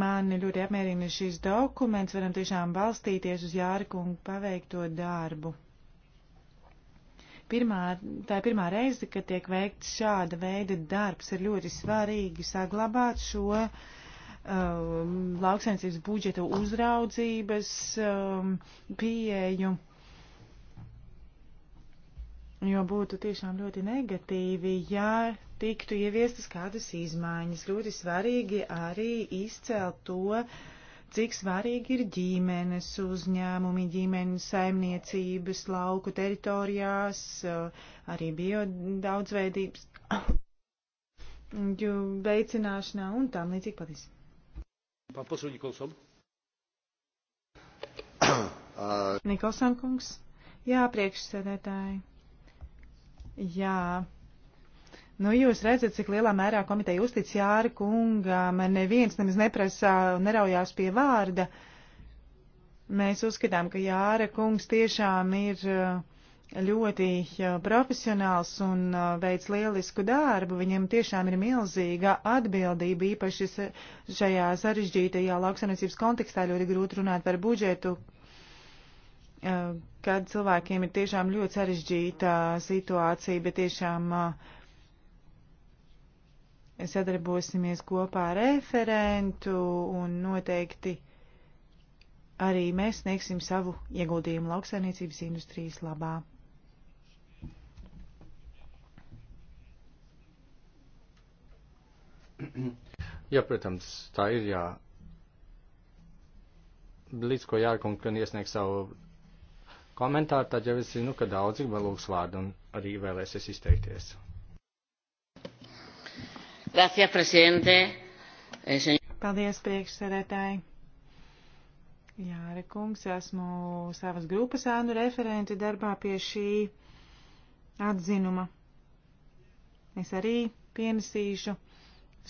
Man ļoti apmierina šis dokuments, varam tiešām balstīties uz Jārkungu paveikto darbu. Pirmā, tā ir pirmā reize, kad tiek veikts šāda veida darbs. Ir ļoti svarīgi saglabāt šo um, lauksaimniecības budžeta uzraudzības um, pieeju. Um, Jo būtu tiešām ļoti negatīvi, ja tiktu ieviestas kādas izmaiņas. Ļoti svarīgi arī izcelt to, cik svarīgi ir ģimenes uzņēmumi, ģimenes saimniecības, lauku teritorijās, arī biodaudzveidības <coughs> veicināšanā un tam līdzīgi patīs. Papus Nikolson. <coughs> Nikolson kungs. Jā, priekšsēdētāji. Jā. Nu, jūs redzat, cik lielā mērā komiteja uztic Jāra kungam, neviens nemaz neprasa, neraujās pie vārda. Mēs uzskatām, ka Jāra kungs tiešām ir uh, ļoti uh, profesionāls un uh, veids lielisku darbu. Viņam tiešām ir milzīga atbildība, īpaši šajā sarežģītajā lauksaimniecības kontekstā ļoti grūti runāt par budžetu, Eh, kad cilvēkiem ir tiešām ļoti sarežģīta situācija, bet tiešām eh, sadarbosimies kopā ar referentu un noteikti arī mēs sniegsim savu ieguldījumu lauksainiecības industrijas labā. <clears throat> Jā, protams, tā ir jā. Līdz ko Jārkungs gan iesniegs savu komentāru, tad jau es zinu, ka daudzi vēl lūgs vārdu un arī vēlēsies izteikties. Gracias, presidente. Eh, Paldies, priekšsēdētāji. Jā, Rekungs, esmu savas grupas ēnu referenti darbā pie šī atzinuma. Es arī pienesīšu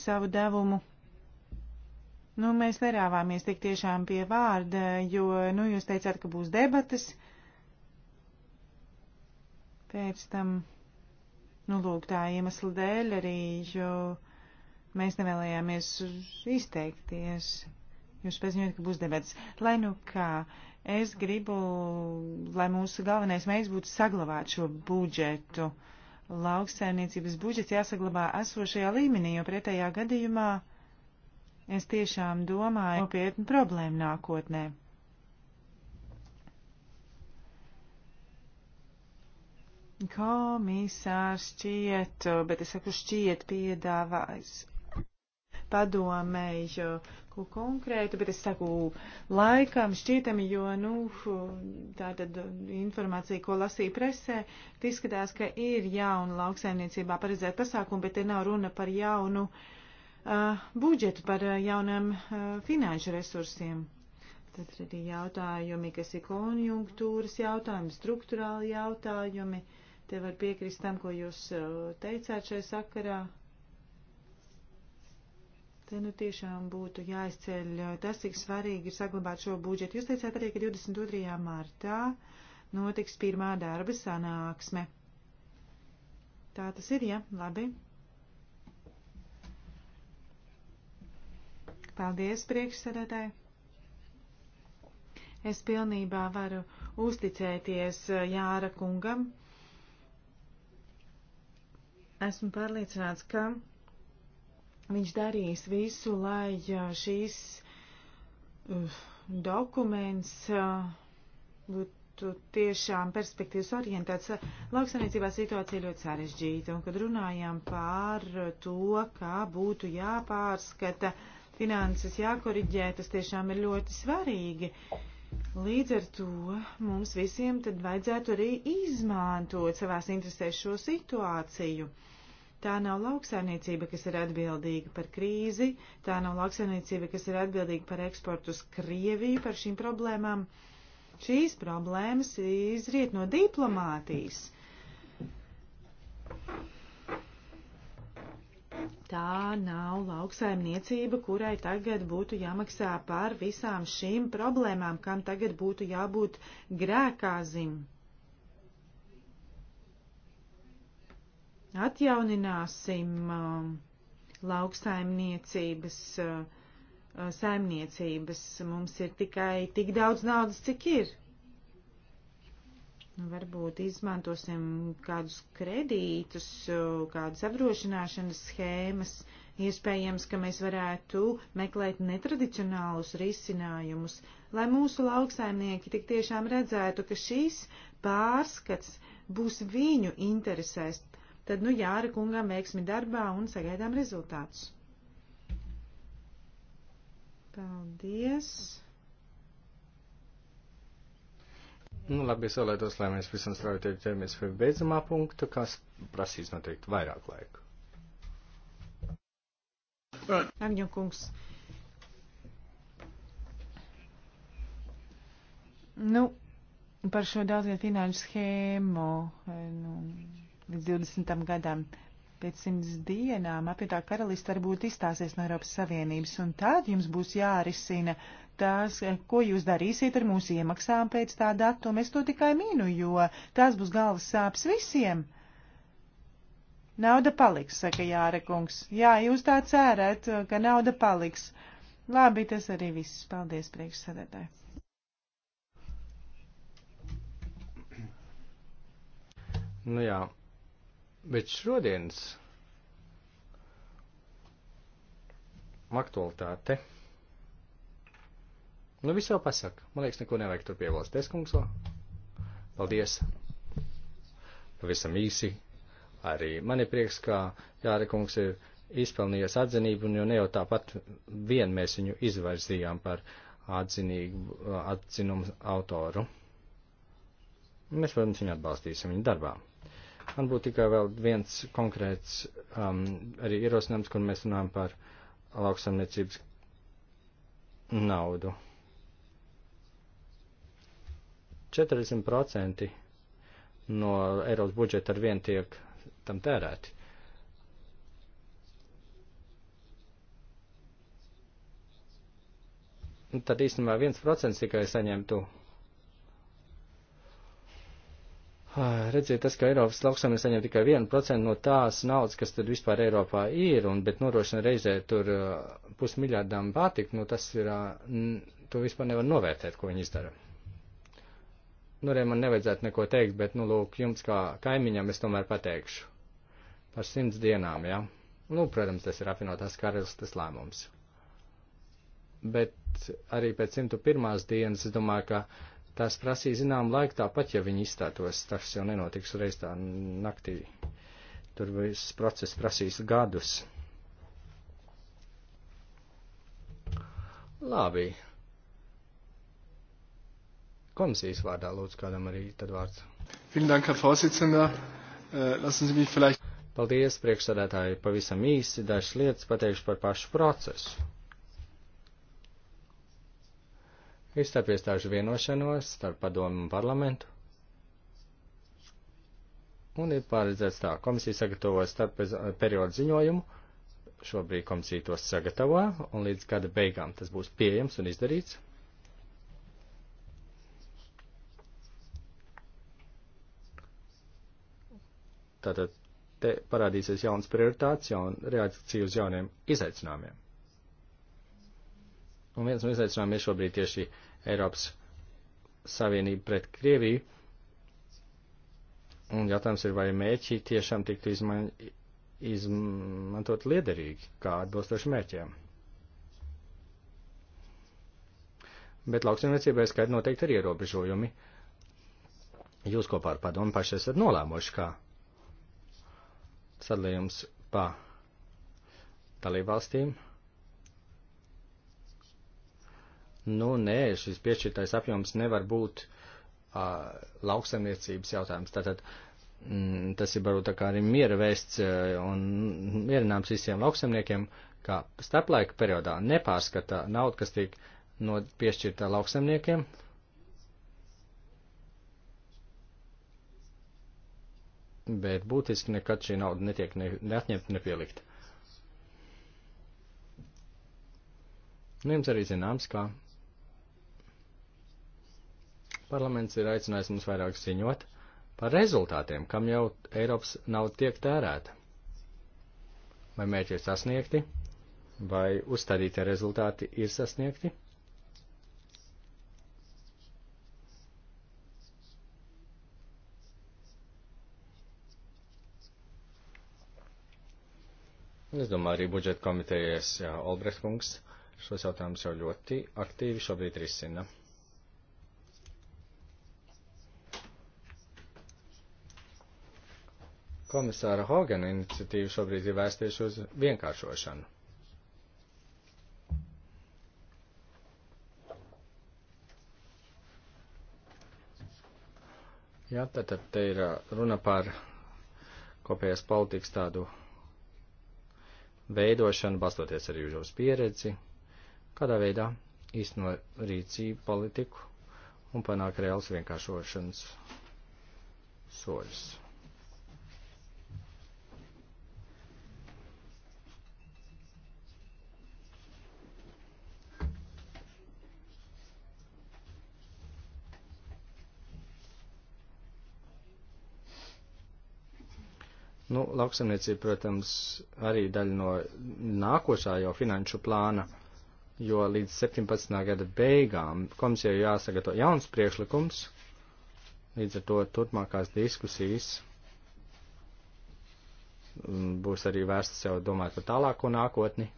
savu devumu Nu, mēs nerāvāmies tik tiešām pie vārda, jo, nu, jūs teicāt, ka būs debatas. Pēc tam, nu, lūk, tā iemesla dēļ arī, jo mēs nevēlējāmies izteikties. Jūs paziņojat, ka būs debats. Lai nu kā, es gribu, lai mūsu galvenais mērķis būtu saglabāt šo budžetu. Lauksaimniecības budžets jāsaglabā esošajā līmenī, jo pretējā gadījumā es tiešām domāju nopietnu problēmu nākotnē. Komisārs šķiet, bet es saku šķiet piedāvājis padomēju, ko konkrētu, bet es saku laikam šķietami, jo, nu, tā tad informācija, ko lasīja presē, izskatās, ka ir jauna lauksaimniecībā paredzēta pasākuma, bet te nav runa par jaunu uh, budžetu, par uh, jaunam uh, finanšu resursiem. Tad arī jautājumi, kas ir konjunktūras jautājumi, struktūrāli jautājumi. Uh, Te var piekrist tam, ko jūs eh, teicāt šai sakarā. Te nu tiešām būtu jāizceļ eh, tas, cik svarīgi ir saglabāt šo budžetu. Jūs teicāt arī, ka 22. martā notiks pirmā darba sanāksme. Tā tas ir, ja? Labi. Paldies, priekšsēdētāji. Es pilnībā varu uzticēties eh, Jāra kungam Esmu pārliecināts, ka viņš darīs visu, lai šīs uh, dokuments uh, būtu tiešām perspektīvas orientēts. Lauksaimniecībā situācija ļoti sarežģīta, un kad runājām par to, kā būtu jāpārskata finanses, jākoriģē, tas tiešām ir ļoti svarīgi. Līdz ar to mums visiem tad vajadzētu arī izmantot savās interesēs šo situāciju. Uh, Tā nav lauksainiecība, kas ir atbildīga par krīzi, tā nav lauksainiecība, kas ir atbildīga par eksportu uz Krieviju, par šīm problēmām. Šīs problēmas izriet no diplomātijas. Tā nav lauksaimniecība, kurai tagad būtu jāmaksā par visām šīm problēmām, kam tagad būtu jābūt grēkāzim. atjaunināsim um, lauksaimniecības uh, uh, saimniecības. Mums ir tikai tik daudz naudas, cik ir. Nu, varbūt izmantosim kādus kredītus, uh, kādas apdrošināšanas schēmas. Iespējams, ka mēs varētu meklēt netradicionālus risinājumus, lai mūsu lauksaimnieki tik tiešām redzētu, ka šīs pārskats būs viņu interesēs, Tad, nu, Jāra kungam veiksmi darbā un sagaidām rezultātus. Paldies! Nu, labi, es vēlētos, lai mēs visam strauji tiek ķeramies pie beidzamā punkta, kas prasīs noteikti vairāk laiku. Agņokungs. Nu, par šo daudzgad finanšu schēmu. Eh, nu, līdz 20. gadam. Pēc simts dienām apvienotā karalista varbūt izstāsies no Eiropas Savienības, un tad jums būs jārisina tās, ko jūs darīsiet ar mūsu iemaksām pēc tā datuma. Es to tikai mīnu, jo tās būs galvas sāpes visiem. Nauda paliks, saka Jāra kungs. Jā, jūs tā cērēt, ka nauda paliks. Labi, tas arī viss. Paldies, priekšsēdētāji. Nu jā, Bet šodienas aktualitāte. Nu, viss jau pasaka. Man liekas, neko nevajag tur piebilst. Tieskungs, paldies. Pavisam īsi. Arī man ir prieks, ka Jāra kungs ir izpelnījies atzinību, un jau ne jau tāpat vien mēs viņu izvairzījām par atzinīgu, atzinumu autoru. Mēs, protams, viņu atbalstīsim viņa darbā. Man būtu tikai vēl viens konkrēts um, arī ierosinājums, kur mēs runājam par lauksamniecības naudu. 40% no Eiropas budžeta ar vien tiek tam tērēti. Un nu, tad īstenībā 1% tikai saņemtu Ah, redziet, tas, ka Eiropas lauksaimnieks saņem tikai 1% no tās naudas, kas tad vispār Eiropā ir, un, bet norošana reizē tur ah, pusmiljārdām pārtikt, nu tas ir, ah, to vispār nevar novērtēt, ko viņi izdara. Nu, arī man nevajadzētu neko teikt, bet, nu, lūk, jums kā kaimiņam es tomēr pateikšu. Par simts dienām, jā. Ja? Nu, protams, tas ir apvienotās karalistas lēmums. Bet arī pēc 101. dienas es domāju, ka tās prasīja zinām laiku tāpat, ja viņi izstātos, tas jau nenotiks reiz tā naktī. Tur viss process prasīs gadus. Labi. Komisijas vārdā lūdzu kādam arī tad vārds. Vielen Dank, Herr Vorsitzender. Äh, lassen Sie mich vielleicht. Paldies, priekšsādātāji, pavisam īsi dažas lietas pateikšu par pašu procesu. ir starp iestāžu vienošanos starp padomu un parlamentu. Un ir paredzēts tā, komisija sagatavo starp periodu ziņojumu, šobrīd komisija tos sagatavo, un līdz gada beigām tas būs pieejams un izdarīts. Tātad te parādīsies jauns prioritāts, jauna reakcija uz jauniem izaicinājumiem. Un viens no izaicinājumiem ir šobrīd tieši Eiropas Savienība pret Krieviju. Un jautājums ir, vai mērķi tiešām tiktu izman, izmantot liederīgi, kā atbilstoši mērķiem. Bet lauksaimniecībai skaidri noteikti ir ierobežojumi. Jūs kopā ar padomu paši esat nolēmuši, kā sadalījums pa dalībvalstīm. valstīm Nu, nē, šis piešķirtais apjoms nevar būt uh, lauksaimniecības jautājums. Tātad mm, tas ir varbūt tā kā arī miera vēsts uh, un mierinājums visiem lauksaimniekiem, kā starplaika periodā nepārskata naudu, kas tiek no piešķirta lauksaimniekiem. Bet būtiski nekad šī nauda netiek ne, neatņemta, nepielikt. Nu, jums arī zināms, kā Parlaments ir aicinājis mums vairāk ziņot par rezultātiem, kam jau Eiropas nauda tiek tērēta. Vai mērķi ir sasniegti, vai uzstādītie rezultāti ir sasniegti? Es domāju, arī budžeta komitejas Olbrecht kungs šos jautājumus jau ļoti aktīvi šobrīd risina. komisāra Hogana iniciatīva šobrīd ir vērsties uz vienkāršošanu. Jā, tad, tad te ir uh, runa par kopējās politikas tādu veidošanu, balstoties arī uz jūsu pieredzi, kādā veidā īsteno rīcību politiku un panāk reāls vienkāršošanas soļus. Nu, lauksamniecība, protams, arī daļa no nākošā jau finanšu plāna, jo līdz 17. gada beigām komisijai jāsagato jauns priekšlikums, līdz ar to turpmākās diskusijas mm, būs arī vērstas jau domāt par tālāko nākotni,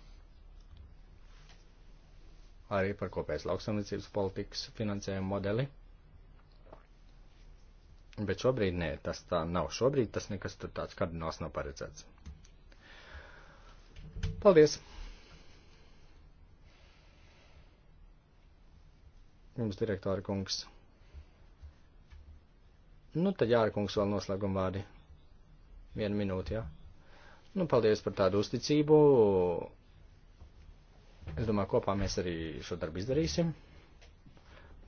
arī par kopējas lauksamniecības politikas finansējumu modeli. Bet šobrīd nē, tas tā nav. Šobrīd tas nekas tur tāds kardināls nav paredzēts. Paldies! Jums direktori kungs. Nu, tad jāra kungs vēl noslēguma vārdi. Vienu minūti, jā. Nu, paldies par tādu uzticību. Es domāju, kopā mēs arī šo darbu izdarīsim.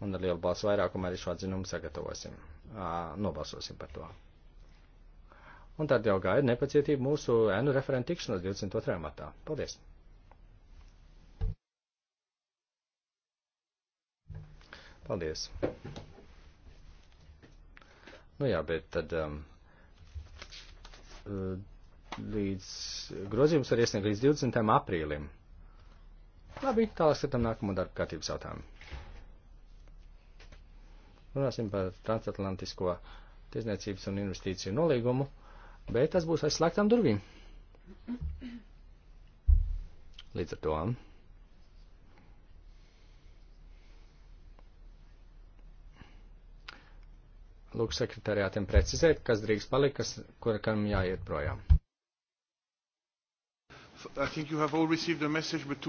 Un ar lielu balsu vairākumu arī šo atzinumu sagatavosim nobalsosim par to. Un tad jau gaida nepacietība mūsu ēnu referentu tikšanos 22. martā. Paldies! Paldies! Nu jā, bet tad um, līdz grozījums var iesniegt līdz 20. aprīlim. Labi, tālāk skatām nākamo darba kārtības jautājumu. Runāsim par transatlantisko tiesniecības un investīciju nolīgumu, bet tas būs aiz slēgtām durvīm. Līdz ar to. Lūk, sekretariātiem precizēt, kas drīkst palikt, kas, kura kam jāiet projām. I think you have all received a message, but